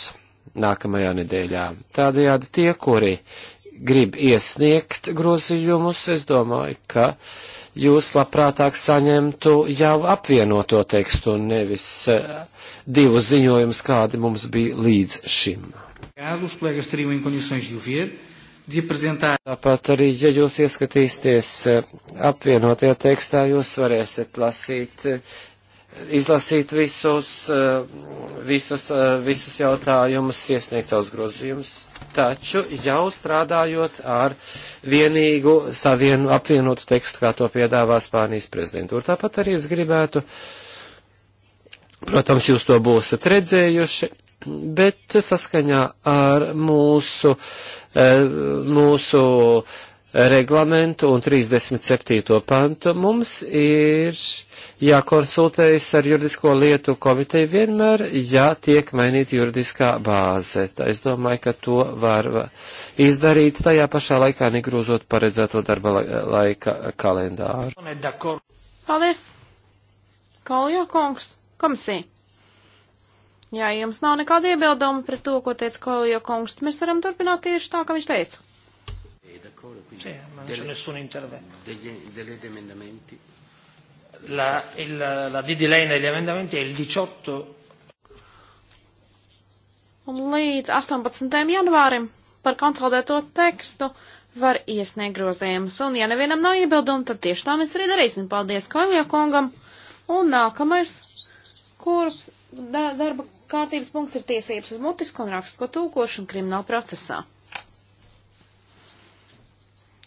nākamajā nedēļā. Tādējādi tie, kuri grib iesniegt grozījumus, es domāju, ka jūs labprātāk saņemtu jau apvienoto tekstu un nevis eh, divus ziņojumus, kādi mums bija līdz šim de apresentar. Tāpat arī, ja jūs ieskatīsieties eh, apvienotajā tekstā, jūs varēsiet lasīt, eh, izlasīt visus, eh, visus, visus jautājumus, iesniegt savus grozījumus, taču jau strādājot ar vienīgu savienu apvienotu tekstu, kā to piedāvā Spānijas prezidentūra. Tāpat arī es gribētu, protams, jūs to būsat redzējuši bet saskaņā ar mūsu, eh, mūsu reglamentu un 37. pantu mums ir jākonsultējas ar juridisko lietu komiteju vienmēr, ja tiek mainīta juridiskā bāze. Tā es domāju, ka to var izdarīt tajā pašā laikā, negrūzot paredzēto darba laika kalendāru. Paldies! Kaljo kungs, komisija! Jā, ja jums nav nekāda iebilduma pret to, ko teica Kolija kungs, tad mēs varam turpināt tieši tā, kā viņš teica. Sì, ma non c'è nessun intervento. Degli, degli emendamenti. La, il, la di delay negli emendamenti è il 18. Un līdz 18. janvārim par konsolidēto tekstu var iesniegt grozījumus. Un, ja nevienam nav iebildumu, tad tieši tā mēs arī darīsim. Paldies Kaļie kungam. Un nākamais, kurš da, darba kārtības punkts ir tiesības uz mutisku un rakstisko tūkošanu krimināla procesā.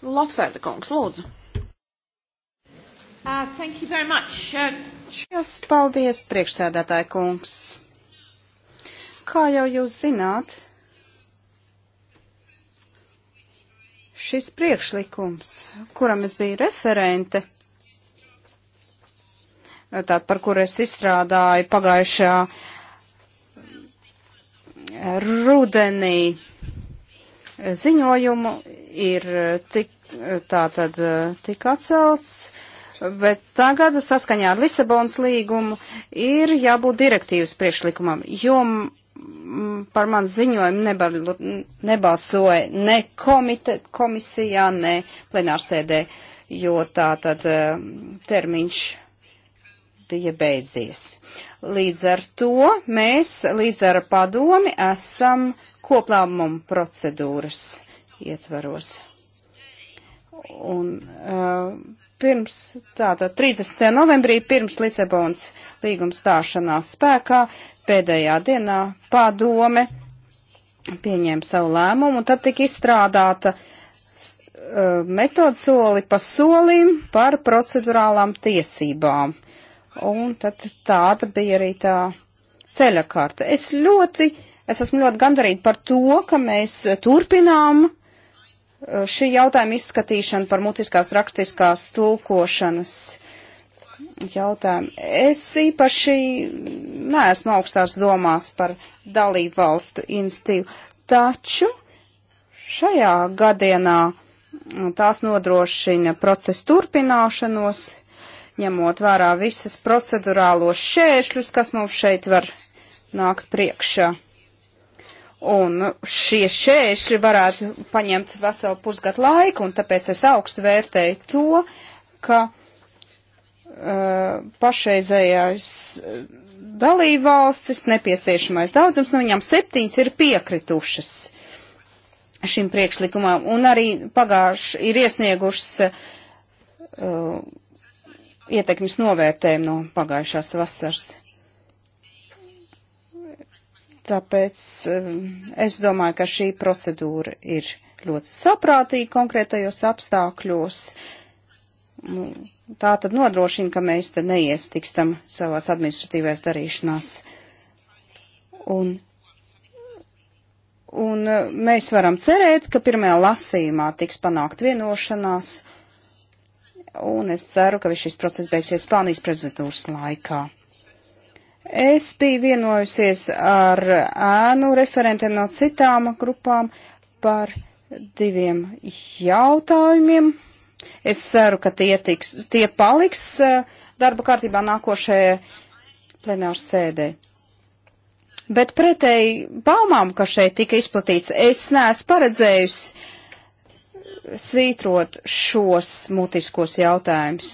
Latvērda kungs, lūdzu. Uh, thank you very much. Uh... Yes, paldies, priekšsēdētāja kungs. Kā jau jūs zināt, šis priekšlikums, kuram es biju referente, tāda, par kur es izstrādāju pagājušajā eh, rudenī ziņojumu, ir eh, tik, eh, tā tad tik atcelts, bet tagad saskaņā ar Lisabonas līgumu ir jābūt direktīvas priekšlikumam, jo par manu ziņojumu nebar, nebalsoja ne komite, komisijā, ne plenārsēdē, jo tā tad termiņš bija beidzies. Līdz ar to mēs, līdz ar padomi, esam koplāmumu procedūras ietvaros. Un uh, pirms, tātad 30. novembrī, pirms Lisabonas līguma stāšanās spēkā, pēdējā dienā padome pieņēma savu lēmumu, un tad tika izstrādāta uh, metoda soli pa solim par procedurālām tiesībām. Uh, Un tad tāda bija arī tā ceļa karta. Es ļoti, es esmu ļoti gandarīta par to, ka mēs turpinām uh, šī jautājuma izskatīšanu par mutiskās rakstiskās tulkošanas jautājumu. Es īpaši neesmu augstās domās par dalību valstu institīvu, taču šajā gadienā tās nodrošina procesu turpināšanos, ņemot vērā visas procedurālos šķēršļus, kas mums šeit var nākt priekšā. Un šie šķēršļi varētu paņemt veselu pusgadu laiku, un tāpēc es augstu vērtēju to, ka uh, pašreizējais uh, dalībvalstis, nepieciešamais daudzums no viņām septiņas ir piekritušas šim priekšlikumam, un arī pagājuši ir iesniegušas uh, ietekmes novērtējumu no pagājušās vasaras. Tāpēc um, es domāju, ka šī procedūra ir ļoti saprātīga konkrētajos apstākļos. Nu, tā tad nodrošina, ka mēs te neiestikstam savās administratīvās darīšanās. Un, un uh, mēs varam cerēt, ka pirmajā lasījumā tiks panākt vienošanās un es ceru, ka šis process beigsies Spānijas prezidentūras laikā. Es biju vienojusies ar ēnu referentiem no citām grupām par diviem jautājumiem. Es ceru, ka tie, tiks, tie paliks eh, darba kārtībā nākošajā plenāru sēdē. Bet pretēji baumām, ka šeit tika izplatīts, es neesmu paredzējusi svītrot šos mutiskos jautājumus.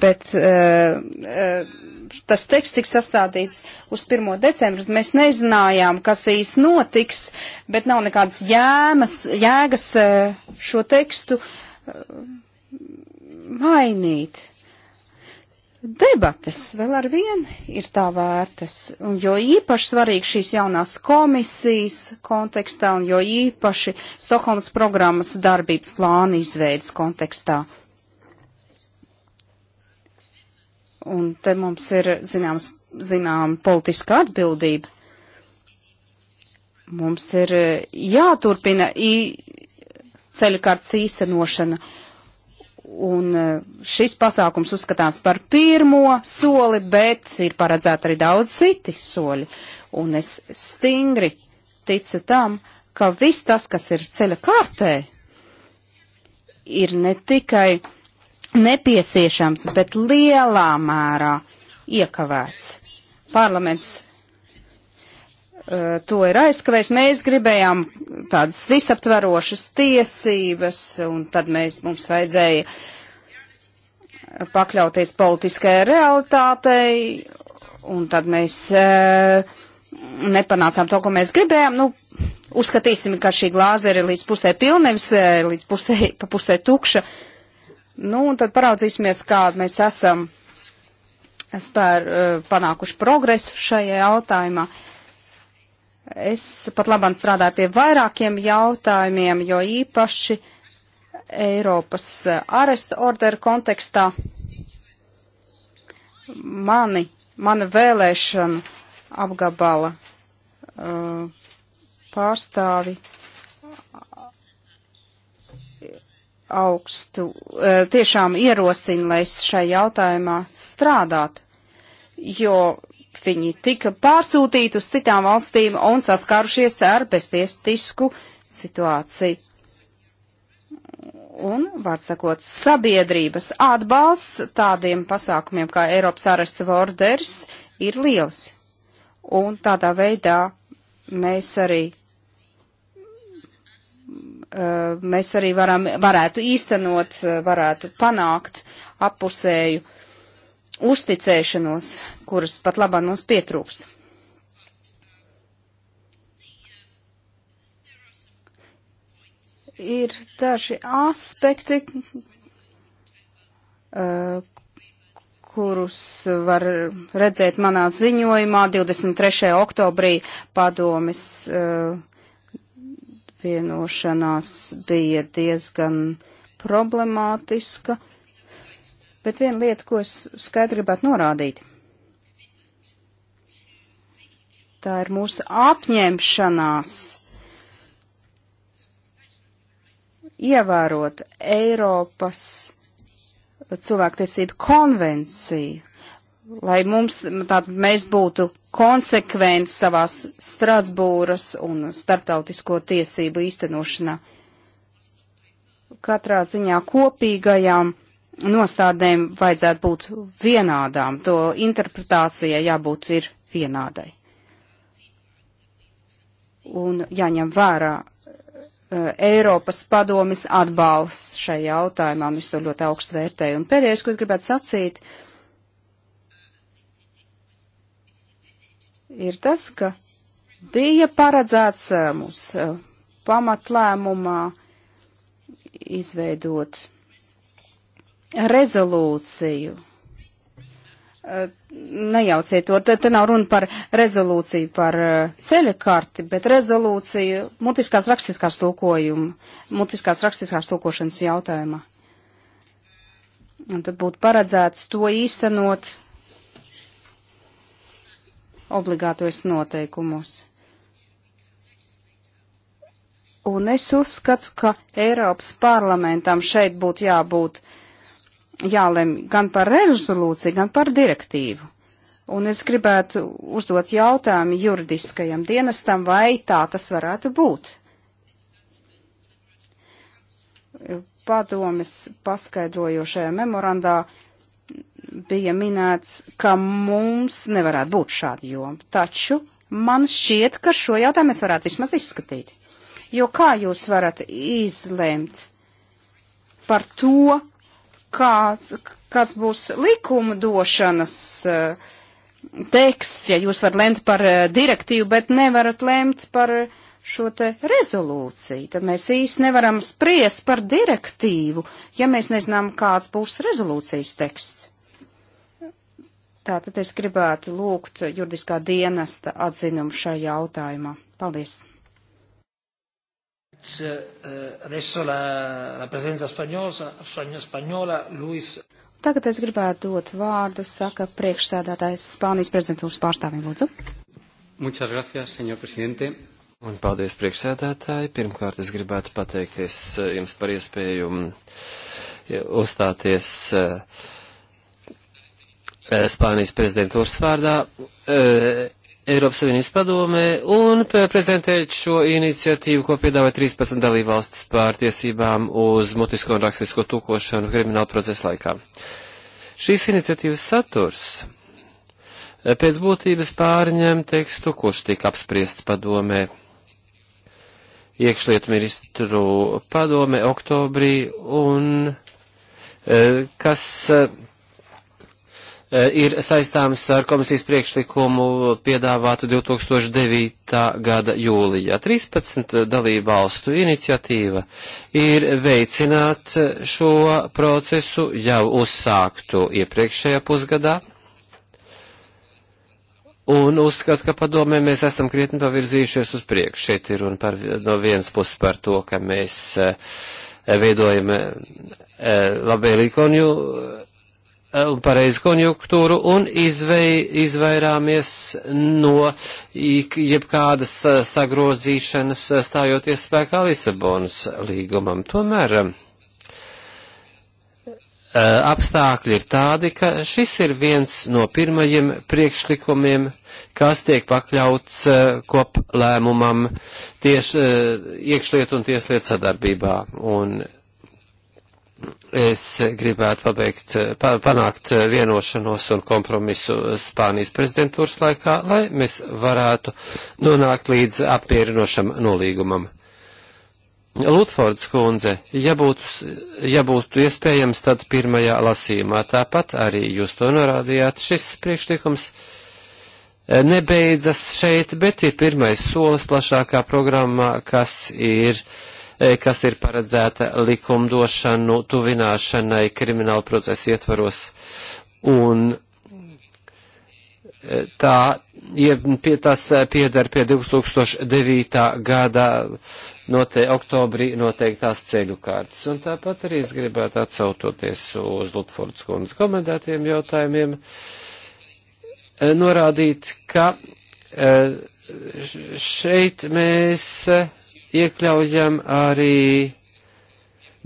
Bet uh, uh, tas teksts tiks sastādīts uz 1. decembru. Mēs nezinājām, kas īsti notiks, bet nav nekādas jēmas, jēgas uh, šo tekstu uh, mainīt. Debates vēl ar vien ir tā vērtas, un jo īpaši svarīgi šīs jaunās komisijas kontekstā, un jo īpaši Stokholmas programmas darbības plāna izveidas kontekstā. Un te mums ir, zināms, zinām, politiska atbildība. Mums ir eh, jāturpina ceļu kārtas īstenošana. Uh, Un e, šis pasākums uzskatās par pirmo soli, bet ir paredzēta arī daudz citi soļi. Un es stingri ticu tam, ka viss tas, kas ir ceļa kārtē, ir ne tikai nepieciešams, bet lielā mērā iekavēts. Parlaments Eh, to ir aizskavējis. Mēs gribējām tādas visaptverošas tiesības, un tad mēs, mums vajadzēja pakļauties politiskajai realitātei, un tad mēs e, nepanācām to, ko mēs gribējām. Nu, uzskatīsim, ka šī glāze ir līdz pusē pilna, nevis eh, līdz pusē, pa pusē tukša. Nu, un tad paraudzīsimies, kāda mēs esam spēr, panākuši progresu šajā jautājumā. Uh, Es pat labāk strādāju pie vairākiem jautājumiem, jo īpaši Eiropas eh, aresta ordera kontekstā mani, mana vēlēšana apgabala uh, pārstāvi augstu, uh, tiešām ierosina, lai es šai jautājumā strādātu, jo Viņi tika pārsūtīti uz citām valstīm un saskārušies ar beztiestisku situāciju. Un, var sakot, sabiedrības atbalsts tādiem pasākumiem kā Eiropas arestu orders ir liels. Un tādā veidā mēs arī eh, mēs arī varam, varētu īstenot, eh, varētu panākt apusēju uzticēšanos, kuras pat labā mums pietrūkst. Ir daži aspekti, uh, kurus var redzēt manā ziņojumā 23. oktobrī padomis uh, vienošanās bija diezgan problemātiska Bet viena lieta, ko es skaidri gribētu norādīt, tā ir mūsu apņemšanās ievērot Eiropas cilvēktiesību konvenciju, lai mums, tātad mēs būtu konsekventi savās Strasbūras un starptautisko tiesību īstenošanā. Katrā ziņā kopīgajām nostādēm vajadzētu būt vienādām, to interpretācijai jābūt ir vienādai. Un jāņem vērā eh, Eiropas padomis atbalsts šai jautājumā, un es to ļoti augstu vērtēju. Un pēdējais, ko es gribētu sacīt, ir tas, ka bija paredzēts eh, mūsu eh, pamatlēmumā izveidot rezolūciju. Eh, nejauciet to, te, te nav runa par rezolūciju par eh, ceļa karti, bet rezolūciju mutiskās rakstiskās tulkojuma, mutiskās rakstiskās tulkošanas jautājumā. Un tad būtu paredzēts to īstenot obligātojas noteikumos. Un es uzskatu, ka Eiropas parlamentam šeit būtu jābūt uh, jālem gan par rezolūciju, gan par direktīvu. Un es gribētu uzdot jautājumu juridiskajam dienestam, vai tā tas varētu būt. Padomis paskaidrojošajā memorandā bija minēts, ka mums nevarētu būt šāda joma. Taču man šķiet, ka šo jautājumu mēs varētu vismaz izskatīt. Jo kā jūs varat izlēmt par to, kāds, kāds būs likumdošanas eh, teksts, ja jūs varat lemt par eh, direktīvu, bet nevarat lemt par šo te rezolūciju, tad mēs īsti nevaram spriest par direktīvu, ja mēs nezinām, kāds būs rezolūcijas teksts. Tātad es gribētu lūgt juridiskā dienesta atzinumu šajā jautājumā. Paldies! Eh, Tagad es gribētu dot vārdu, saka priekšsēdētājs Spānijas prezidentūras pārstāvim, lūdzu. Muchas gracias, señor presidente. Un paldies priekšsēdētāji. Pirmkārt, es gribētu pateikties eh, jums par iespēju mm, uzstāties eh, Spānijas prezidentūras vārdā. Eiropas Savienības padomē un prezentēt šo iniciatīvu, ko piedāvā 13 dalībvalstis pār tiesībām uz mutisko un rakstisko tūkošanu krimināla procesa laikā. Šīs iniciatīvas saturs e, pēc būtības pārņem tekstu, kurš tika apspriests padomē iekšlietu ministru padome oktobrī un e, kas e, Eh, ir saistāms ar komisijas priekšlikumu piedāvātu 2009. gada jūlijā. 13 dalībvalstu iniciatīva ir veicināt šo procesu jau uzsāktu iepriekšējā pusgadā. Un uzskatu, ka padomē mēs esam krietni pavirzījušies uz priekšu. Šeit ir un par, no vienas puses par to, ka mēs eh, veidojam eh, labvēlīgu un pareizu konjunktūru un izvei, izvairāmies no jebkādas eh, sagrozīšanas eh, stājoties spēkā Lisabonas līgumam. Tomēr eh, apstākļi ir tādi, ka šis ir viens no pirmajiem priekšlikumiem, kas tiek pakļauts koplēmumam tieši iekšliet un tieslietu sadarbībā. Un es gribētu pabeigt, pa, panākt vienošanos un kompromisu Spānijas prezidentūras laikā, lai mēs varētu nonākt līdz apmierinošam nolīgumam. Lutfords kundze, ja būtu, ja būtu iespējams, tad pirmajā lasījumā tāpat arī jūs to norādījāt, šis priekšlikums eh, nebeidzas šeit, bet ir pirmais solis plašākā programmā, kas ir uh, E, kas ir paredzēta likumdošanu tuvināšanai krimināla procesa ietvaros. Un e, tā, ja pie, tas e, piedar pie 2009. gada note, oktobrī noteiktās ceļu kārtas. Un tāpat arī es gribētu atsautoties uz Lutfords kundzes komendētiem jautājumiem, norādīt, ka šeit mēs iekļaujam arī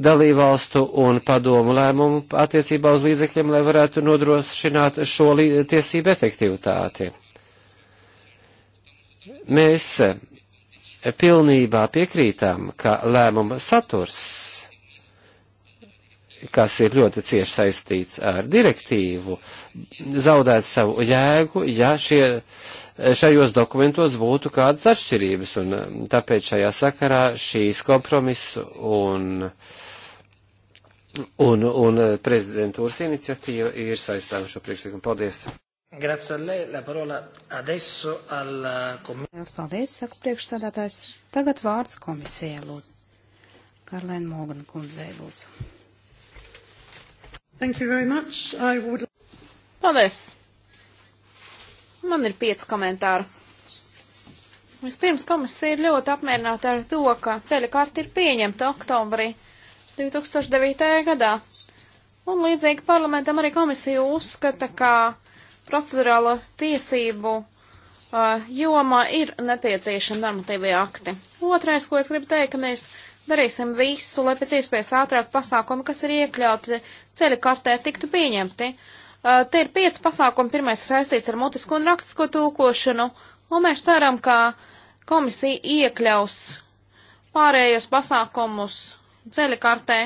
dalībvalstu un padomu lēmumu attiecībā uz līdzekļiem, lai varētu nodrošināt šo tiesību efektivitāti. Mēs pilnībā piekrītām, ka lēmuma saturs, kas ir ļoti cieši saistīts ar direktīvu, zaudētu savu jēgu, ja šie uh, šajos dokumentos būtu kādas atšķirības, un um, tāpēc šajā sakarā šīs kompromiss un, un, un prezidentūras iniciatīva ir saistāma šo priekšlikumu. Paldies! Grazie a lei. La parola adesso al uh, Lielas paldies, saka priekšstādātājs. Tagad vārds komisijai, lūdzu. Karlēna Mogana kundzei, lūdzu. Thank you very much. I would... Paldies. Man ir pieci komentāri. Vispirms komisija ir ļoti apmierināta ar to, ka ceļa karta ir pieņemta oktobrī 2009. gadā. Un līdzīgi parlamentam arī komisija uzskata, ka procedurālo tiesību uh, jomā ir nepieciešami normatīvie akti. Otrais, ko es gribu teikt, ka mēs darīsim visu, lai pēc iespējas ātrāk pasākumi, kas ir iekļauti ceļa kartē, tiktu pieņemti. Uh, Uh, te ir pieci pasākumi. Pirmais saistīts ar mutisko un rakstisko tūkošanu, un mēs ceram, ka komisija iekļaus pārējos pasākumus ceļa kartē,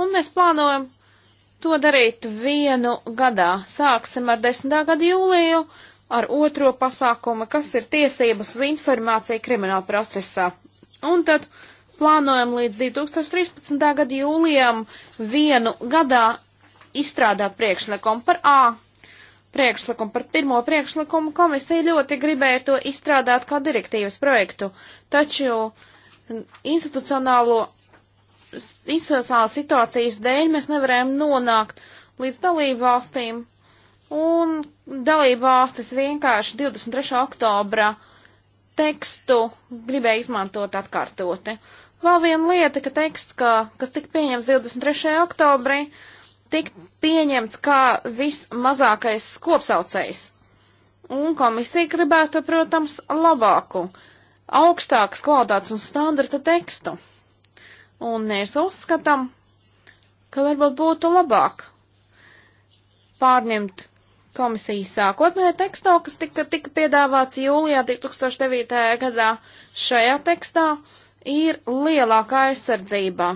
un mēs plānojam to darīt vienu gadā. Sāksim ar 10. gada jūliju, ar otro pasākumu, kas ir tiesības uz informāciju krimināla procesā. Un tad plānojam līdz 2013. gada jūlijam vienu gadā izstrādāt priekšlikumu par A priekšlikumu. Par pirmo priekšlikumu komisija ļoti gribēja to izstrādāt kā direktīvas projektu, taču institucionālo, institucionāla situācijas dēļ mēs nevarējām nonākt līdz dalību valstīm, un dalību valstis vienkārši 23. oktobra tekstu gribēja izmantot atkārtoti. Vēl viena lieta, ka teksts, ka, kas tika pieņems 23. oktobrī, uh, tikt pieņemts kā vismazākais skopsaucējs. Un komisija gribētu, protams, labāku, augstākas kvalitātes un standarta tekstu. Un mēs uzskatām, ka varbūt būtu labāk pārņemt komisijas sākotnējā tekstā, kas tika, tika piedāvāts jūlijā 2009. gadā. Šajā tekstā ir lielāka aizsardzība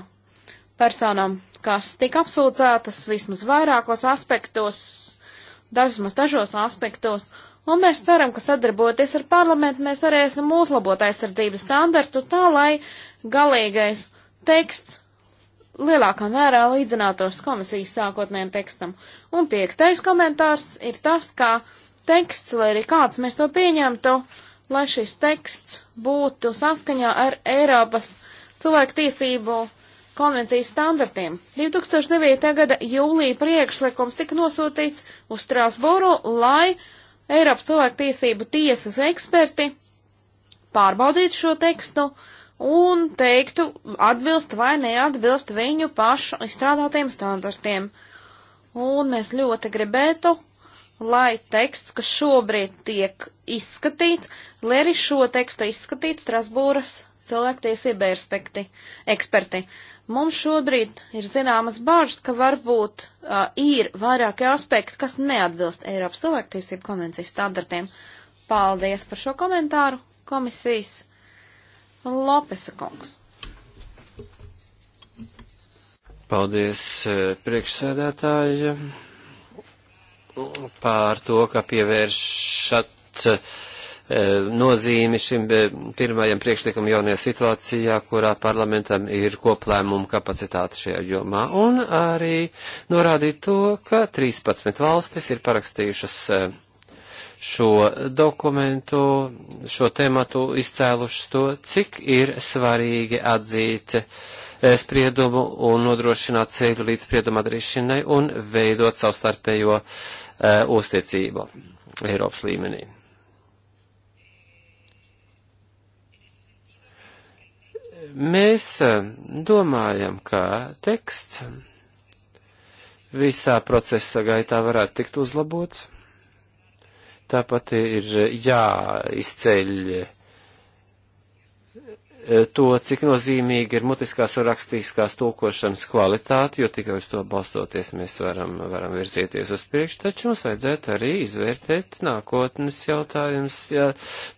personam kas tika apsūdzētas vismaz vairākos aspektos, dažmaz dažos aspektos, un mēs ceram, ka sadarboties ar parlamentu mēs varēsim uzlabot aizsardzības standartu tā, lai galīgais teksts lielākā mērā līdzinātos komisijas sākotnējiem tekstam. Un piektais komentārs ir tas, ka teksts, lai arī kāds mēs to pieņemtu, lai šis teksts būtu saskaņā ar Eiropas cilvēku tiesību konvencijas standartiem. 2009. gada jūlija priekšlikums tika nosūtīts uz Strasbūru, lai Eiropas cilvēktiesību tiesas eksperti pārbaudītu šo tekstu un teiktu, atbilst vai neatbilst viņu pašu izstrādātiem standartiem. Un mēs ļoti gribētu, lai teksts, kas šobrīd tiek izskatīts, lai arī šo tekstu izskatītu Strasbūras cilvēktiesība eksperti. Mums šobrīd ir zināmas bažas, ka varbūt uh, ir vairāki aspekti, kas neatbilst Eiropas cilvēktiesību konvencijas standartiem. Paldies par šo komentāru komisijas Lopesa kungs. Paldies priekšsēdētāji pār to, ka pievēršat Eh, nozīmi šim eh, pirmajam priekšlikumam jaunajā situācijā, kurā parlamentam ir koplēmuma kapacitāte šajā jomā, un arī norādīt to, ka 13 valstis ir parakstījušas eh, šo dokumentu, šo tematu izcēlušas to, cik ir svarīgi atzīt spriedumu un nodrošināt ceļu līdz sprieduma atrisināšanai un veidot savstarpējo uh, uzticību Eiropas līmenī. Mēs eh, domājam, ka teksts visā procesa gaitā varētu tikt uzlabots. Tāpat ir eh, jāizceļ to, cik nozīmīgi ir mutiskās un rakstīskās tulkošanas kvalitāte, jo tikai uz to balstoties mēs varam, varam virzīties uz priekšu, taču mums vajadzētu arī izvērtēt nākotnes jautājums ja,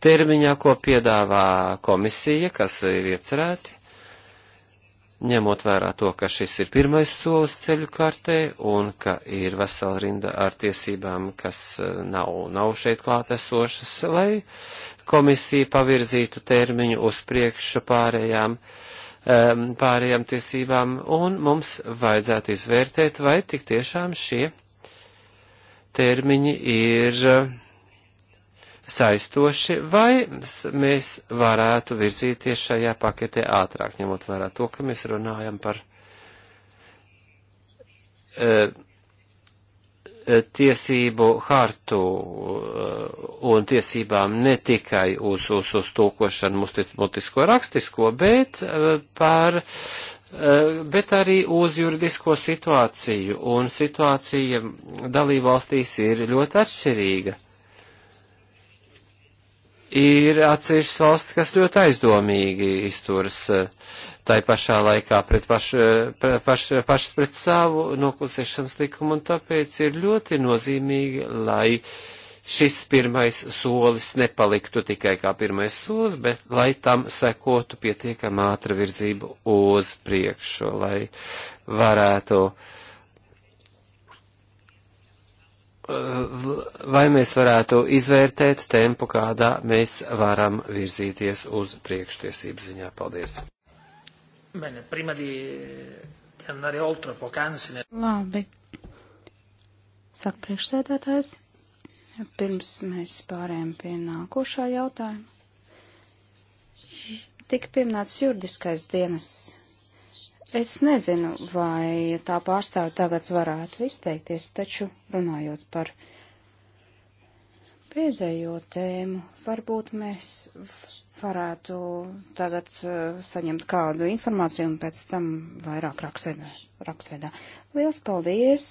termiņā, ko piedāvā komisija, kas ir iecerēti, ņemot vērā to, ka šis ir pirmais solis ceļu kartē un ka ir vesela rinda ar tiesībām, kas eh, nav, nav šeit klātesošas, lai komisija pavirzītu termiņu uz priekšu pārējām, pārējām tiesībām, un mums vajadzētu izvērtēt, vai tik tiešām šie termiņi ir eh, saistoši, vai mēs varētu virzīties šajā paketē ātrāk, ņemot vērā to, ka mēs runājam par uh, tiesību hartu uh, un tiesībām ne tikai uz, uz, uz tūkošanu mutisko rakstisko, bet uh, par uh, bet arī uz juridisko situāciju, un situācija dalībvalstīs ir ļoti atšķirīga. Ir atsevišķas valsts, kas ļoti aizdomīgi izturas tai pašā laikā pret pašu, eh, paš, pašas pret savu noklusēšanas likumu, un tāpēc ir ļoti nozīmīgi, lai šis pirmais solis nepaliktu tikai kā pirmais solis, bet lai tam sekotu pietiekam ātra virzību uz priekšu, lai varētu. Eh, vai mēs varētu izvērtēt tempu, kādā mēs varam virzīties uz priekštiesību ziņā? Paldies! Bene, prima di, di andare oltre poc'anzi. Ne... Labi. Saka priekšsēdētājs. Pirms mēs pārējām pie nākošā jautājuma. Tik pieminēts juridiskais dienas. Es nezinu, vai tā pārstāve tagad varētu izteikties, taču runājot par pēdējo tēmu, varbūt mēs varētu tagad uh, saņemt kādu informāciju un pēc tam vairāk raksveidā. raksveidā. Liels paldies!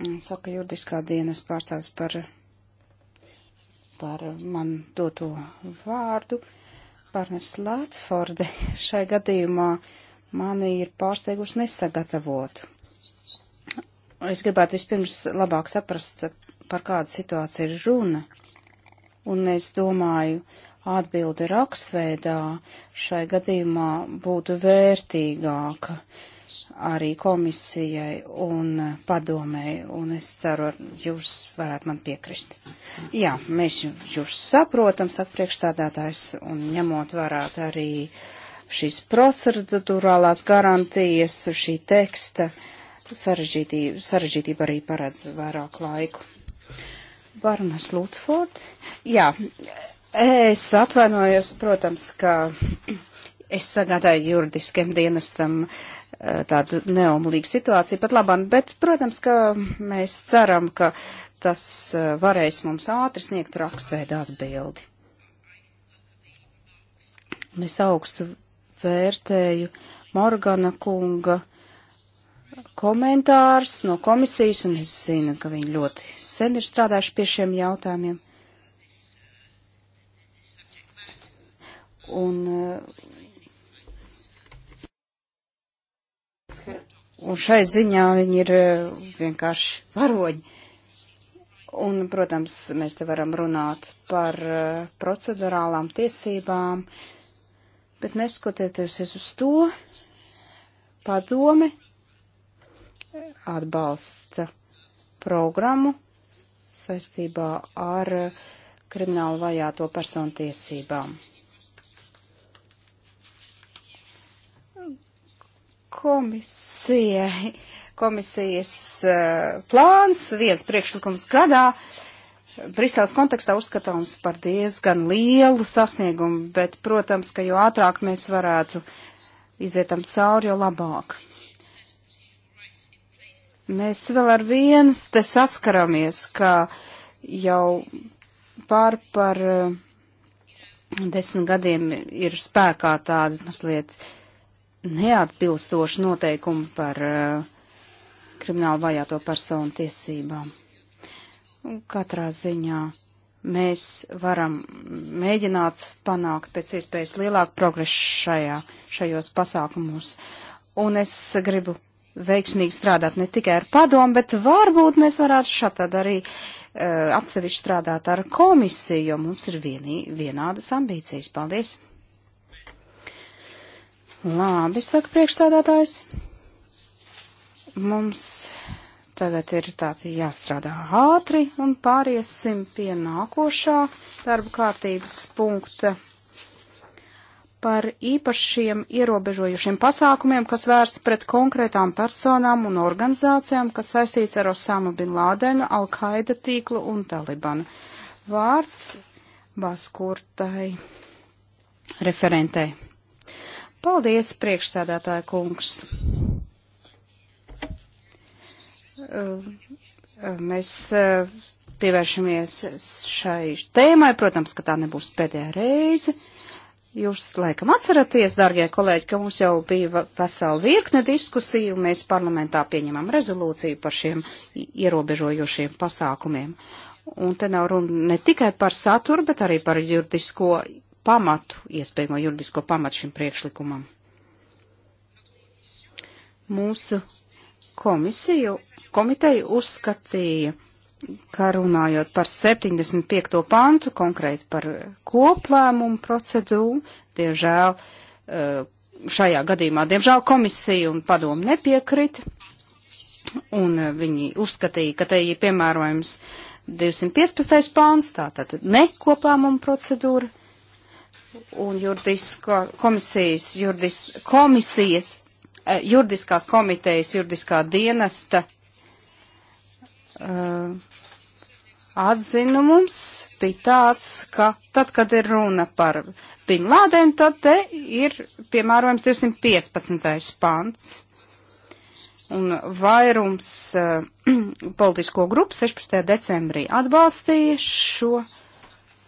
Mm, saka juridiskā dienas pārstāvis par, par man doto vārdu. Pārnes Latforde šai gadījumā mani ir pārsteigusi nesagatavotu. Es gribētu vispirms labāk saprast, par kādu situāciju ir runa. Un es domāju, uh, atbildi rakstveidā šai gadījumā būtu vērtīgāka arī komisijai un padomēji, un es ceru, jūs varētu man piekrist. Jā, mēs jūs saprotam, saka priekšstādātājs, un ņemot varāt arī šīs procedurālās garantijas, šī teksta sarežģītība, sarežģītība arī paredz vairāk laiku. Varunas Lūtsford. Jā, Es atvainojos, protams, ka es sagādāju juridiskiem dienestam eh, tādu neomlīgu situāciju pat labam, bet, protams, ka mēs ceram, ka tas eh, varēs mums ātri sniegt rakstveidu atbildi. Un es augstu vērtēju Morgana kunga komentārs no komisijas, un es zinu, ka viņi ļoti sen ir strādājuši pie šiem jautājumiem. Un, eh, un šai ziņā viņi ir eh, vienkārši varoņi. Un, protams, mēs te varam runāt par eh, procedurālām tiesībām, bet neskatieties uz to, padome atbalsta programmu saistībā ar kriminālu vajāto personu tiesībām. Komisijai, komisijas uh, plāns, viens priekšlikums gadā, Briseles kontekstā uzskatāms par diezgan lielu sasniegumu, bet, protams, ka jo ātrāk mēs varētu izietam cauri, jo labāk. Mēs vēl ar viens te saskaramies, ka jau pār par eh, desmit gadiem ir spēkā tāda mazliet uh, neatbilstoši noteikumi par eh, kriminālu vajāto personu tiesībām. Katrā ziņā mēs varam mēģināt panākt pēc iespējas lielāku progresu šajā, šajos pasākumos. Un es gribu veiksmīgi strādāt ne tikai ar padomu, bet varbūt mēs varētu šatad arī uh, atsevišķi strādāt ar komisiju, jo mums ir vienī, vienādas ambīcijas. Paldies! Labi, saka priekšstādātājs. Mums tagad ir tātad jāstrādā ātri un pāriesim pie nākošā darba kārtības punkta par īpašiem ierobežojušiem pasākumiem, kas vērsti pret konkrētām personām un organizācijām, kas saistīts ar Osama bin Lādenu, Al-Qaida tīklu un Talibanu. Vārds Baskurtai referentei. Paldies, priekšsādātāja kungs. Uh, mēs uh, pievēršamies šai tēmai. Protams, ka tā nebūs pēdējā reize. Jūs laikam atceraties, dārgie kolēģi, ka mums jau bija vesela virkne diskusiju, un mēs parlamentā pieņemam rezolūciju par šiem ierobežojošiem pasākumiem. Un te nav runa ne tikai par saturu, bet arī par juridisko pamatu, iespējamo juridisko pamatu šim priekšlikumam. Mūsu komisiju, komiteju uzskatīja, ka runājot par 75. pantu, konkrēti par koplēmumu procedūru, diemžēl eh, šajā gadījumā, diemžēl komisija un padomu nepiekrita, un eh, viņi uzskatīja, ka te ir piemērojams 215. pāns, tātad ne koplēmumu procedūra, un juridisko komisijas, juridis, komisijas, eh, juridiskās komitejas, juridiskā dienesta uh, eh, atzinumums bija tāds, ka tad, kad ir runa par Bin Laden, tad te ir piemērojams 215. pants. Un vairums uh, politisko grupu 16. decembrī atbalstīja šo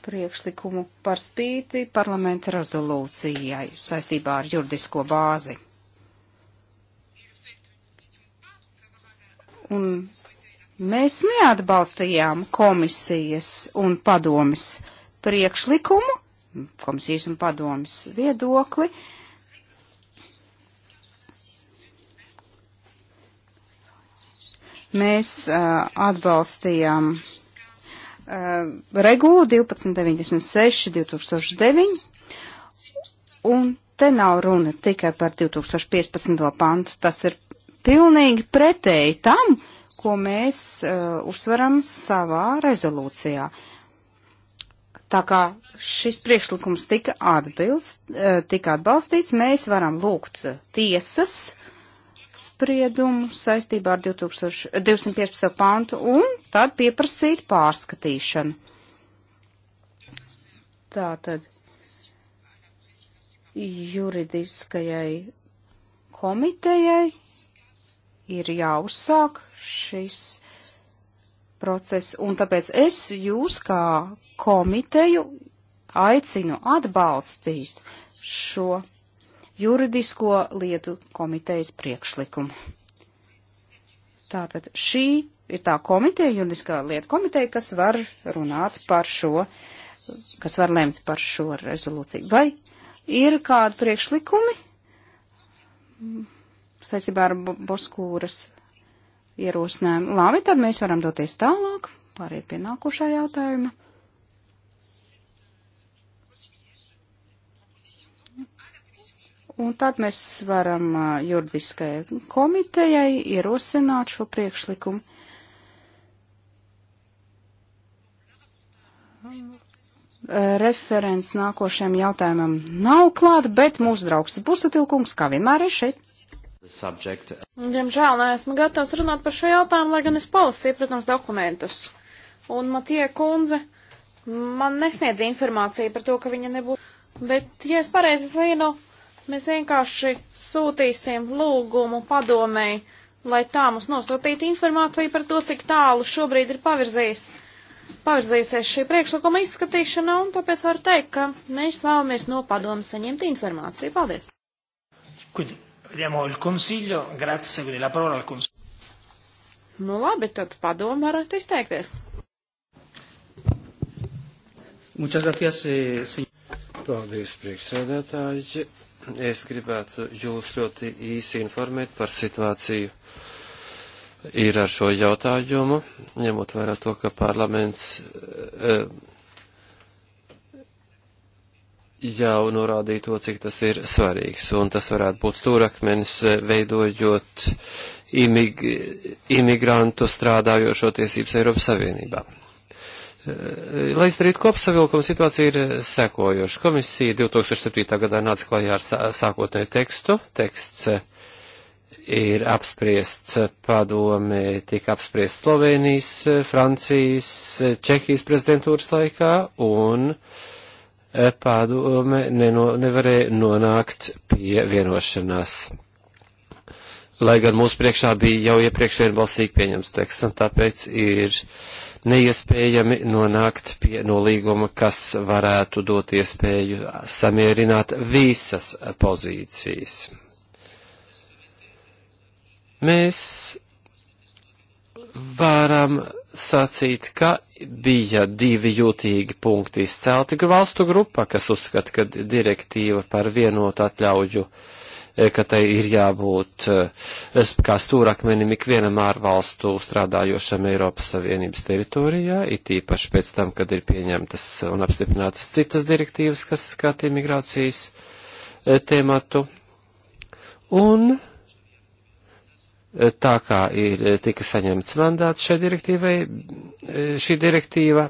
priekšlikumu par spīti parlamenta rezolūcijai saistībā ar juridisko bāzi. Un mēs neatbalstījām komisijas un padomis priekšlikumu, komisijas un padomis viedokli. Mēs uh, atbalstījām uh, uh, regulu 1296 2009, un te nav runa tikai par 2015. pantu, tas ir pilnīgi pretēji tam, ko mēs uh, uzsveram savā rezolūcijā. Tā kā šis priekšlikums tika, atbilst, uh, tika atbalstīts, mēs varam lūgt tiesas spriedumu saistībā ar 2000, 215. pantu un tad pieprasīt pārskatīšanu. Tātad juridiskajai komitejai ir jāuzsāk šis process, un tāpēc es jūs kā komiteju aicinu atbalstīt šo juridisko lietu komitejas priekšlikumu. Tātad šī ir tā komiteja, juridiskā lieta komiteja, kas var runāt par šo, kas var lemt par šo rezolūciju. Vai ir kādi priekšlikumi saistībā ar Boskūras ierosinājumu? Labi, tad mēs varam doties tālāk, pāriet pie nākošā jautājuma. Un tad mēs varam juridiskajai komitejai ierosināt šo priekšlikumu. Referents nākošajam jautājumam nav klāt, bet mūsu draugs Bustatilkungs, kā vienmēr, ir šeit. Subject. Uh, Diemžēl neesmu gatavs runāt par šo jautājumu, lai gan es palasīju, protams, dokumentus. Un Matie kundze man nesniedz informāciju par to, ka viņa nebūtu. Bet, ja es pareizi zinu, no Mēs vienkārši sūtīsim lūgumu padomēji, lai tā mums nosūtītu informāciju par to, cik tālu šobrīd ir pavirzījis, pavirzījusies šī priekšlikuma izskatīšana, un tāpēc varu teikt, ka mēs vēlamies no padomas saņemt informāciju. Paldies! Quindi, vediamo il consiglio, grazie, quindi la parola al consiglio. Nu labi, tad padomu varat izteikties. Muchas gracias, eh, señor. Paldies, priekšsēdētāji. Es gribētu jūs ļoti īsi informēt par situāciju ir ar šo jautājumu, ņemot vērā to, ka parlaments e, jau norādīja to, cik tas ir svarīgs, un tas varētu būt stūrakmenis, eh, veidojot imig imigrantu strādājošo tiesības Eiropas Savienībā. Eh, lai izdarītu kopsavilkumu, situācija ir eh, sekojoša. Komisija 2007. gadā nāca klajā ar sākotnēju tekstu. Teksts eh, ir apspriests padome, tika apspriests Slovenijas, Francijas, Čehijas prezidentūras laikā, un padome neno, nevarēja nonākt pie vienošanās. Lai gan mūsu priekšā bija jau iepriekš vienbalsīgi pieņems teksts, un tāpēc ir neiespējami nonākt pie nolīguma, kas varētu dot iespēju samierināt visas pozīcijas. Mēs varam sacīt, ka bija divi jūtīgi punkti izcelti valstu grupa, kas uzskata, ka direktīva par vienotu atļauju uh, E, ka tai ir jābūt e, kā stūrakmenim ikvienam ārvalstu strādājošam Eiropas Savienības teritorijā, it īpaši pēc tam, kad ir pieņemtas un apstiprinātas citas direktīvas, kas skata imigrācijas e, tēmatu. Un tā kā ir tika saņemts mandāts šai direktīvai, šī direktīva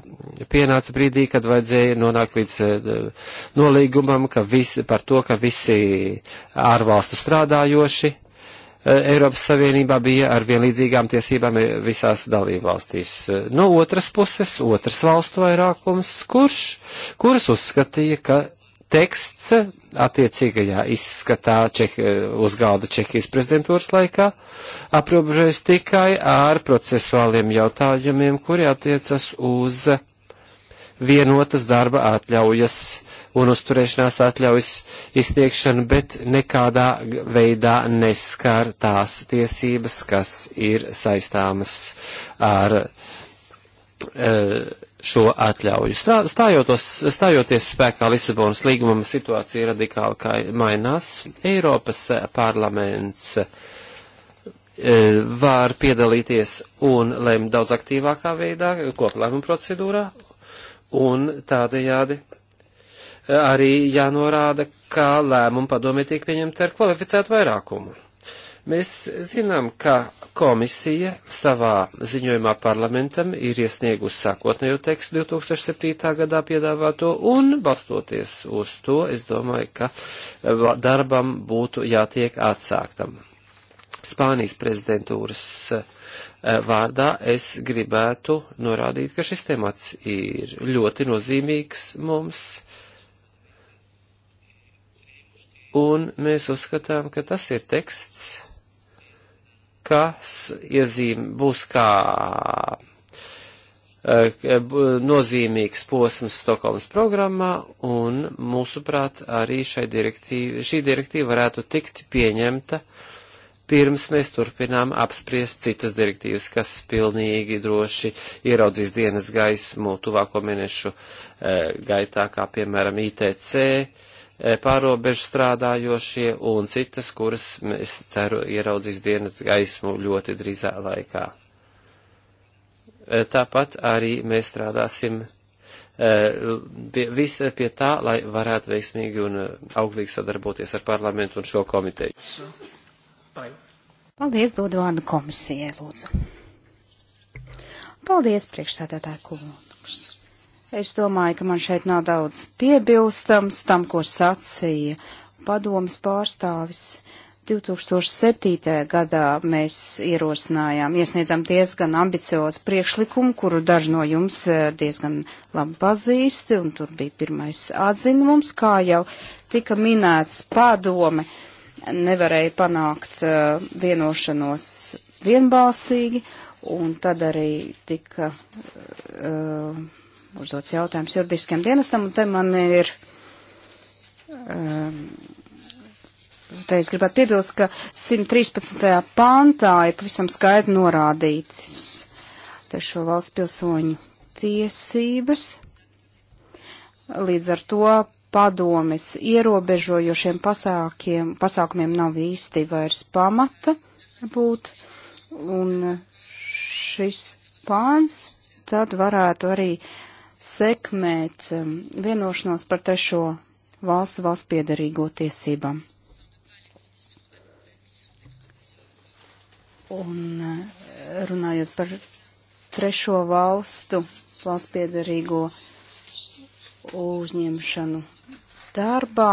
pienāca brīdī, kad vajadzēja nonākt līdz eh, nolīgumam ka visi, par to, ka visi ārvalstu strādājoši eh, Eiropas Savienībā bija ar vienlīdzīgām tiesībām visās dalībvalstīs. No otras puses, otrs valstu vairākums, kurš, kuras uzskatīja, ka teksts attiecīgajā izskatā Čeh, uz galda Čehijas prezidentūras laikā aprobežojas tikai ar procesuāliem jautājumiem, kuri attiecas uz vienotas darba atļaujas un uzturēšanās atļaujas izsniegšanu, bet nekādā veidā neskar tās tiesības, kas ir saistāmas ar. Uh, e, šo atļauju. Stājotos, stājoties spēkā Lisabonas līgumam, situācija radikāli mainās. Eiropas eh, parlaments eh, var piedalīties un lemt daudz aktīvākā veidā, koplēmuma procedūrā, un tādējādi eh, arī jānorāda, kā lēmumu padomē tiek pieņemta ar kvalificētu vairākumu. Mēs zinām, ka komisija savā ziņojumā parlamentam ir iesniegusi sākotnējo tekstu 2007. gadā piedāvāto un balstoties uz to, es domāju, ka darbam būtu jātiek atsāktam. Spānijas prezidentūras eh, vārdā es gribētu norādīt, ka šis temats ir ļoti nozīmīgs mums. Un mēs uzskatām, ka tas ir teksts, kas iezīm būs kā e, e, nozīmīgs posms Stokholmas programmā, un mūsuprāt arī šai direktīva, šī direktīva varētu tikt pieņemta, pirms mēs turpinām apspriest citas direktīvas, kas pilnīgi droši ieraudzīs dienas gaismu tuvāko mēnešu e, gaitā, kā piemēram ITC, E, pārobežu strādājošie un citas, kuras, es ceru, ieraudzīs dienas gaismu ļoti drīzā laikā. E, tāpat arī mēs strādāsim e, pie, vis, pie tā, lai varētu veiksmīgi un auglīgi sadarboties ar parlamentu un šo komiteju. Paldies, dod vārdu komisijai, lūdzu. Paldies, priekšsēdētāji Kulmūnus. Es domāju, ka man šeit nav daudz piebilstams tam, ko sacīja padomas pārstāvis. 2007. gadā mēs ierosinājām, iesniedzām diezgan ambiciozu priekšlikumu, kuru daži no jums eh, diezgan labi pazīsti, un tur bija pirmais atzinums, kā jau tika minēts padome, nevarēja panākt eh, vienošanos vienbalsīgi, un tad arī tika. Uh, uzdots jautājums juridiskam dienestam, un te man ir. Um, Te es gribētu piebilst, ka 113. pāntā ir pavisam skaidri norādīts trešo valsts pilsoņu tiesības. Līdz ar to padomes ierobežojošiem pasākiem, pasākumiem nav īsti vairs pamata būt, un šis pāns tad varētu arī uh, sekmēt um, vienošanos par trešo valstu valsts piedarīgo tiesībām. Un uh, runājot par trešo valstu valsts piedarīgo uzņemšanu darbā,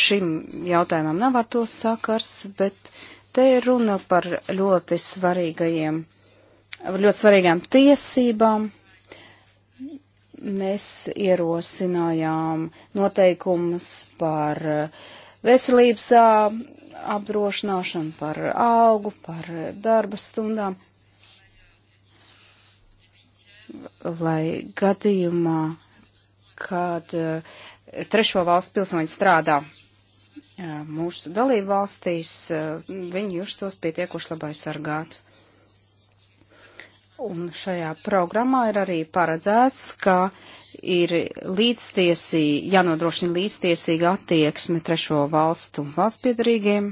šim jautājumam nav ar to sakars, bet te ir runa par ļoti svarīgajiem, ļoti svarīgām tiesībām mēs ierosinājām noteikumus par eh, veselības eh, apdrošināšanu, par augu, par darba stundām, lai gadījumā, kad eh, trešo valstu pilsoņi strādā mūsu dalību valstīs, viņi justos pietiekuši labai sargāti. Un šajā programmā ir arī paredzēts, ka ir līdztiesīgi, jānodrošina līdztiesīga attieksme trešo valstu valsts piedarīgiem.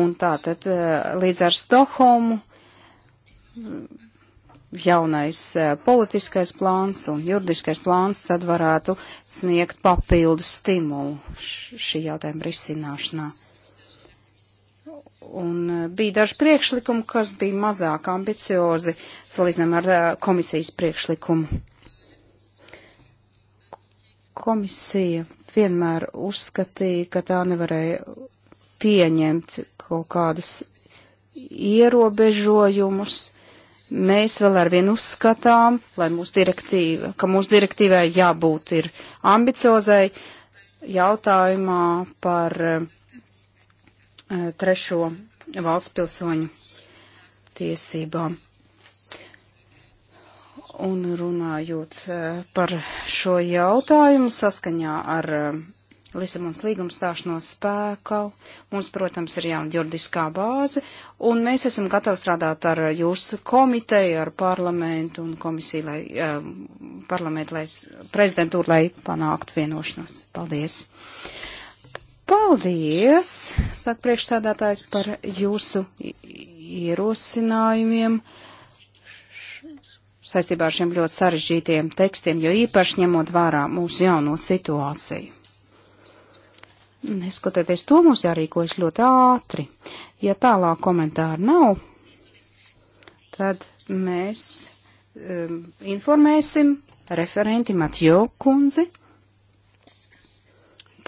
Un tātad eh, līdz ar Stokholmu mm, jaunais eh, politiskais plāns un juridiskais plāns tad varētu sniegt papildu stimulu šī jautājuma risināšanā. Un eh, bija daži priekšlikumi, kas bija mazāk ambiciozi, salīdzinām ar eh, komisijas priekšlikumu. Komisija vienmēr uzskatīja, ka tā nevarēja pieņemt kaut kādus ierobežojumus. Mēs vēl arvien uzskatām, lai mūsu direktīva, ka mūsu direktīvai jābūt ir ambiciozai jautājumā par uh, Eh, trešo valsts pilsoņu tiesībām. Un runājot eh, par šo jautājumu saskaņā ar eh, Lisabonas līguma stāšanos spēkā, mums, protams, ir jauna juridiskā bāze, un mēs esam gatavi strādāt ar jūsu komiteju, ar parlamentu un komisiju, lai, eh, parlamentu, lai, prezidentūru, lai panāktu vienošanos. Paldies! Paldies, saka priekšsādātājs, par jūsu ierosinājumiem saistībā ar šiem ļoti sarežģītiem tekstiem, jo īpaši ņemot vērā mūsu jauno situāciju. Neskatoties to, mums jārīkojas ļoti ātri. Ja tālāk komentāru nav, tad mēs um, informēsim referenti Matjo kundzi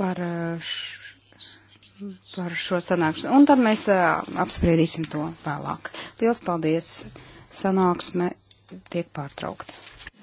par uh, par šo sanāksmi. Un tad mēs uh, apspriedīsim to vēlāk. Liels paldies! Sanāksme tiek pārtraukta.